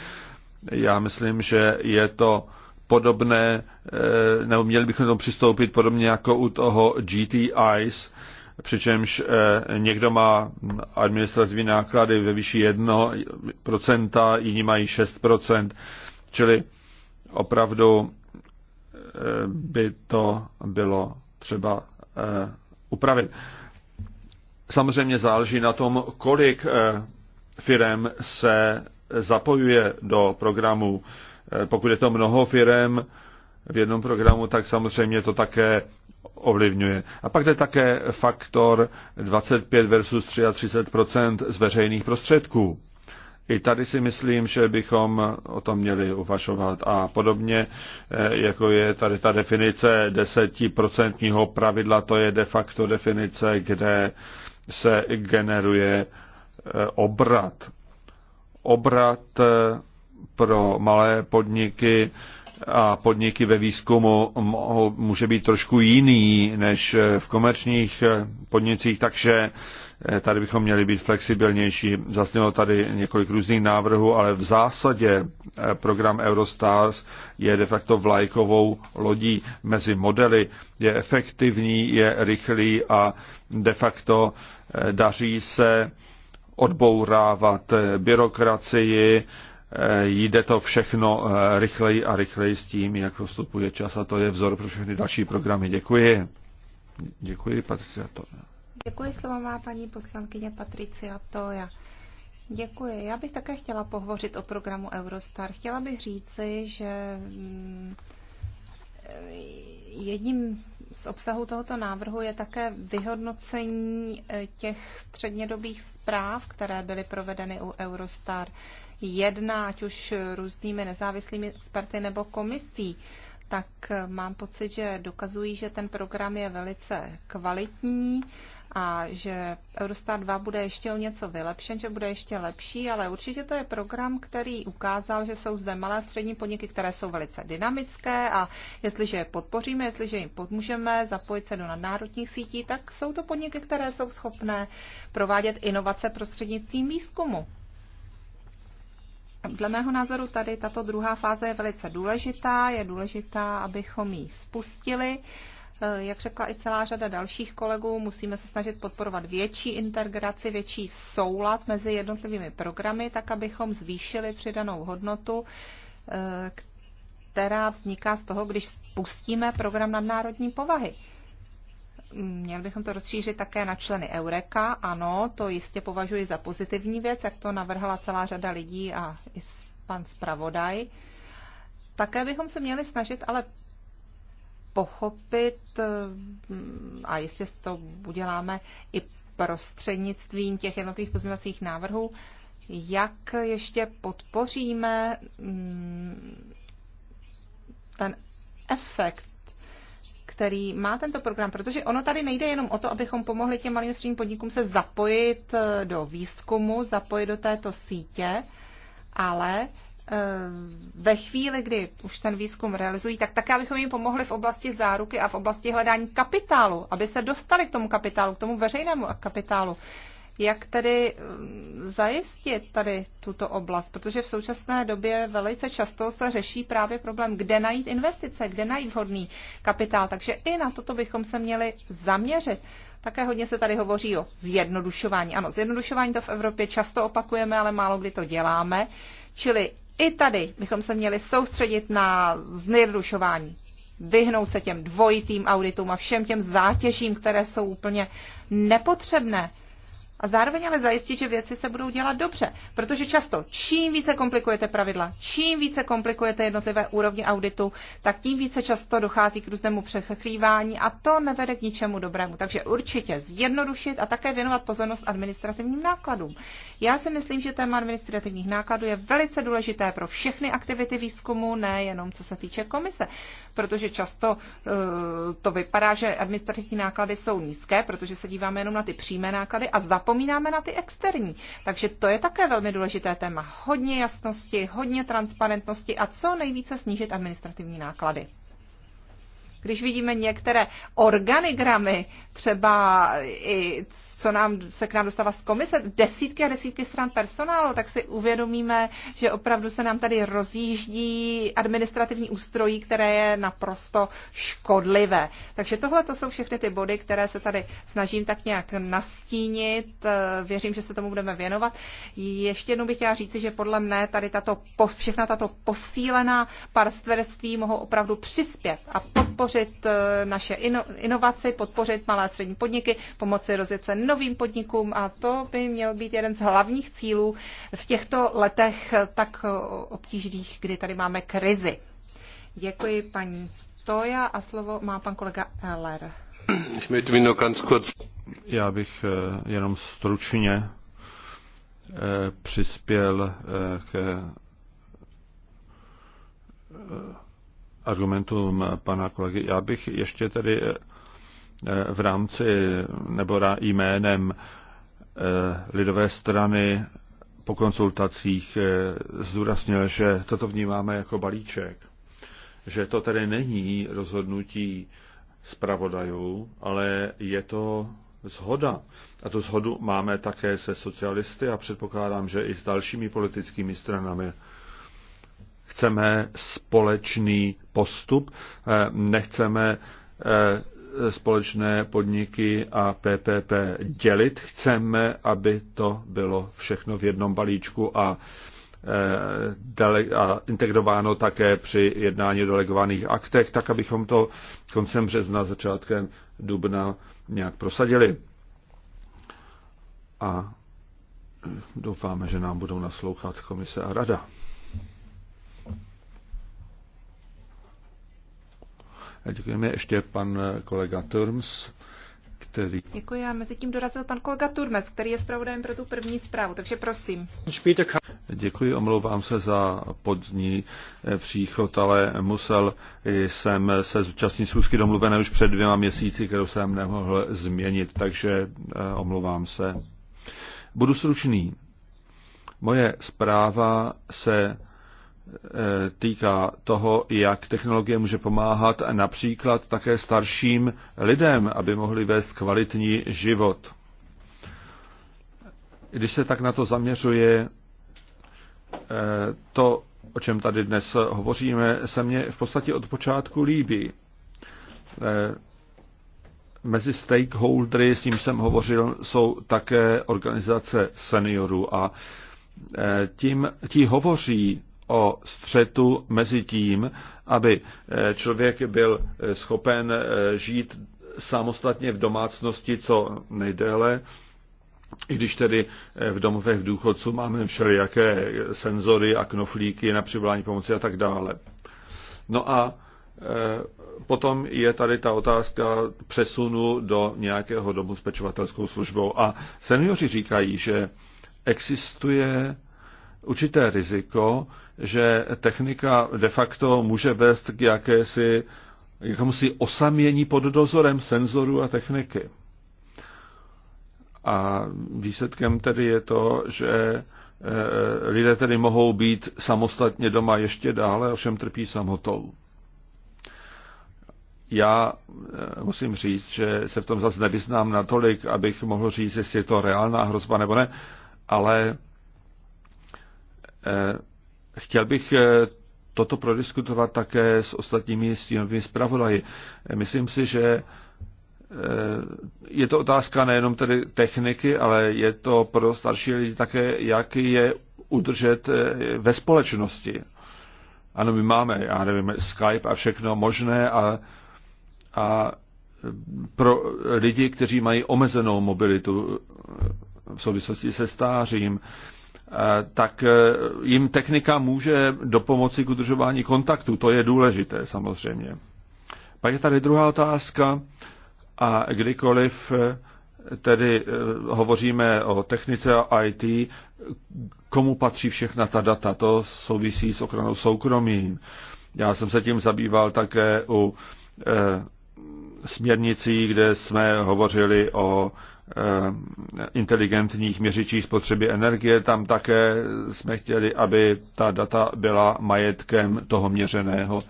Speaker 1: já myslím, že je to podobné, eh, nebo měli bychom tomu přistoupit podobně jako u toho GTIs, přičemž eh, někdo má administrativní náklady ve výši 1%, jiní mají 6%, čili opravdu eh, by to bylo třeba eh, upravit. Samozřejmě záleží na tom, kolik eh, firem se zapojuje do programu. Pokud je to mnoho firem v jednom programu, tak samozřejmě to také ovlivňuje. A pak je také faktor 25 versus 33 z veřejných prostředků. I tady si myslím, že bychom o tom měli uvažovat. A podobně, eh, jako je tady ta definice desetiprocentního pravidla, to je de facto definice, kde se generuje eh, obrat. Obrat eh, pro malé podniky a podniky ve výzkumu může být trošku jiný než v komerčních podnicích, takže Eh, tady bychom měli být flexibilnější. Zasnělo tady několik různých návrhů, ale v zásadě eh, program Eurostars je de facto vlajkovou lodí mezi modely. Je efektivní, je rychlý a de facto eh, daří se odbourávat byrokracii, jde to všechno rychleji a rychleji s tím, jak postupuje čas a to je vzor pro všechny další programy. Děkuji. Děkuji, Patricia
Speaker 4: Děkuji, slovo má paní poslankyně Patricia Toja. Děkuji. Já bych také chtěla pohovořit o programu Eurostar. Chtěla bych říci, že mm, jedním z obsahu tohoto návrhu je také vyhodnocení eh, těch střednědobých zpráv, které byly provedeny u Eurostar 1, ať už různými nezávislými experty nebo komisí tak eh, mám pocit, že dokazují, že ten program je velice kvalitní a že Eurostar 2 bude ještě o něco vylepšen, že bude ještě lepší, ale určitě to je program, který ukázal, že jsou zde malé a střední podniky, které jsou velice dynamické a jestliže je podpoříme, jestliže jim pomůžeme zapojit se do nadnárodních sítí, tak jsou to podniky, které jsou schopné provádět inovace prostřednictvím výzkumu. Dle mého názoru tady tato druhá fáze je velice důležitá, je důležitá, abychom ji spustili Eh, jak řekla i celá řada dalších kolegů, musíme se snažit podporovat větší integraci, větší soulad mezi jednotlivými programy, tak abychom zvýšili přidanou hodnotu, eh, která vzniká z toho, když spustíme program nadnárodní povahy. Měli bychom to rozšířit také na členy Eureka. Ano, to jistě považuji za pozitivní věc, jak to navrhla celá řada lidí a i pan zpravodaj. Také bychom se měli snažit ale pochopit eh, a jestli to uděláme i prostřednictvím těch jednotlivých pozměňovacích návrhů, jak ještě podpoříme mm, ten efekt, který má tento program, protože ono tady nejde jenom o to, abychom pomohli těm malým středním podnikům se zapojit eh, do výzkumu, zapojit do této sítě, ale Eh, ve chvíli, kdy už ten výzkum realizují, tak také, abychom jim pomohli v oblasti záruky a v oblasti hledání kapitálu, aby se dostali k tomu kapitálu, k tomu veřejnému kapitálu. Jak tedy mm, zajistit tady tuto oblast? Protože v současné době velice často se řeší právě problém, kde najít investice, kde najít vhodný kapitál. Takže i na toto bychom se měli zaměřit. Také hodně se tady hovoří o zjednodušování. Ano, zjednodušování to v Evropě často opakujeme, ale málo kdy to děláme. Čili i tady bychom se měli soustředit na zjednodušování, vyhnout se těm dvojitým auditům a všem těm zátěžím, které jsou úplně nepotřebné a zároveň ale zajistit, že věci se budou dělat dobře. Protože často čím více komplikujete pravidla, čím více komplikujete jednotlivé úrovně auditu, tak tím více často dochází k různému přechrývání a to nevede k ničemu dobrému. Takže určitě zjednodušit a také věnovat pozornost administrativním nákladům. Já si myslím, že téma administrativních nákladů je velice důležité pro všechny aktivity výzkumu, nejenom co se týče komise, protože často uh, to vypadá, že administrativní náklady jsou nízké, protože se díváme jenom na ty přímé náklady a za zapomínáme na ty externí. Takže to je také velmi důležité téma. Hodně jasnosti, hodně transparentnosti a co nejvíce snížit administrativní náklady když vidíme některé organigramy, třeba i co nám, se k nám dostává z komise, desítky a desítky stran personálu, tak si uvědomíme, že opravdu se nám tady rozjíždí administrativní ústrojí, které je naprosto škodlivé. Takže tohle to jsou všechny ty body, které se tady snažím tak nějak nastínit. Eh, věřím, že se tomu budeme věnovat. Ještě jednou bych chtěla říci, že podle mne tady tato, všechna tato posílená parstverství mohou opravdu přispět a podpořit eh, naše inovaci, podpořit malé a střední podniky, pomoci rozjet se novým podnikům a to by měl být jeden z hlavních cílů v těchto letech tak obtížných, kdy tady máme krizi. Děkuji paní Toja a slovo má pan kolega Eller.
Speaker 2: Já bych
Speaker 1: eh, jenom stručně eh, přispěl eh, k argumentům pana kolegy. Já bych ještě tedy Eh, v rámci nebo jménem eh, lidové strany po konsultacích eh, zdůraznil, že toto vnímáme jako balíček. Že to tedy není rozhodnutí zpravodajů, ale je to zhoda. A tu zhodu máme také se socialisty a předpokládám, že i s dalšími politickými stranami. Chceme společný postup, nechceme společné podniky a PPP dělit. Chceme, aby to bylo všechno v jednom balíčku a, e, a integrováno také při jednání o delegovaných aktech, tak abychom to koncem března, začátkem dubna nějak prosadili. A doufáme, že nám budou naslouchat komise a rada. Děkujeme ještě pan eh, kolega Turms. Který...
Speaker 4: Děkuji a mezi tím dorazil pan kolega Turmes, který je zpravodajem pro tu první zprávu, takže prosím.
Speaker 1: Děkuji, omlouvám se za podní eh, příchod, ale musel jsem se zúčastnit schůzky domluvené už před dvěma měsíci, kterou jsem nemohl změnit, takže eh, omlouvám se. Budu stručný. Moje zpráva se E, týká toho, jak technologie může pomáhat například také starším lidem, aby mohli vést kvalitní život. Když se tak na to zaměřuje, e, to, o čem tady dnes hovoříme, se mně v podstatě od počátku líbí. E, mezi stakeholdery, s ním jsem hovořil, jsou také organizace seniorů a tím, ti hovoří o střetu mezi tím, aby eh, člověk byl eh, schopen eh, žít samostatně v domácnosti co nejdéle, i když tedy v domovech důchodců máme všelijaké senzory a knoflíky na přivolání pomoci a tak dále. No a potom je tady ta otázka přesunu do nějakého domu s pečovatelskou službou. A seniori říkají, že existuje určité riziko, že technika de facto může vést k jakési jakomusi osamění pod dozorem senzorů a techniky. A výsledkem tedy je to, že eh, lidé tedy mohou být samostatně doma ještě dále, ovšem trpí samotou. Já eh, musím říct, že se v tom zase nevyznám natolik, abych mohl říct, jestli je to reálná hrozba nebo ne, ale eh, Chtěl bych eh, toto prodiskutovat také s ostatními stínovými zpravodaji. Eh, myslím si, že eh, je to otázka nejenom tedy techniky, ale je to pro starší lidi také, jak je udržet ve společnosti. Ano, my máme, já nevím, Skype a všechno možné a, a pro lidi, kteří mají omezenou mobilitu v souvislosti se stářím, Eh, tak eh, jim technika může dopomoci k udržování kontaktu. To je důležité samozřejmě. Pak je tady druhá otázka a kdykoliv eh, tedy hovoříme o technice a IT, komu patří všechna ta data, to souvisí s ochranou soukromí. Já jsem se tím zabýval také u směrnicí, kde jsme hovořili o eh, inteligentních měřičích spotřeby energie. Tam také jsme chtěli, aby ta data byla majetkem toho měřeného.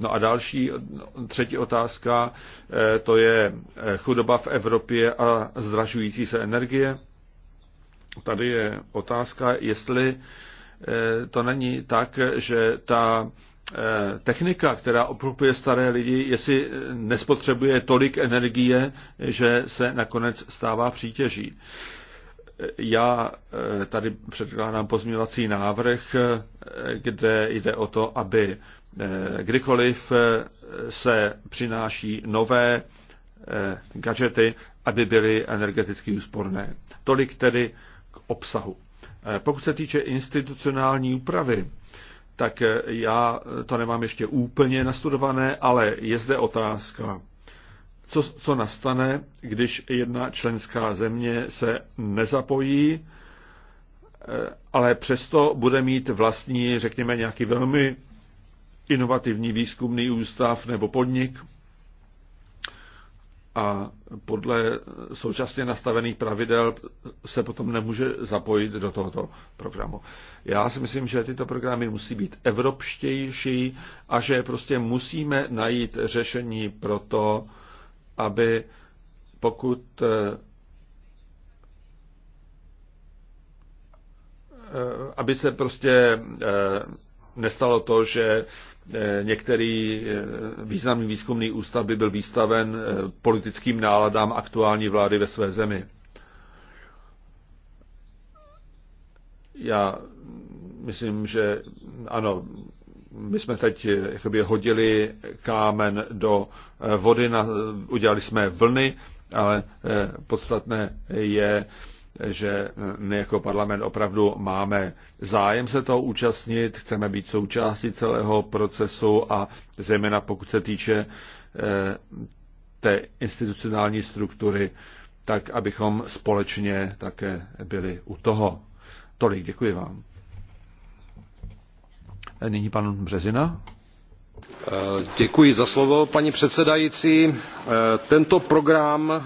Speaker 1: No a další, no, třetí otázka, eh, to je eh, chudoba v Evropě a zdražující se energie. Tady je otázka, jestli to není tak, že ta Eh, technika, která obklopuje staré lidi, jestli eh, nespotřebuje tolik energie, že se nakonec stává přítěží. Eh, já tady předkládám pozměňovací návrh, kde jde o to, aby kdykoliv se přináší nové gadgety, aby byly energeticky úsporné. Tolik tedy k obsahu. Pokud se týče institucionální úpravy, tak eh, já to nemám ještě úplně nastudované, ale je zde otázka, co, co nastane, když jedna členská země se nezapojí, eh, ale přesto bude mít vlastní, řekněme, nějaký velmi inovativní výzkumný ústav nebo podnik, a podle současně nastavených pravidel se potom nemůže zapojit do tohoto programu. Já si myslím, že tyto programy musí být evropštější a že prostě musíme najít řešení pro to, aby pokud eh, eh, aby se prostě eh, nestalo to, že Eh, některý eh, významný výzkumný ústav by byl výstaven eh, politickým náladám aktuální vlády ve své zemi. Já myslím, že ano, my jsme teď jakoby hodili kámen do vody, na, udělali jsme vlny, ale podstatné je, že eh, my jako parlament opravdu máme zájem se toho účastnit, chceme být součástí celého procesu a zejména pokud se týče eh, té institucionální struktury, tak abychom společně také byli u toho. Tolik, děkuji vám. Nyní pan Březina.
Speaker 2: Eh, za slovo, paní předsedající. Eh, tento program eh,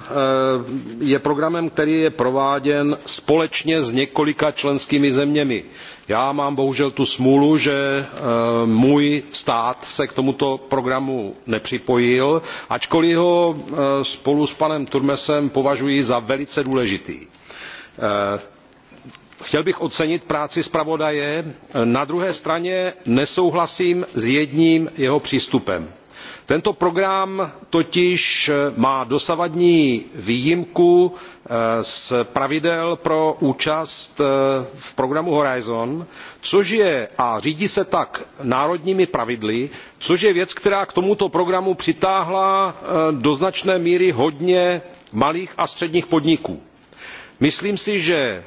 Speaker 2: je programem, který je prováděn společně s několika členskými zeměmi. Já mám bohužel tu smůlu, že můj stát se k tomuto programu nepřipojil, ačkoliv ho spolu s panem Turmesem považuji za velice důležitý chtěl bych ocenit práci zpravodaje na druhé straně nesouhlasím s jedním jeho přístupem. tento program totiž eh, má dosavadní výjimku eh, z pravidel pro účast eh, v programu horizon což je a řídí se tak národními pravidly což je věc která k tomuto programu přitáhla do značné míry hodně malých a středních podniků myslím si že eh,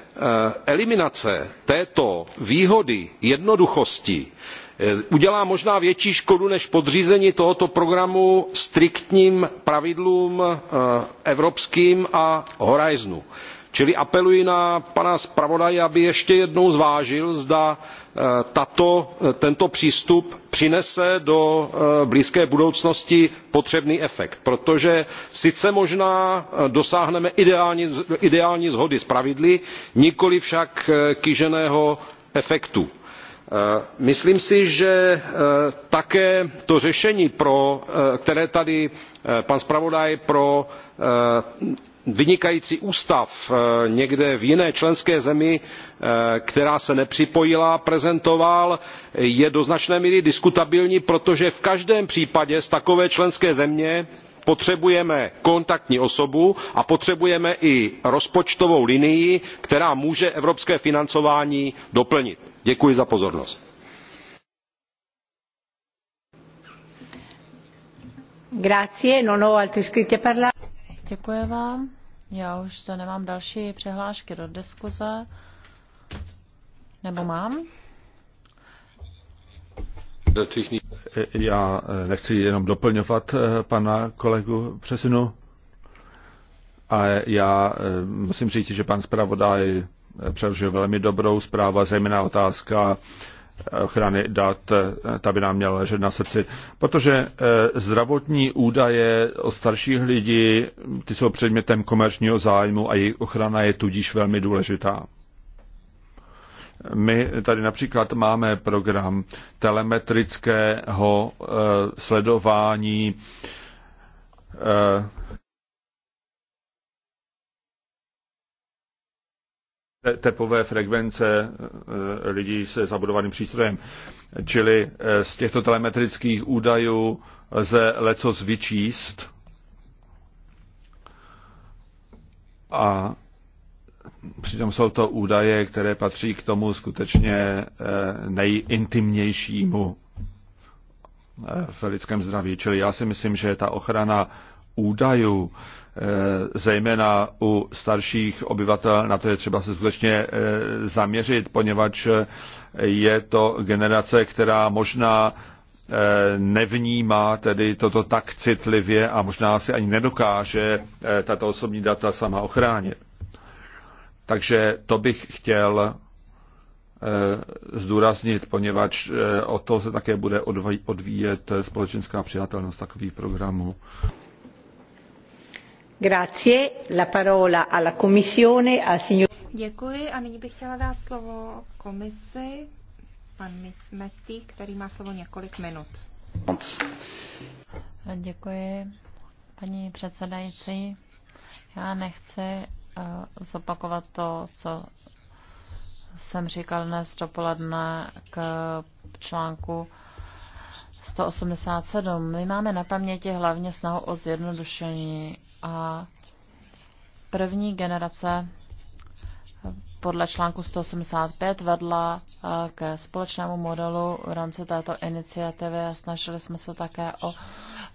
Speaker 2: eliminace této výhody jednoduchosti eh, udělá možná větší škodu než podřízení tohoto programu striktním pravidlům eh, evropským a horizontu. čili apeluji na pana zpravodaje aby ještě jednou zvážil zda tento přístup přinese do eh, blízké budoucnosti potřebný efekt protože sice možná eh, dosáhneme ideální, shody s pravidly nikoli však eh, kýženého efektu. myslím si že také to řešení pro které tady pan zpravodaj pro vynikající ústav eh, někde v jiné členské zemi eh, která se nepřipojila prezentoval je do značné míry diskutabilní protože v každém případě z takové členské země potřebujeme kontaktní osobu a potřebujeme i rozpočtovou linii která může evropské financování doplnit. děkuji za pozornost.
Speaker 5: Grazie, non ho altri iscritti a parlare. Děkuji vám. Já už zde nemám další přihlášky do diskuze. Nebo mám?
Speaker 1: Já eh, nechci jenom doplňovat eh, pana kolegu Přesinu, a já eh, musím říct, že pan zpravodaj přeložil velmi dobrou zprávu, zejména otázka ochrany dat, eh, ta by nám měla ležet na srdci, protože eh, zdravotní údaje o starších lidí, ty jsou předmětem komerčního zájmu a jejich ochrana je tudíž velmi důležitá. My tady například máme program telemetrického eh, sledování tepové frekvence eh, eh, lidí se zabudovaným přístrojem. Čili eh, z těchto telemetrických údajů lze lecos vyčíst a přitom jsou to údaje, které patří k tomu skutečně nejintimnějšímu v lidském zdraví. Čili já si myslím, že ta ochrana údajů Eh, zejména u starších obyvatel, na to je třeba se skutečně eh, zaměřit, poněvadž eh, je to generace, která možná nevnímá tedy toto tak citlivě a možná si ani nedokáže tato osobní data sama ochránit. Takže to bych chtěl zdůraznit, poněvadž o to se také bude odvíjet společenská přijatelnost takových programů.
Speaker 4: Děkuji a nyní bych chtěla dát slovo komisi, pan
Speaker 5: Metty, který má slovo několik minut. Děkuji, paní předsedající. Já nechci eh, zopakovat to, co jsem říkal dnes dopoledne k článku 187. My máme na paměti hlavně snahu o zjednodušení a první generace podle článku 185 vedla eh, k společnému modelu v rámci této iniciativy a snažili jsme se také o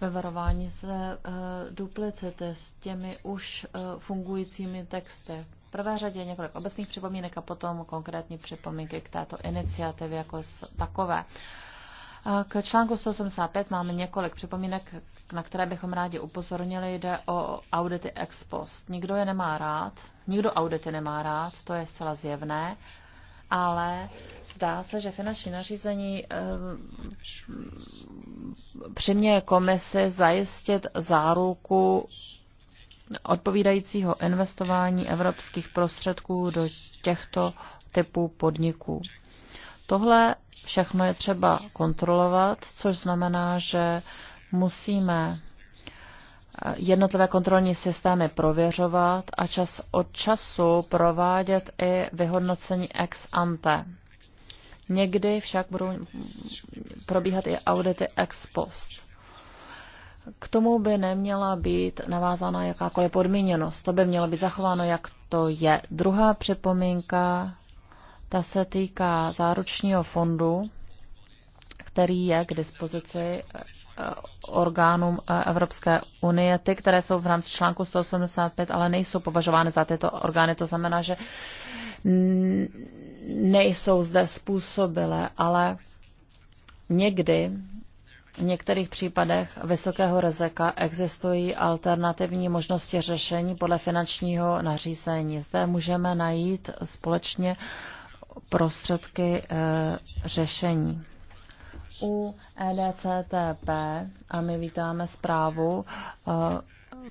Speaker 5: vyvarování se eh, duplicity s těmi už eh, fungujícími texty. V prvé řadě několik obecných připomínek a potom konkrétní připomínky k této iniciativě jako takové. K článku 185 máme několik připomínek, na které bychom rádi upozornili, jde o audity ex post. Nikdo je nemá rád, nikdo audity nemá rád, to je zcela zjevné, ale zdá se, že finanční nařízení ehm, přiměje komisi zajistit záruku odpovídajícího investování evropských prostředků do těchto typů podniků. Tohle všechno je třeba kontrolovat, což znamená, že musíme eh, jednotlivé kontrolní systémy prověřovat a čas od času provádět i vyhodnocení ex ante. Někdy však budou probíhat i audity ex post. K tomu by neměla být navázána jakákoliv podmíněnost. To by mělo být zachováno, jak to je. Druhá připomínka, ta se týká záručního fondu, který je k dispozici Eh, orgánům eh, Evropské unie, ty, které jsou v rámci článku 185, ale nejsou považovány za tyto orgány. To znamená, že nejsou zde způsobilé, ale někdy v některých případech vysokého rizika existují alternativní možnosti řešení podle finančního nařízení. Zde můžeme najít společně prostředky eh, řešení. U EDCTP, a my vítáme zprávu eh,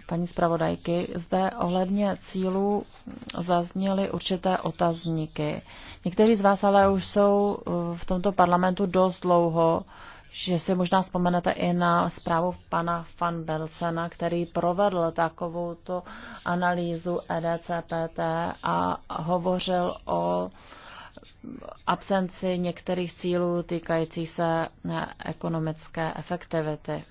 Speaker 5: paní zpravodajky, zde ohledně cílů zazněly určité otazníky. Někteří z vás ale už jsou eh, v tomto parlamentu dost dlouho, že si možná vzpomenete i na zprávu pana van Belsena, který provedl takovou analýzu EDCPT a hovořil o absenci některých cílů týkající se eh, ekonomické efektivity.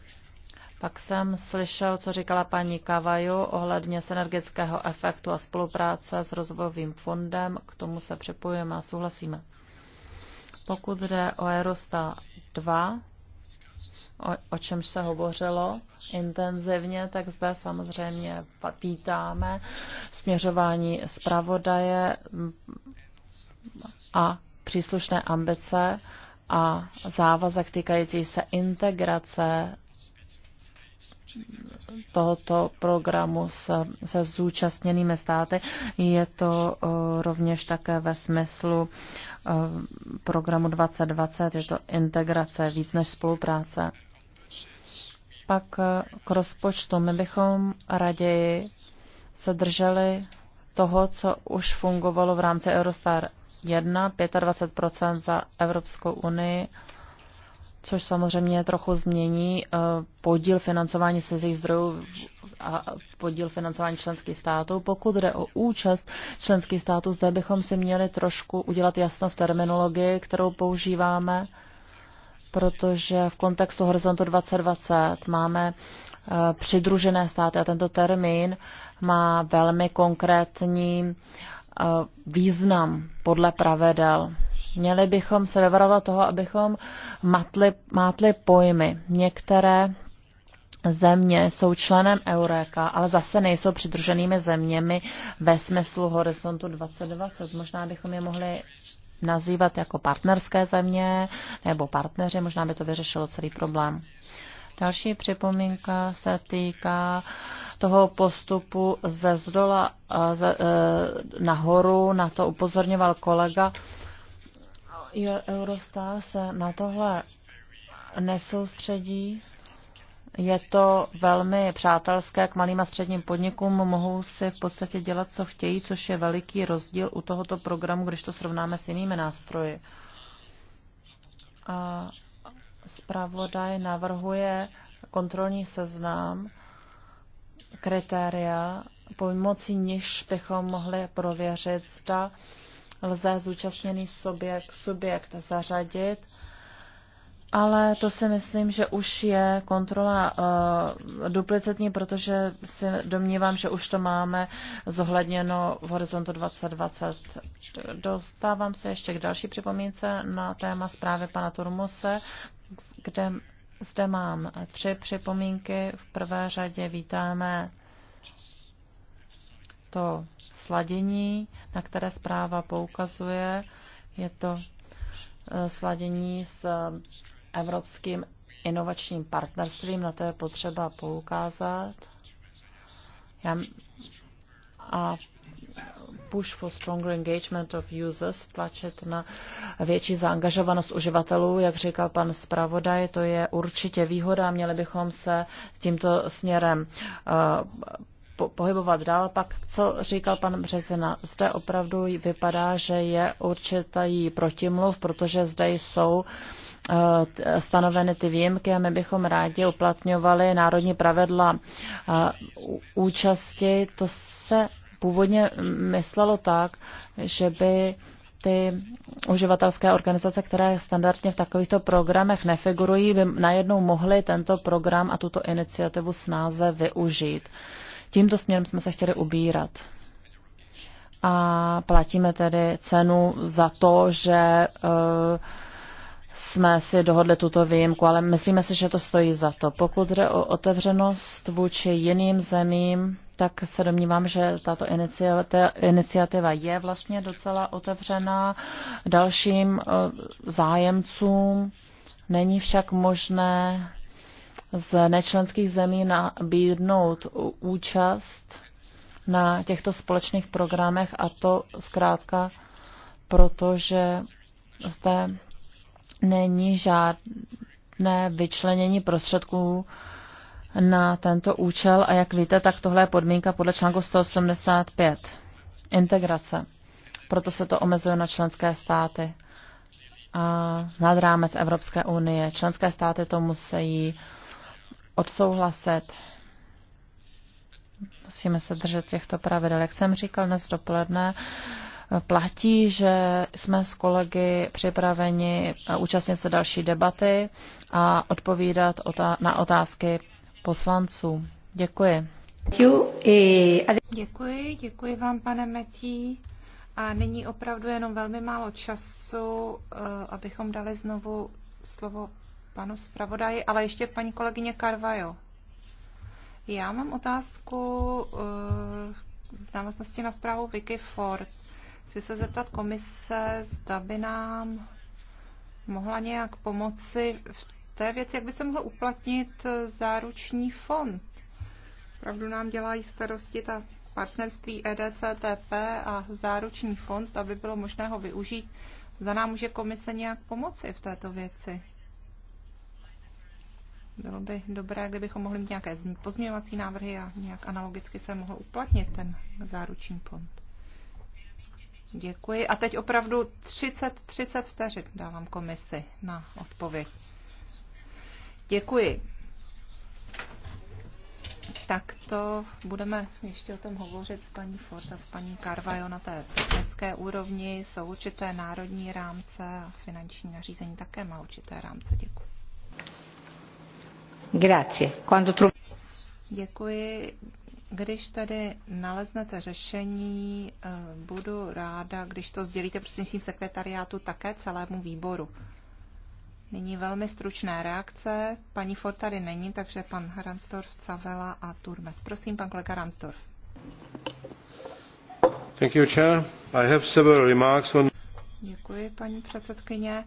Speaker 5: Pak jsem slyšel, co říkala paní Kavaju ohledně synergického efektu a spolupráce s rozvojovým fondem. K tomu se připojujeme a souhlasíme. Pokud jde o Aerosta 2, o, o čemž se hovořilo intenzivně, tak zde samozřejmě vítáme směřování zpravodaje a příslušné ambice a závazek týkající se integrace tohoto programu se, se zúčastněnými státy. Je to uh, rovněž také ve smyslu uh, programu 2020, je to integrace víc než spolupráce. Pak uh, k rozpočtu. My bychom raději se drželi toho, co už fungovalo v rámci Eurostar 1, 25% za Evropskou unii, což samozřejmě trochu změní eh, podíl financování se zdrojů a podíl financování členských států. Pokud jde o účast členských států, zde bychom si měli trošku udělat jasno v terminologii, kterou používáme, protože v kontextu Horizontu 2020 máme eh, přidružené státy a tento termín má velmi konkrétní uh, význam podle pravidel. Měli bychom se vyvarovat toho, abychom matli, mátli pojmy. Některé země jsou členem Eureka, ale zase nejsou přidruženými zeměmi ve smyslu horizontu 2020. Možná bychom je mohli nazývat jako partnerské země nebo partneři, možná by to vyřešilo celý problém. Další připomínka se týká toho postupu ze zdola eh, ze, eh, nahoru, na to upozorňoval kolega. Eurostar se na tohle nesoustředí. Je to velmi přátelské k malým a středním podnikům, mohou si v podstatě dělat, co chtějí, což je veliký rozdíl u tohoto programu, když to srovnáme s jinými nástroji. A zpravodaj navrhuje kontrolní seznam, kritéria, pomocí niž bychom mohli prověřit, zda lze zúčastněný subjekt, subjekt zařadit, ale to si myslím, že už je kontrola uh, duplicitní, protože si domnívám, že už to máme zohledněno v horizontu 2020. Dostávám se ještě k další připomínce na téma zprávy pana Turmuse kde zde mám tři připomínky. V prvé řadě vítáme to sladění, na které zpráva poukazuje. Je to eh, sladění s Evropským inovačním partnerstvím, na to je potřeba poukázat. Já, a push for stronger engagement of users, tlačit na větší zaangažovanost uživatelů, jak říkal pan zpravodaj, to je určitě výhoda, měli bychom se tímto směrem eh, pohybovat dál. Pak, co říkal pan Březina, zde opravdu vypadá, že je určitý protimluv, protože zde jsou eh, stanoveny ty výjimky a my bychom rádi uplatňovali národní pravidla eh, účasti. To se původně myslelo tak, že by ty uživatelské organizace, které standardně v takovýchto programech nefigurují, by najednou mohly tento program a tuto iniciativu snáze využít. Tímto směrem jsme se chtěli ubírat. A platíme tedy cenu za to, že uh, jsme si dohodli tuto výjimku, ale myslíme si, že to stojí za to. Pokud jde o otevřenost vůči jiným zemím, tak se domnívám, že tato iniciativa je vlastně docela otevřená dalším eh, zájemcům. Není však možné z nečlenských zemí nabídnout účast na těchto společných programech a to zkrátka, protože zde není žádné vyčlenění prostředků na tento účel a jak víte, tak tohle je podmínka podle článku 185. Integrace. Proto se to omezuje na členské státy a nad rámec Evropské unie. Členské státy to musí odsouhlasit. Musíme se držet těchto pravidel. Jak jsem říkal dnes dopoledne, uh, platí, že jsme s kolegy připraveni účastnit se další debaty a odpovídat na otázky poslanců. Děkuji.
Speaker 4: Děkuji, děkuji vám, pane Metí. A nyní opravdu jenom velmi málo času, eh, abychom dali znovu slovo panu zpravodaji, ale ještě paní kolegyně Karvajo. Já mám otázku eh, v návaznosti na zprávu Vicky Ford. Chci se zeptat komise, zda by nám mohla nějak pomoci v té věci, jak by se mohl uplatnit záruční fond. Pravdu nám dělají starosti ta partnerství EDCTP a záruční fond, zda by bylo možné ho využít. Za nám může komise nějak pomoci v této věci. Bylo by dobré, kdybychom mohli mít nějaké pozměňovací návrhy a nějak analogicky se mohl uplatnit ten záruční fond. Děkuji. A teď opravdu 30, 30 vteřin dávám komisi na odpověď. Děkuji. Tak to budeme ještě o tom hovořit s paní Ford a s paní Carvajo na té technické úrovni. Jsou určité národní rámce a finanční nařízení také má určité rámce. Děkuji. Grazie. Quando Děkuji. Když tedy naleznete řešení, eh, budu ráda, když to sdělíte prostřednictvím sekretariátu také celému výboru. Nyní velmi stručné reakce. Paní Ford tady není, takže pan Ransdorf, Cavela a Turmes. Prosím, pan kolega Ransdorf.
Speaker 2: Thank you, Chair. I have several remarks on...
Speaker 4: Děkuji, paní předsedkyně.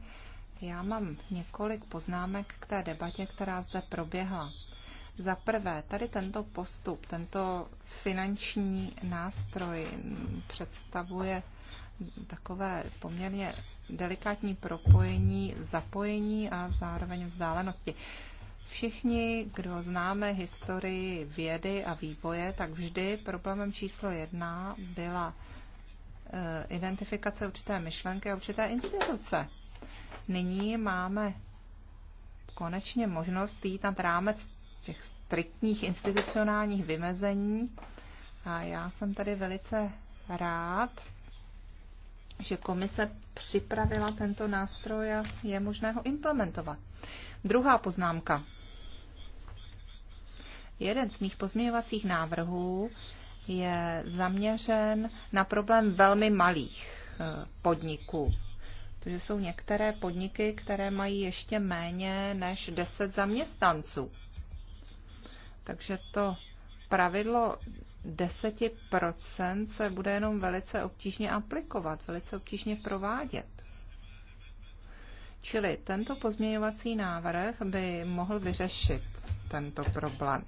Speaker 4: Já mám několik poznámek k té debatě, která zde proběhla. Za prvé, tady tento postup, tento finanční nástroj představuje takové poměrně delikátní propojení, zapojení a zároveň vzdálenosti. Všichni, kdo známe historii vědy a vývoje, tak vždy problémem číslo jedna byla eh, identifikace určité myšlenky a určité instituce. Nyní máme konečně možnost jít nad rámec těch striktních institucionálních vymezení. A já jsem tady velice rád, že komise připravila tento nástroj a je možné ho implementovat. Druhá poznámka. Jeden z mých pozměňovacích návrhů je zaměřen na problém velmi malých e, podniků. Protože jsou některé podniky, které mají ještě méně než 10 zaměstnanců. Takže to pravidlo 10% se bude jenom velice obtížně aplikovat, velice obtížně provádět. Čili tento pozměňovací návrh by mohl vyřešit tento problém.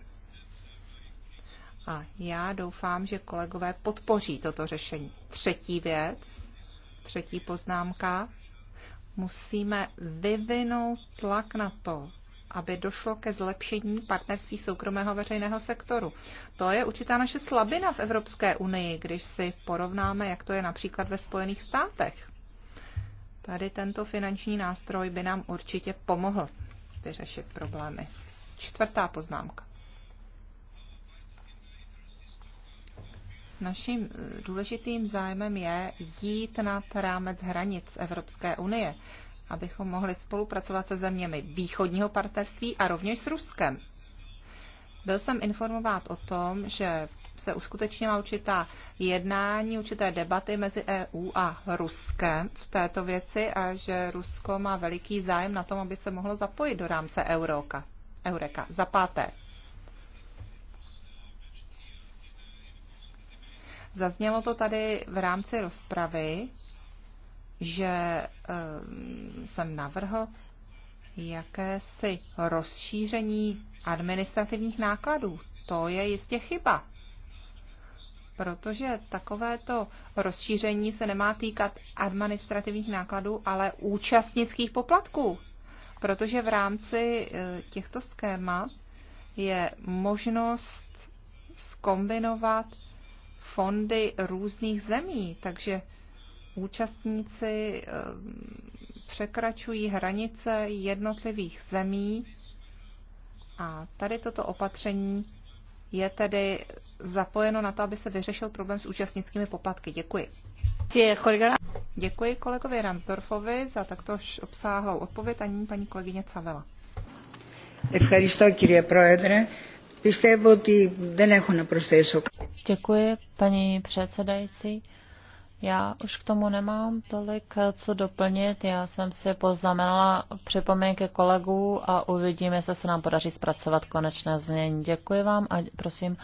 Speaker 4: A já doufám, že kolegové podpoří toto řešení. Třetí věc, třetí poznámka, musíme vyvinout tlak na to, aby došlo ke zlepšení partnerství soukromého veřejného sektoru. To je určitá naše slabina v Evropské unii, když si porovnáme, jak to je například ve Spojených státech. Tady tento finanční nástroj by nám určitě pomohl vyřešit problémy. Čtvrtá poznámka. Naším důležitým zájmem je jít nad rámec hranic Evropské unie abychom mohli spolupracovat se zeměmi východního partnerství a rovněž s Ruskem. Byl jsem informován o tom, že se uskutečnila určitá jednání, určité debaty mezi EU a Ruskem v této věci a že Rusko má veliký zájem na tom, aby se mohlo zapojit do rámce Euroka. Eureka. Za páté. Zaznělo to tady v rámci rozpravy, že ehm, jsem navrhl jakési rozšíření administrativních nákladů. To je jistě chyba, protože takovéto rozšíření se nemá týkat administrativních nákladů, ale účastnických poplatků. Protože v rámci e, těchto schémat je možnost skombinovat fondy různých zemí, takže účastníci eh, překračují hranice jednotlivých zemí a tady toto opatření je tedy zapojeno na to, aby se vyřešil problém s účastnickými poplatky. Děkuji. Děkuji kolegovi Ransdorfovi za takto obsáhlou odpověď a nyní paní kolegyně Cavela.
Speaker 5: Děkuji, paní předsedající. Já už k tomu nemám tolik eh, co doplnit. Já jsem si poznamenala připomínky kolegů a uvidíme, jestli se nám podaří zpracovat konečné znění. Děkuji vám a prosím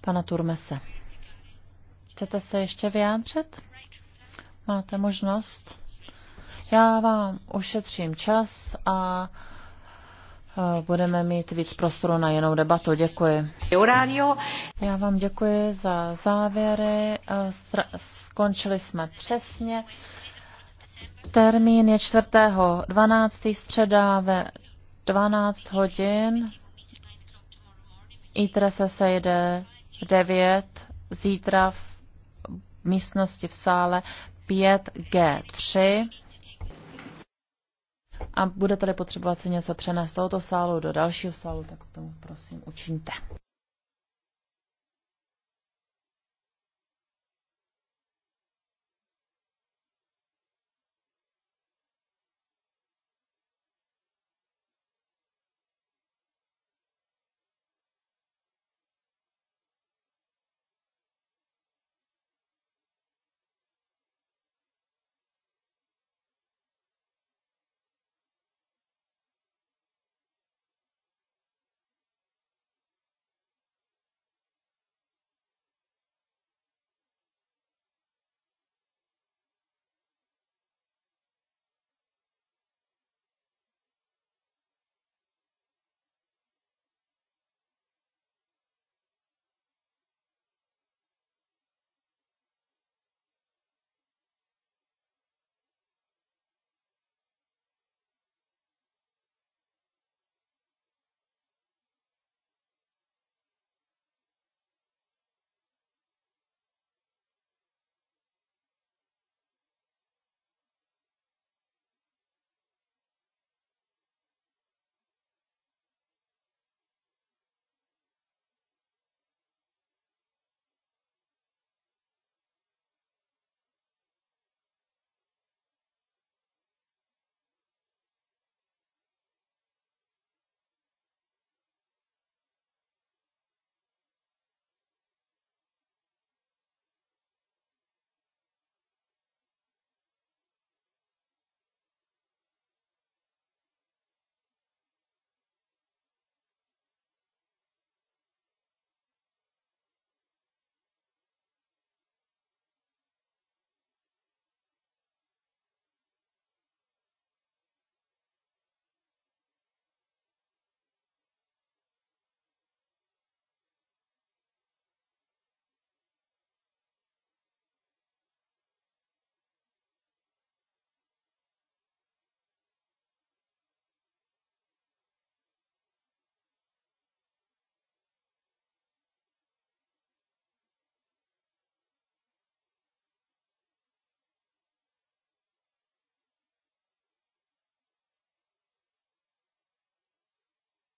Speaker 5: pana Turmese. Chcete se ještě vyjádřit? Máte možnost? Já vám ušetřím čas a Eh, budeme mít víc prostoru na jinou debatu. Děkuji. Já vám děkuji za závěry. Eh, skončili jsme přesně. Termín je 4.12. středa ve 12 hodin. ITRE se sejde v 9, zítra v místnosti v sále 5G3. A budete-li potřebovat si něco přenést z tohoto sálu do dalšího sálu, tak tomu prosím učiňte.